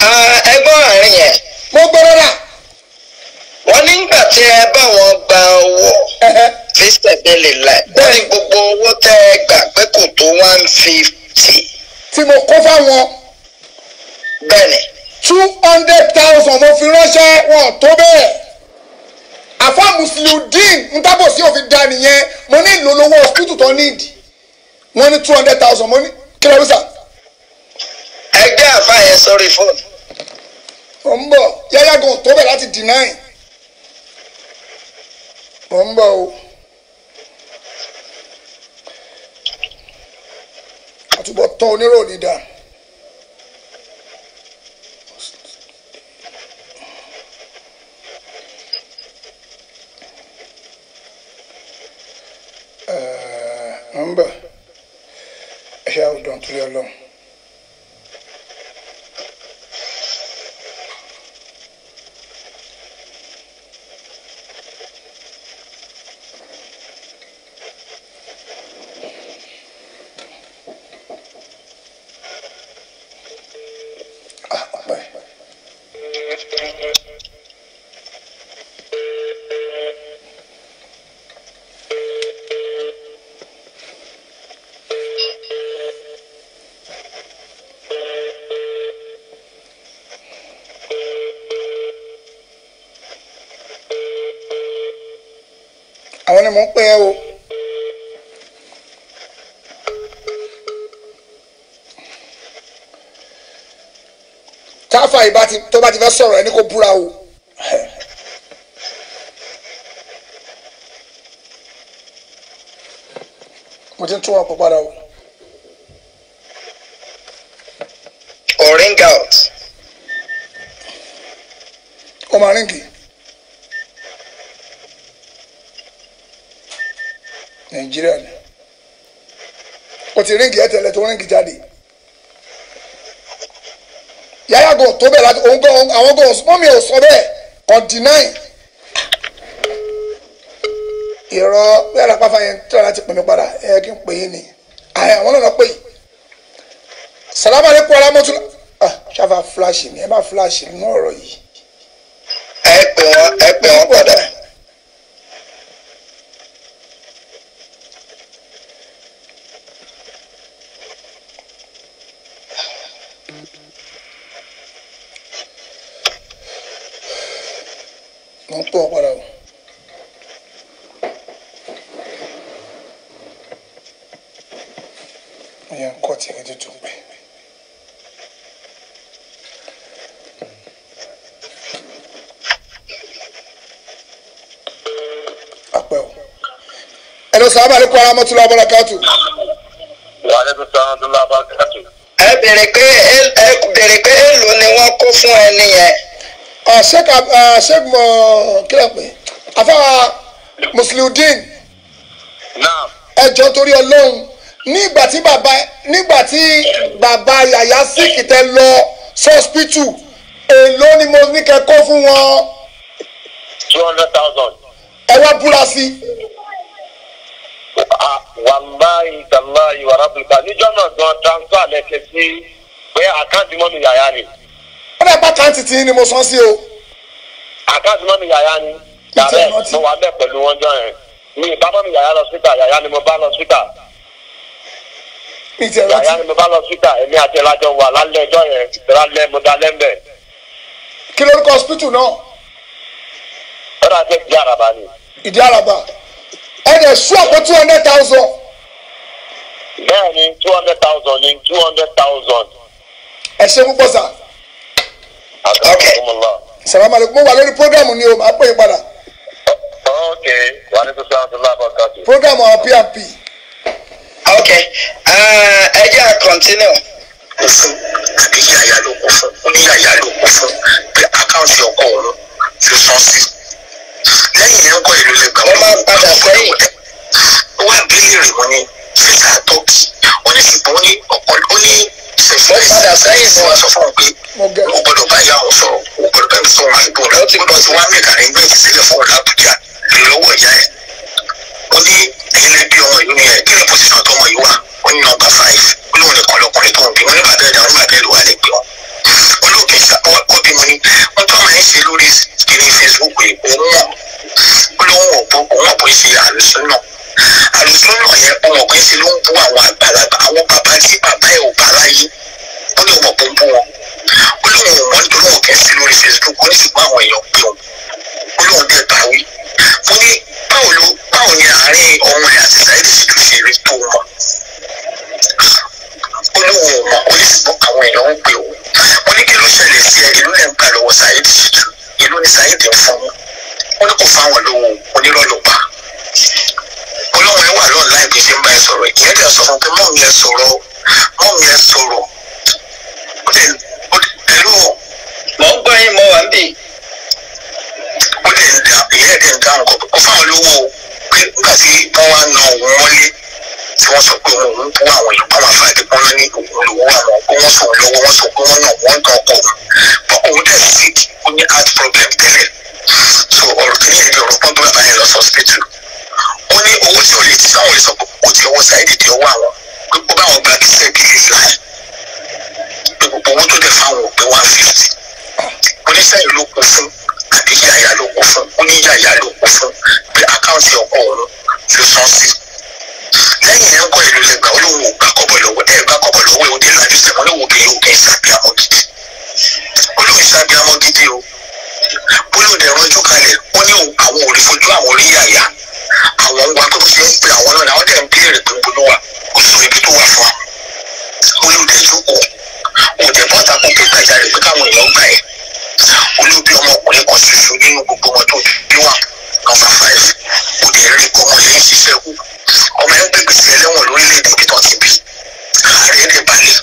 Speaker 2: Eh, ẹgbọ́n àárín yẹn mo gbọ́dọ̀ rà. wọ́n nígbà tí ẹ bá wọn gba owó fíṣẹ̀ bẹ́lẹ̀ láì wọ́n ní gbogbo owó tẹ́ ẹ gbà pé kò
Speaker 4: tó one fifty. tí mo kó fáwọn. bẹ́ẹ̀ni. two hundred thousand mo fi ránṣẹ́ wọn tó bẹ́ẹ̀ àfa musuludin ntábòsí òfin da nìyẹn mo ní ìlólówó hospital tó need wọ́n ní two hundred thousand mo ní kí ló rí sà. ẹgbẹ́ àfa yẹn sórí fóònù mò ń bọ̀ yáyá gan tó bẹ̀ láti deny mò ń bọ̀ o àtúbọ̀ tọ́ onírò ní dà. mò ń bọ̀ ẹ ṣe àwùjọ nítorí àwọn ni mò ń pẹ́ táfà ìbá ti tó bá ti fẹ́ sọ̀rọ̀ ẹni kò búra o. mo ti ń tún wọn pọ̀ padà o. or ring out. ó máa ríngì. nàìjíríà ni ó ti ríngì ẹ̀ tẹ́lẹ̀ tó ríngì jáde yàyà gò tó bẹ̀ láti òun gan àwọn gan mọ́mí ò sọ bẹ́ẹ̀ kàn deny ìrọ̀ bí alápáfá yẹn tíra láti pè mí padà ẹ kí n pè é ni àwọn náà lọ pè é sàlámàlẹ́kùn alámọ́tún ah ṣáfà fúláṣì ni ẹ má fúláṣì nínú ọ̀rọ̀ yìí. ẹ pè wọn ẹ pè wọn padà. salamu alaykum wa rahmatulahi wa barakatu.
Speaker 2: wa aleykum salaam wa rahmatulahi wa barakatu. ẹ bèrè pé ẹ bèrè pé èlò ni wọ́n kó
Speaker 4: fún ẹni yẹn. ọ ah, sheik ah, sheik mọ kílẹ̀ pé afa musliudeen. naam. ẹ jọ torí Ọlọ́run nígbà tí bàbá nígbà tí bàbá yàyà síkì tẹ lọ sọ́spítù èló ni mo ní kẹ́ kó fún wọn. two hundred thousand. ẹ wá búra sí i wàláyé tàláyé wàràbùkà níjọ́ náà gan transfer lẹ́kẹ̀ sí pé àkáǹtì mọ́nu yàyà ni. ó dẹ̀ bá tí ni mo sọ sí o. àkáǹtì mọ́nu yàyà ni yàrá mo wà
Speaker 2: bẹ́ẹ̀ pẹ̀lú wọn jọ yẹn mi ìbá mọ́nu yàyà lọ síta yàyà ni mo bá lọ síta.
Speaker 4: yàyà ni mo bá lọ síta èmi àti ìlàjọ wà lálẹ́ ẹjọ́ yẹn lálẹ́ mo dalẹ́ mbẹ́. kí lórúkọ hospital náà. ó dà ìdí ẹnna ẹsú àpò two hundred thousand. bẹ́ẹ̀ two hundred thousand ni two hundred thousand. ẹ ṣe púpọ̀ sá. ok salamu alaykum mo wà lórí programu ni o máa pè é padà.
Speaker 2: ok wà ní sísan àti lábọ̀ káàkiri. programu àwọn
Speaker 4: pmp. ok
Speaker 2: eh, ẹ jẹ́ à continue. kò fún àbí yàyà ló kò fún ó ní yàyà ló
Speaker 6: kò fún pé àkáǹtì ọkọ òun ló sọ sí wá padà sẹ́yìn wá bílíìrì wọn ni sísá tọ́kì wọn ní ṣùgbọ́n wọn ní ọ̀pọ̀ wọn ní ṣẹ̀ṣẹ̀ padà sẹ́yìn sí wọn sọ fún wọn pé mo gbọ́dọ̀
Speaker 5: bá ìyá wọn sọ̀rọ̀ mo gbọ́dọ̀ bá mi sọ̀rọ̀ máa ń bọ̀ lọ́wọ́ tí mo lọ sí wá mẹ́ka ní gbé ìṣẹ̀lẹ̀ fún ọ̀la àbújá
Speaker 6: lọ́wọ́ ìyá ẹ̀ wọn ní ẹ̀yin bí ọmọ yìí ni ẹ̀ kí ni pòsíṣàn tó ọmọ yìí wà wọn ní nọ́mbà five lóun nìkan lọkùnrin tó ń bí wọn ní bàbá ẹ̀dá wọn ní bàbá ẹ̀dá wà lẹ́gbẹ̀ẹ́ wọn olóògbé ọbìmọ ni wọn tó máa ń ṣe lórí kiri facebook yìí òun mọ olóhùn ọgbọ òun ọgbọ ṣe àlùsùn náà àlùsùn náà yẹn òun ọgbọ ṣe ló ń bú àwọn àgbàlagbà àwọn bàbá tí bàbá ẹ ò bá láyé ó ní ọmọ gbogbo wọn olóhùn ọmọ nítorí ọkẹ sí lórí facebook ó ní ṣùgbọ́n àwọn èèyàn pé òun olóhùn bẹ́ẹ̀ bá wí mo ní báwo ló báwo ni àárín ọmọ ẹ àti sáyẹ́dì olówó ọmọ oníṣègùn àwọn èèyàn ń pè ó mo ní kí ló ṣẹlẹ̀ sí ẹ ìlú lẹ́nu gbà lọ́wọ́ Saheed Shittu ìlú ni Saheed ń fún ó ní kò fáwọn lówó onírọ́lùpá ọlọ́run ẹ wà lọ́nà láì bí ṣe ń bá ẹ sọ̀rọ̀ ìyẹn lè sọ fún pé mọ́ mi ẹ sọ̀rọ̀ mọ́ mi ẹ sọ̀rọ̀ ó dẹ̀ pẹ̀lú. mo ń gbọ́ yín mo wà ń bì. ó dẹ̀ ń dá ìyẹn dẹ̀ ń dá nǹkan ó fáwọn lówó pé nígbà tí wọ́n wá na òun wọlé tí wọ́n sọ pé wọn òun bú àwọn èèyàn báwọn afáàdé pọ́n ní òun lówó àwọn pé wọ́n sọ òun lọ́wọ́ wọ́n sọ pé wọ́n náà wọ́n ń tan ọkọ̀
Speaker 5: òun òun dẹ̀ sick ó ní heart problem tẹ́lẹ̀ so ọ̀rọ̀ kìíní ẹ̀bí ọ̀rọ̀ pọ́n bàbá lọ
Speaker 6: sí hospital ó ní owó tí ò lè ti sáwọn lè sọ pé kò ti ọwọ́ sáyé dìde ọwọ́ àwọn pé kó báwọn gba kí sẹ́ẹ̀kì islam pé gbogbo owó tó dẹ̀ fáwọn ò pé one fifty oníṣẹ́ ló kún fún àbí yàyà ló kún fún ó lẹ́yìn ẹ̀ ń kọ́ ìlú lẹ́gbàá olówó ògbà kọ́bọ̀ lọ́wọ́ ẹ̀ gbà kọ́bọ̀ lọ́wọ́ ẹ̀ òde lajú sẹ́mu olówó obìnrin òkè ìsàbíàmọ́ gidi olówó ìsàbíàmọ́ gidi o bólóòdì rọjú kalẹ̀ ó ní àwọn òrìfojú àwọn orí yàyà àwọn ń wá pé bó ṣe ń pè àwọn náà àwọn dẹ̀ ń béèrè pé gbogbo wa kò sọ ibi tó wà fún wa olóòdì jókòó òdè bọ́ta kó pé gbàjarè pé káwọn èèyàn gbà ẹ̀ olóòdì ọmọkùnrin kan ṣoṣo nínú gbogbo ọmọ tó bí wà number five kò dé rí ọmọ yẹn ń ṣiṣẹ́ kú ọmọ yẹn ń gbé gbèsè ẹlẹ́wọ̀n lórílẹ̀‐èdè ibi tó ti bí ààrẹ rẹ̀ balẹ̀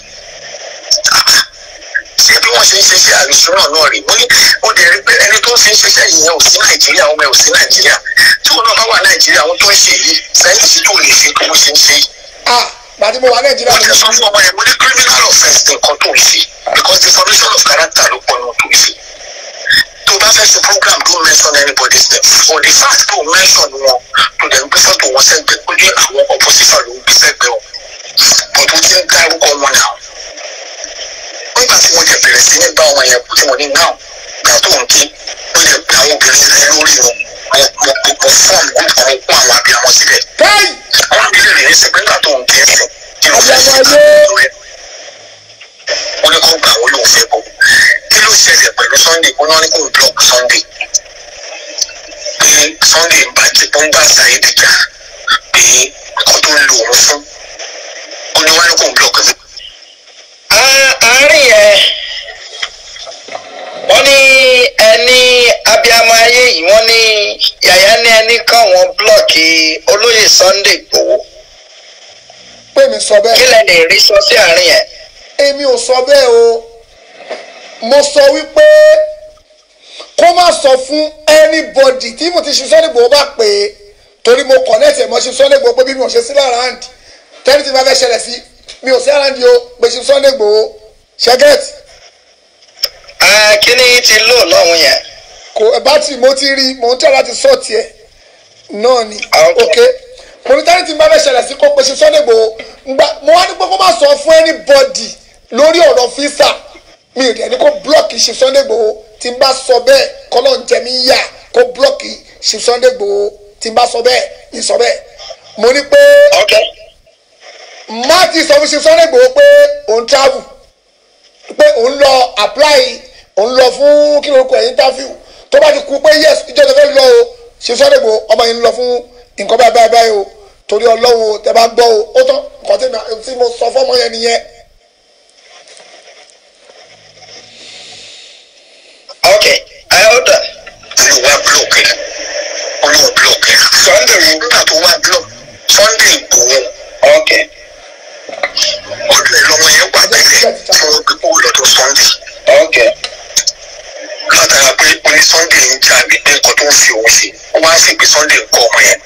Speaker 6: ṣé bí wọ́n ṣe ń ṣiṣẹ́ àrísúná náà rí wọ́n ní ó dẹ̀ rí pé ẹni tó ń ṣe ń ṣiṣẹ́ yìí yẹn ò sí nàìjíríà ọmọ ẹ̀ ò sí nàìjíríà tí òun náà bá wà nàìjíríà òun tó ń ṣe yìí sáyẹ́ǹsì tó lè ṣe tó bó ṣe ń ṣe yìí gbàdí mo wà nàìjíríà mo ti sọ fún ọmọ yẹn mo ní criminal offence nǹkan tó ń ṣe because defamation of character ló pọ̀ nù tó bá fẹ́ ṣe program don't mention anybody's name for the fact tó mention wọn tó dẹ̀ ń gbé fọ́tò wọn sẹ́gbẹ́ ó ní àwọn opposition ló ń gbé sẹ́gbẹ́ o but ó ti ń dá orúkọ wọn náà nígbà tí wọ́n jẹ bẹ̀rẹ̀ sí ní bá ọmọ yẹn kú tí wọ́n ní now gbà tó ń kí ó jẹ pé àwọn obìnrin rẹ lórí wọn mo mo mo fọ́ọ̀mù group kan kó àwọn àbí àwọn síbẹ̀ àwọn àbí lè ní sẹ́gbẹ́ nígbà tó ń kí ń kí ló fẹ́ kí ló ṣẹlẹ̀ pẹ̀lú Sunday ó náà ní kò block Sunday pé Sunday ń bá ti ń bá Saheed jà pé nǹkan tó ń lo òun fún ó
Speaker 2: ní wọ́n ní kò block ẹ̀. àárín yẹn wọ́n ní ẹni abiyamọ ayé yìí wọ́n ní yàyà ní ẹni káwọn blọọkì olóyè Sunday Igboho. pé mi sọ bẹ́ẹ̀. kí
Speaker 4: lẹ́nu ìrí sọ sí àárín yẹn. èmi ò sọ bẹ́ẹ̀ o mo sọ wípé kó má sọ fún anybody tí mo ti ṣe sọ́nìgbò bá pè é torí mo connect ẹ̀ mọ́ ṣe sọ́nìgbò pé bí mo ṣe sílẹ̀ around tẹ́lẹ̀ tí mo fẹ́ ṣẹlẹ̀ sí mi ò sí around yìí o pé ṣe sọ́nìgbò ṣẹ́gẹ́t. kíní ti lò lọ́hùn yẹn. kò bá tí mo ti rí mo ń tẹ̀ láti sọ tiẹ̀ náà ni ah, ok mo ní tẹ́lẹ̀ tí mo fẹ́ ṣẹlẹ̀ sí kó pé ṣe sọ́nìgbò mo wá ní pé kó má sọ fún anybody lórí ọ̀rọ̀ físà mi ò dẹ̀ ní kó blọ́ọ̀kì ṣe Sunday Igboho tí n bá sọ bẹ́ẹ̀ kọ́lọ́ jẹ mí yá kó blọ́ọ̀kì ṣe Sunday Igboho tí n bá sọ bẹ́ẹ̀ ní sọ bẹ́ẹ̀ mo ní pé má ti sọ fún ṣe Sunday Igboho pé òun travel pé òun lọ apply òun lọ fún kí ló kọ interview tó bá ti kú pé yes ìjọba fẹ́ lọ o ṣe Sunday Igboho ọmọ yìí ń lọ fún nǹkan báyìí báyìí o torí ọlọ́wọ́ tẹ bá gbọ́ o ó tán nǹkan tí mo sọ fọ́mọ yẹn nìyẹn
Speaker 2: ok ẹ ó dà. olùwà búlọ̀kì olùwà búlọ̀kì.
Speaker 6: sunday wo. nígbà tó wá búlọ̀kì sunday ìgbòho. ok. ọdún ìlọmọ yẹn wà nílẹ̀ tí wọ́n gbé kó lọ́dọ̀ sunday. ok.
Speaker 2: látara pé oní sunday ń jà mí pé nǹkan tó ń fi òun ṣe ó wá sì gbé sunday ń kọ ọmọ yẹn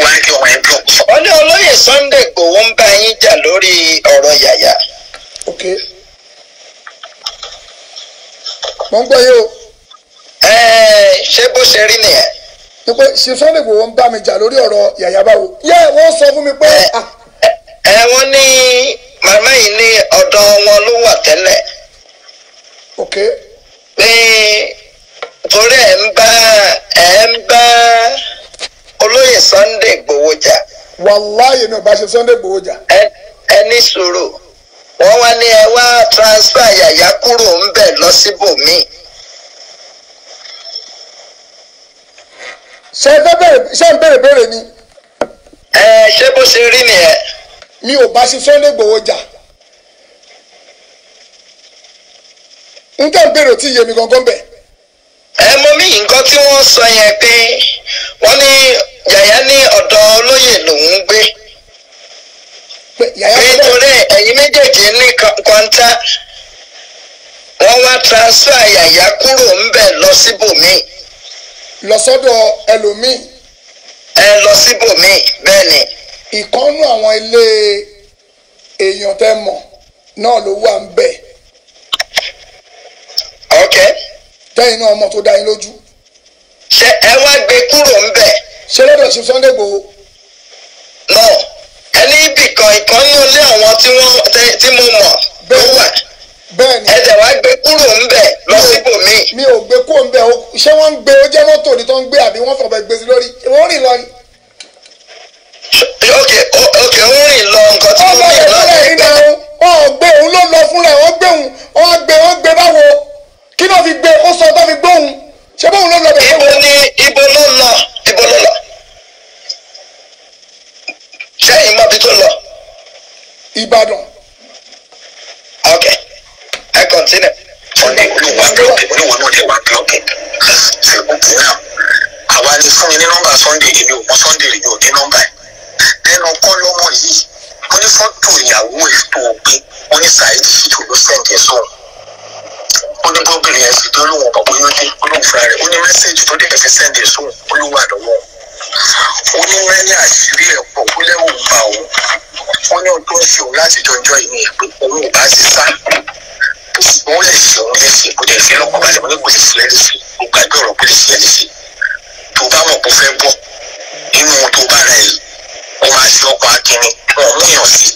Speaker 2: wọ́n á kí ọmọ yẹn búlọ̀kì. ó ní olóyè sunday ìgbòho ń bá yín jà lórí ọ̀rọ̀ yàyà. ok. okay
Speaker 4: mo ń gbọ́ yín o. ṣé bó ṣe rí nìyẹn. pípé ṣiṣọ́ lè wò bá mi jà lórí ọ̀rọ̀ yàyà báwo. yẹ wọ́n sọ fún mi pé. Ah. ẹ wọ́n ní màmá yìí ní ọ̀dọ̀ wọn ló wà tẹ́lẹ̀.
Speaker 2: ok. pé torí ẹ̀ ń bá ẹ̀ ń bá olóyè Sunday Igboho jà. wàláyé mi ò bá ṣe Sunday Igboho jà. ẹ ní sùúrù. wọ́n wá ní ẹ wá transfer yàyà kúrò ń bẹ̀ lọ síbòmíì.
Speaker 4: ṣé ń bèrè bèrè ni. ẹ ṣé bó ṣe rí nìyẹn. mi ò bá sí Sunday Igboho jà. n bèrè tí iye mi gangan bẹ̀. ẹ mọ mí nǹkan tí wọ́n sọ yẹn pé wọ́n ní
Speaker 2: yàyà ní ọ̀dọ̀ olóyè lòún gbé. nítorí ẹ̀yin méjèèjì ní kwanta wọ́n wá transfer
Speaker 4: yàyà kúrò ńbẹ̀ lọ síbòmíì. lọ sọ́dọ̀ ẹlòmíì. ẹ lọ síbòmíì bẹ́ẹ̀ ni. ìkọ́nú àwọn ilé èèyàn tẹ́ mọ̀ náà ló wà ń bẹ̀. ok. tẹ́yìn náà ọmọ tó dá yín lójú. ṣé ẹ wá gbé kúrò ńbẹ̀.
Speaker 2: ṣé lọ́dọ̀ ṣe Sunday Igboho. náà. No ẹni ibìkan ìkan ní ilé àwọn
Speaker 4: tí wọ́n tí mo mọ̀ ló wà bẹ́ẹ̀ni ẹsẹ wa gbé kúrò ńbẹ̀ lọ síbòmí. mi ò gbé kúrò ńbẹ̀ ṣé wọ́n ń gbé ó jẹ́ mọ́tò ni tó ń gbé àbí wọ́n fọ̀bẹ gbé sí lórí wọ́n rìn lọ ni òkè òkè ó rìn lọ nǹkan tí mo rìn lọ ní ìgbà. wọn ò gbé òun ló lọ fúnra ẹ̀ wọ́n gbé òun wọ́n gbé wọ́n gbé báwo kí ló fi gbé ó sọ tó fi gbé ṣé bóun ló lọ bẹ̀. ibo ni ibo ló lọ ibo ló lọ. mọ ibi tó lọ.
Speaker 2: Ìbàdàn. ok I continue. ọ̀nà olùwà
Speaker 6: blọọkì olùwà náà dẹ̀ wà blọọkì ṣùgbọ́n kì í àwa ni fún mi ní nọ́mbà Sunday èmi ò mọ Sunday èmi ò ní nọ́mbà ẹ̀ lẹ́nu kọ́ lọ́mọ yìí wọ́n ní fọ́tò ìyàwó ẹ̀ tó o ní Saheed Shittu ló sẹ́ǹdì sóun ó ní gómìnà ẹ̀ sì dán ọ̀pọ̀ bóyá ó dé ó rẹ̀ ó ní mẹ́sẹ̀gì tó dẹ̀ fi sẹ́ǹdì sóun ó ló onírẹ́ ní àṣírí ẹ̀pọ̀ kúlẹ́wò gbà ó wọ́n ní ọdún ṣe òun láti jọjọ́ ìní ìpè òun ò bá ti sá wọ́n lè ṣe òun léṣe kò dẹ̀ fi lọ́kọ̀ balẹ̀ wọ́n kò lè fi ẹ́ léṣe kò gbàgbé ọ̀rọ̀ kò lè fi ẹ́ léṣe tó bá mọ̀ kó fẹ́ bọ̀ nínú tó bá rẹ̀ yìí ó máa ṣe ọkọ̀ akínní wọn ò múyàn sí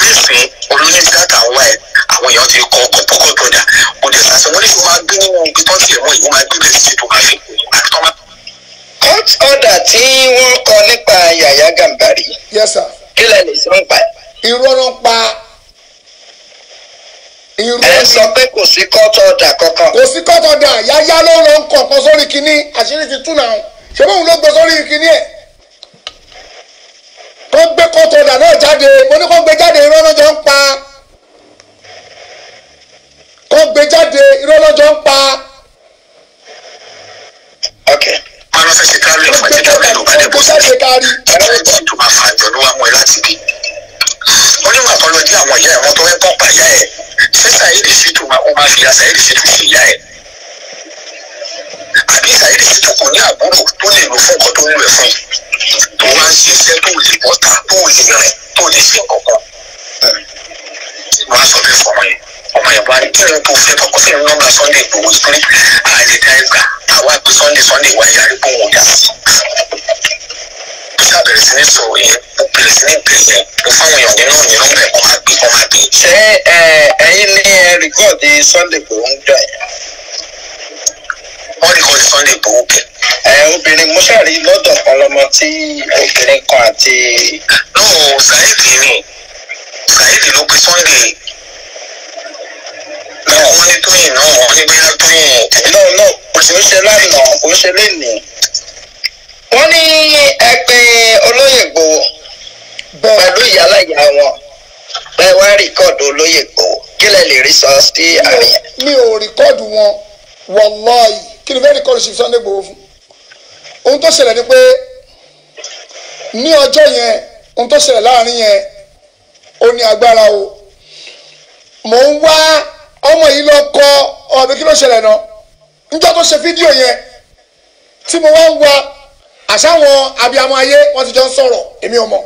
Speaker 6: nísìnyí olóníṣẹ́ta wà ẹ̀ àwọn èèyàn ti kọ ọkọ̀ pọ́kọ̀ bọ̀dà kò dẹ̀
Speaker 2: sàṣẹ wọ́n ní kó máa gbé nínú ibi tó ń tiẹ̀ mọ́ ìwọ́n máa gbé bẹ́ẹ̀ sí ètò àfikún àti tọ́mátò court order tí wọ́n kọ nípa Yàyà Gàmbàrí. yes sir. kí lẹ lè sọ pa.
Speaker 4: irọ́ ló ń pa. ẹ sọ pé kò sí court order kankan. kò sí court order Yàyà ló lọ ń kọ̀ọ̀kan sórí kínní àṣírí ti tú náà ṣé bóun ló gbé sórí kínní ẹ̀ kó gbé court order náà jáde mo ní kó gbé jáde irọ́ jọ ń pa kó gbé jáde irọ́ jọ ń pa. okay bá fẹ́ ṣe travelling fún ẹ̀jẹ̀ travelling ló bá dẹ̀ bọ́ sílẹ̀ ẹ̀jẹ̀ tó máa fà jọ ló wá mú ẹ láti bí.
Speaker 6: onímọ̀ àkọlọ́jì àwọn ìyá ẹ̀ wọ́n tó ẹ̀kọ́ pa ìyá ẹ̀ ṣé Saheed Shittu ó máa fi ya Saheed Shittu ṣe ìyá ẹ̀ àbí Saheed Shittu kò ní àbúrò tó lè lò fún nǹkan tó ń lò ẹ̀ fún tó máa ń ṣiṣẹ́ tó lè bọ́ta tó lè rìn tó lè ṣe nǹkan kan. wọ́n á sọ bẹ́ẹ̀ fọmọ yìí ọmọ ẹ̀ wá ní kí ló tó fẹ́ kọ́kọ́ fẹ́ nọ́mbà Sunday Igboho torí ààyè dáìgbà àwa pé Sunday Sunday wà yàrá gbóhùn dà sí. mo
Speaker 2: ṣáà bẹ̀rẹ̀ sí ní sọ ìyẹn mo bẹ̀rẹ̀ sí ní bẹ̀rẹ̀ mo fáwọn èèyàn nínú mi nọ́mbà ẹ̀kọ́ máa gbé kọ́ ṣé ẹ̀yin ní rìkọ́ọ̀dì Sunday Igboho ń gbà yẹn? wọ́n rìkọ́ọ̀dì Sunday Igboho bẹ̀. ẹ obìnrin mo lọ́dọ̀ kan tí obìnrin kan àti. náà Saheed ni Saheed ló pe Sunday náà wọ́n ní tóyìn náà wọ́n ní bóyá tóyìn náà náà kò sí ń ṣe lánàá kò ń ṣe lénìí. wọ́n ní ẹgbẹ́ olóyè gbowó pẹ̀lú ìyálàyà wọn ẹ wá rìkọ́ọ̀dù olóyè gbowó kí lẹ lè rí sọ sí àárín yẹn.
Speaker 4: mi ò rìkọ́ọ̀dù wọn wọláì kí ni fẹ́ rìkọ́ọ̀dù sí Sunday gbowó fún ohun tó ṣẹlẹ̀ ni pé ní ọjọ́ yẹn ohun tó ṣẹlẹ̀ láàrin yẹn ó ní agbára o mò ń wá ọmọ yìí lọ kọ ọ̀bẹ kí ló ṣẹlẹ̀ náà níjọ́ tó ṣe fídíò yẹn tí mo wá ń wa àṣàwọn abiyamọ ayé wọ́n ti jọ ń sọ̀rọ̀ èmi ò mọ̀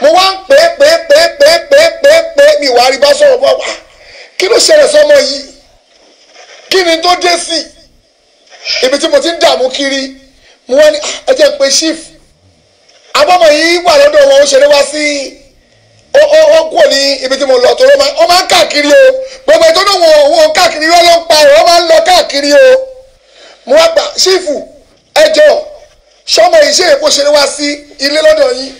Speaker 4: mo wá ń pè é pè é pè é pè é pè é pè é pè é mi wàá rí bá sọ̀rọ̀ bá wà kí ló ṣẹlẹ̀ sọmọ yìí kí ni tó dé sí ibi tí mo ti ń dààmú kiri mo wá ní ah, ẹ jẹ́ ń chief abọ́mọ yìí wà lọ́dọ̀ wọn ó ṣeré wá sí. Si ó ó ó kúrò ní ibi tí mo lọ tóró máa ó máa ń káàkiri o gbogbo ètò náà wọn wọn káàkiri wọn ló ń pa ọ máa ń lọ káàkiri o mo wá gbà sífù ẹjọ sọmọ iṣẹ́ èkó ṣe wá sí ilé lọ́dọ̀ yín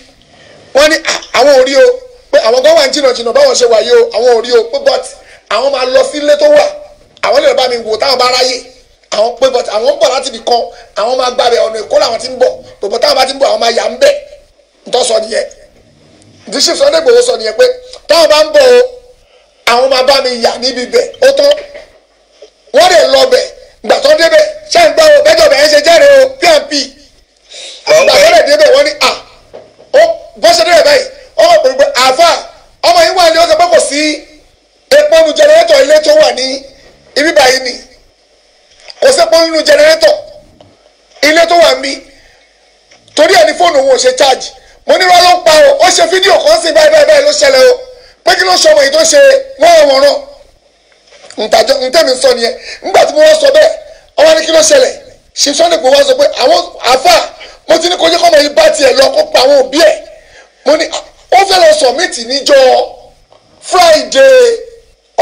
Speaker 4: wọ́n ní àwọn ò rí o pé àwọn kan wà ní jìnnàjìnnà báwọn ṣe wà yìí o àwọn ò rí o pé bọ́t àwọn máa lọ sí ilé tó wà àwọn lè bá mi wò táwọn bá ráyè àwọn pé bọ́t àwọn ń bọ̀ láti ibì kan àwọn máa gbàbẹ̀ ọ̀nà èkó làwọn ti ń bọ̀ bọ̀bọ̀ táwọn bá ti ń bọ̀ àwọn máa yà ń bẹ̀ ntọ́sọ nìyẹn the chief Sunday Igboho sọ nìyẹn pé táwọn bá ń bọ o àwọn máa bá mi yà níbi bẹ̀ ó tán lè lọ bẹ gbà tó débẹ̀ ṣé ń gbọ́ o ṣe o pmp gbà tó lè à ọmọ gbogbo àáfà ọmọ yìí wà ní ilé tó wà ní ibi báyìí ni kò ilé tó wà ń bí torí ẹni fóònù ò ṣe mo ní wá ló ń pa o ó ṣe fídíò kan sí báyìí báyìí ló ṣẹlẹ̀ o pé kí ló ṣe ọmọ yìí tó ṣe wọ́ọ̀wọ̀ràn ntàjọ ntẹ́mi sọ nìyẹn nígbà tí mo wá sọ bẹ́ẹ̀ ọmọ ní kí ló ṣẹlẹ̀ ṣe sọ́ni pé wá sọ pé àwọn àfà mo ti ní kó jẹ́ kọ́ ọmọ yìí bá tiẹ̀ lọ kó pa àwọn òbí ẹ̀ mo ní ó fẹ́ lọ sọ̀mìtì níjọ́ Friday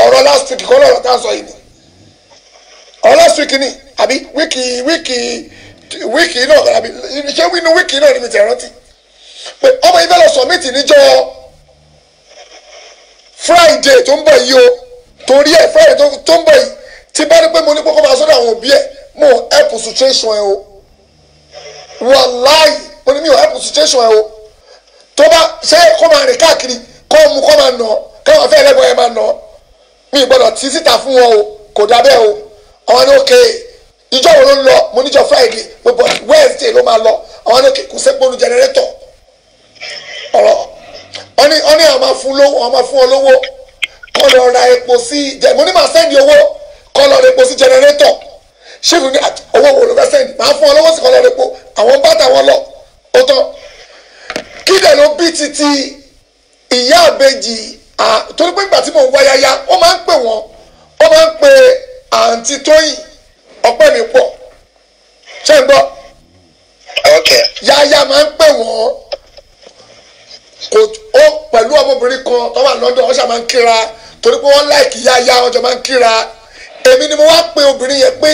Speaker 4: ọ̀rọ̀ last week kọ́ lọ́rọ̀ tá a sọ yìí ni ọ̀rọ̀ last week ni àbí wíkì wíkì wíkì náà àbí ṣé wínú wíkì náà ni mi tẹ̀ rántí pé ọmọ yìí fẹ́ lọ sọ̀mìtì níjọ́ friday tó ń bọ̀ yìí o torí ẹ̀ friday tó ń bọ̀ yìí ti bá rí pé mo ní kókó máa sọ́dọ̀ àwọn òbí ẹ̀ mo help situation ẹ̀ o wàláì mo ní mi ò help situation ẹ̀ o tó bá ṣe kó máa rìn káàkiri kó mu kó máa nà káwọn afẹ́ ẹlẹ́gbọ̀n ẹ̀ máa nà mi ìgbọ́dọ̀ tí síta fún wọn o kò dábẹ́ o àwọn ní òkè ìjọ wo ló ń lọ mo níjọ friday mo wednesday ló máa lọ àwọn ní òkè kò sẹ́gbónú generator ọ̀rọ̀ wọ́n ní wọ́n ní àwọn máa fún lówó àwọn máa fún ọ lówó kọ́ lọ ra epo sí jẹ mo ní màá sẹ́ndì owó kọ́ lọ ra epo sí jẹnẹrétọ̀ ṣéèfù ní owó wo ló fẹ́ sẹ́ndì màá fún ọ lówó sí kọ́ lọ ra epo àwọn bá tàwọn lọ ó tán kí dẹ̀ ló bí titi ìyá àbejì torí pé ìgbà tí mò ń wá yáyá ó máa ń pè wọ́n ó máa ń pe àǹtí tóyìn ọpẹ́ mi pọ̀ ṣé ń gbọ́ yáyá máa ń pè wọ́n kò ó pẹ̀lú ọmọbìnrin kan tó wà lọ́dọ̀ wọ́n ṣáà máa ń kíra torí pé wọ́n láìkì yáyá wọ́n jọ máa ń kíra èmi ni mo wá pe obìnrin yẹn pé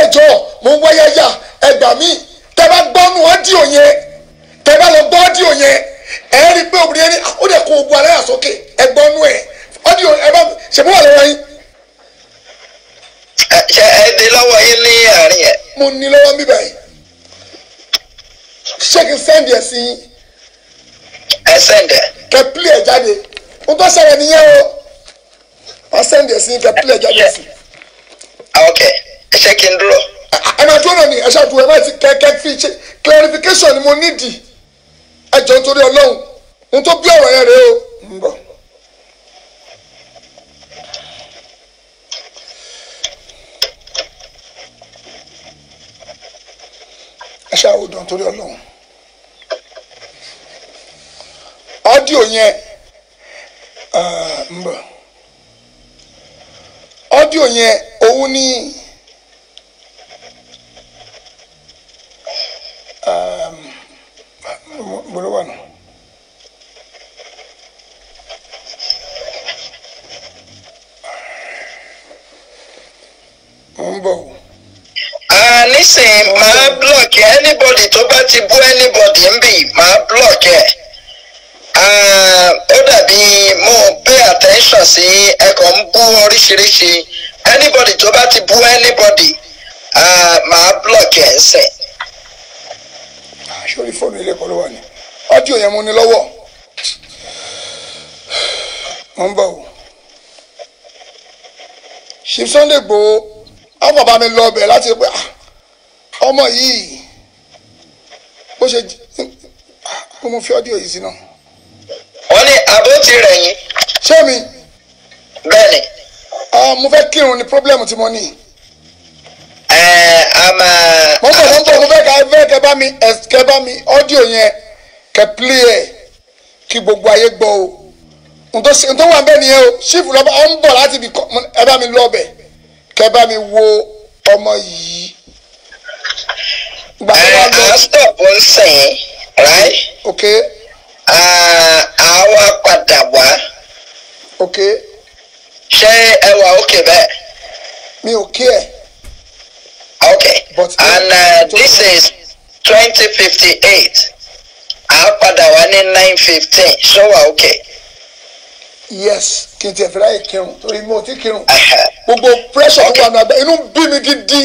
Speaker 4: ẹ jọ̀ọ́ mo ń wá yáyá ẹ gbà mí tẹ́ bá gbọ́nu ọ́díò yẹn tẹ́ bá lọ gbọ́ ọ́díò yẹn ẹ rí i pé obìnrin yẹn ní ah, ó dẹ̀ kó ogun aláyà sókè ẹ gbọ́nu ẹ ọ́díò ẹ bá ṣèbú wà lọ́wọ́ yín. ṣe ẹ di lọ́wọ́ yín ní àárín yẹn. mo ní lọ́wọ́ mi báyìí ṣé kí n sẹ́ndì ẹ̀ sí yín ẹ sẹ́ndẹ̀. kẹ pílì ẹ jáde n tó ṣẹlẹ̀ nìyẹn o wọ́n sẹ́ndẹ̀ sí kẹ pílì ẹ jáde sí. Ah, ok ẹ ṣe kí n dúró. ẹ máa dúró ní ẹ ṣàdúró ẹ máa ti kẹ́kẹ́ fi ṣe clarification ni mo nídìí ẹ jọ nítorí ọlọ́run n tó bí ọ̀rọ̀ yẹn rèé o ń bọ̀. ẹ ṣe torí ọlọ́run. ọ dị onye mba ọ dị onye owu ni mbọ
Speaker 2: maa máa block anybody tó bá ti bú anybodi ń bì máa block ẹ. ó dàbí mo pay attention sí ẹ̀kọ́ ń bú oríṣiríṣi anybody tó
Speaker 4: bá ti bú anybody màá block ẹ̀ ń sẹ̀. Ah, sórí fóònù ilé kọ́ ló wà ní ọ́díò yẹn mo ní lọ́wọ́ mo ń bọ̀ wò ṣìf Sunday Igboho àwọn bàbá mi lọ ọbẹ̀ láti pé ah, ọmọ yìí bó ṣe ah, mo fi ọ́díò yìí sí náà ní àbótí rẹ̀ yín. ṣé mi. bẹ́ẹ̀ni. mo fẹ́ kírun ni problem tí mo ní. ẹ a máa. mo bọ̀ mo bọ̀ mo fẹ́ ka fẹ́ bá mi kẹ bá mi ọ́díò yẹn kẹ play ẹ̀ kí gbogbo ayé gbọ́ o ntọ́ wà bẹ́ẹ̀ nìyẹn o ṣífù lọ́ba ọ̀ ń bọ̀ láti ibi ẹ bá mi lọ́ọ̀bẹ̀ kẹ bá mi wo ọmọ yìí. gbàgbọ́ wa lọ. ń sọ̀rọ̀ ń okay àwa padà
Speaker 2: wá. ok. ṣé ẹ wà òkè bẹ́ẹ̀. mi ò kí ẹ. okay But and uh, this is 2058. fifty eight a padà wá ní nine fifteen ṣé wà òkè.
Speaker 4: yes kí n tiẹ̀ fẹ́ láyè kírun torí mi ò tí kírun gbogbo pressure tó wà nù abẹ́ inú bí mi gidi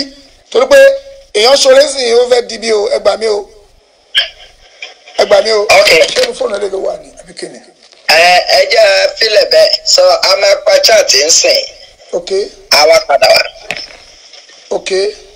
Speaker 4: torí pé èèyàn ṣoore sí i fẹ́ di bí o ẹ gbà mí o ẹ gbà mí o. ok lórí fóònù ẹlẹ́dọ̀ wà ní abikini. ẹ ẹ jẹ́
Speaker 2: filẹ̀ bẹ́ẹ̀ sọ a máa pa chaati ń sìn. ok àwa padà wá. ok.
Speaker 5: okay.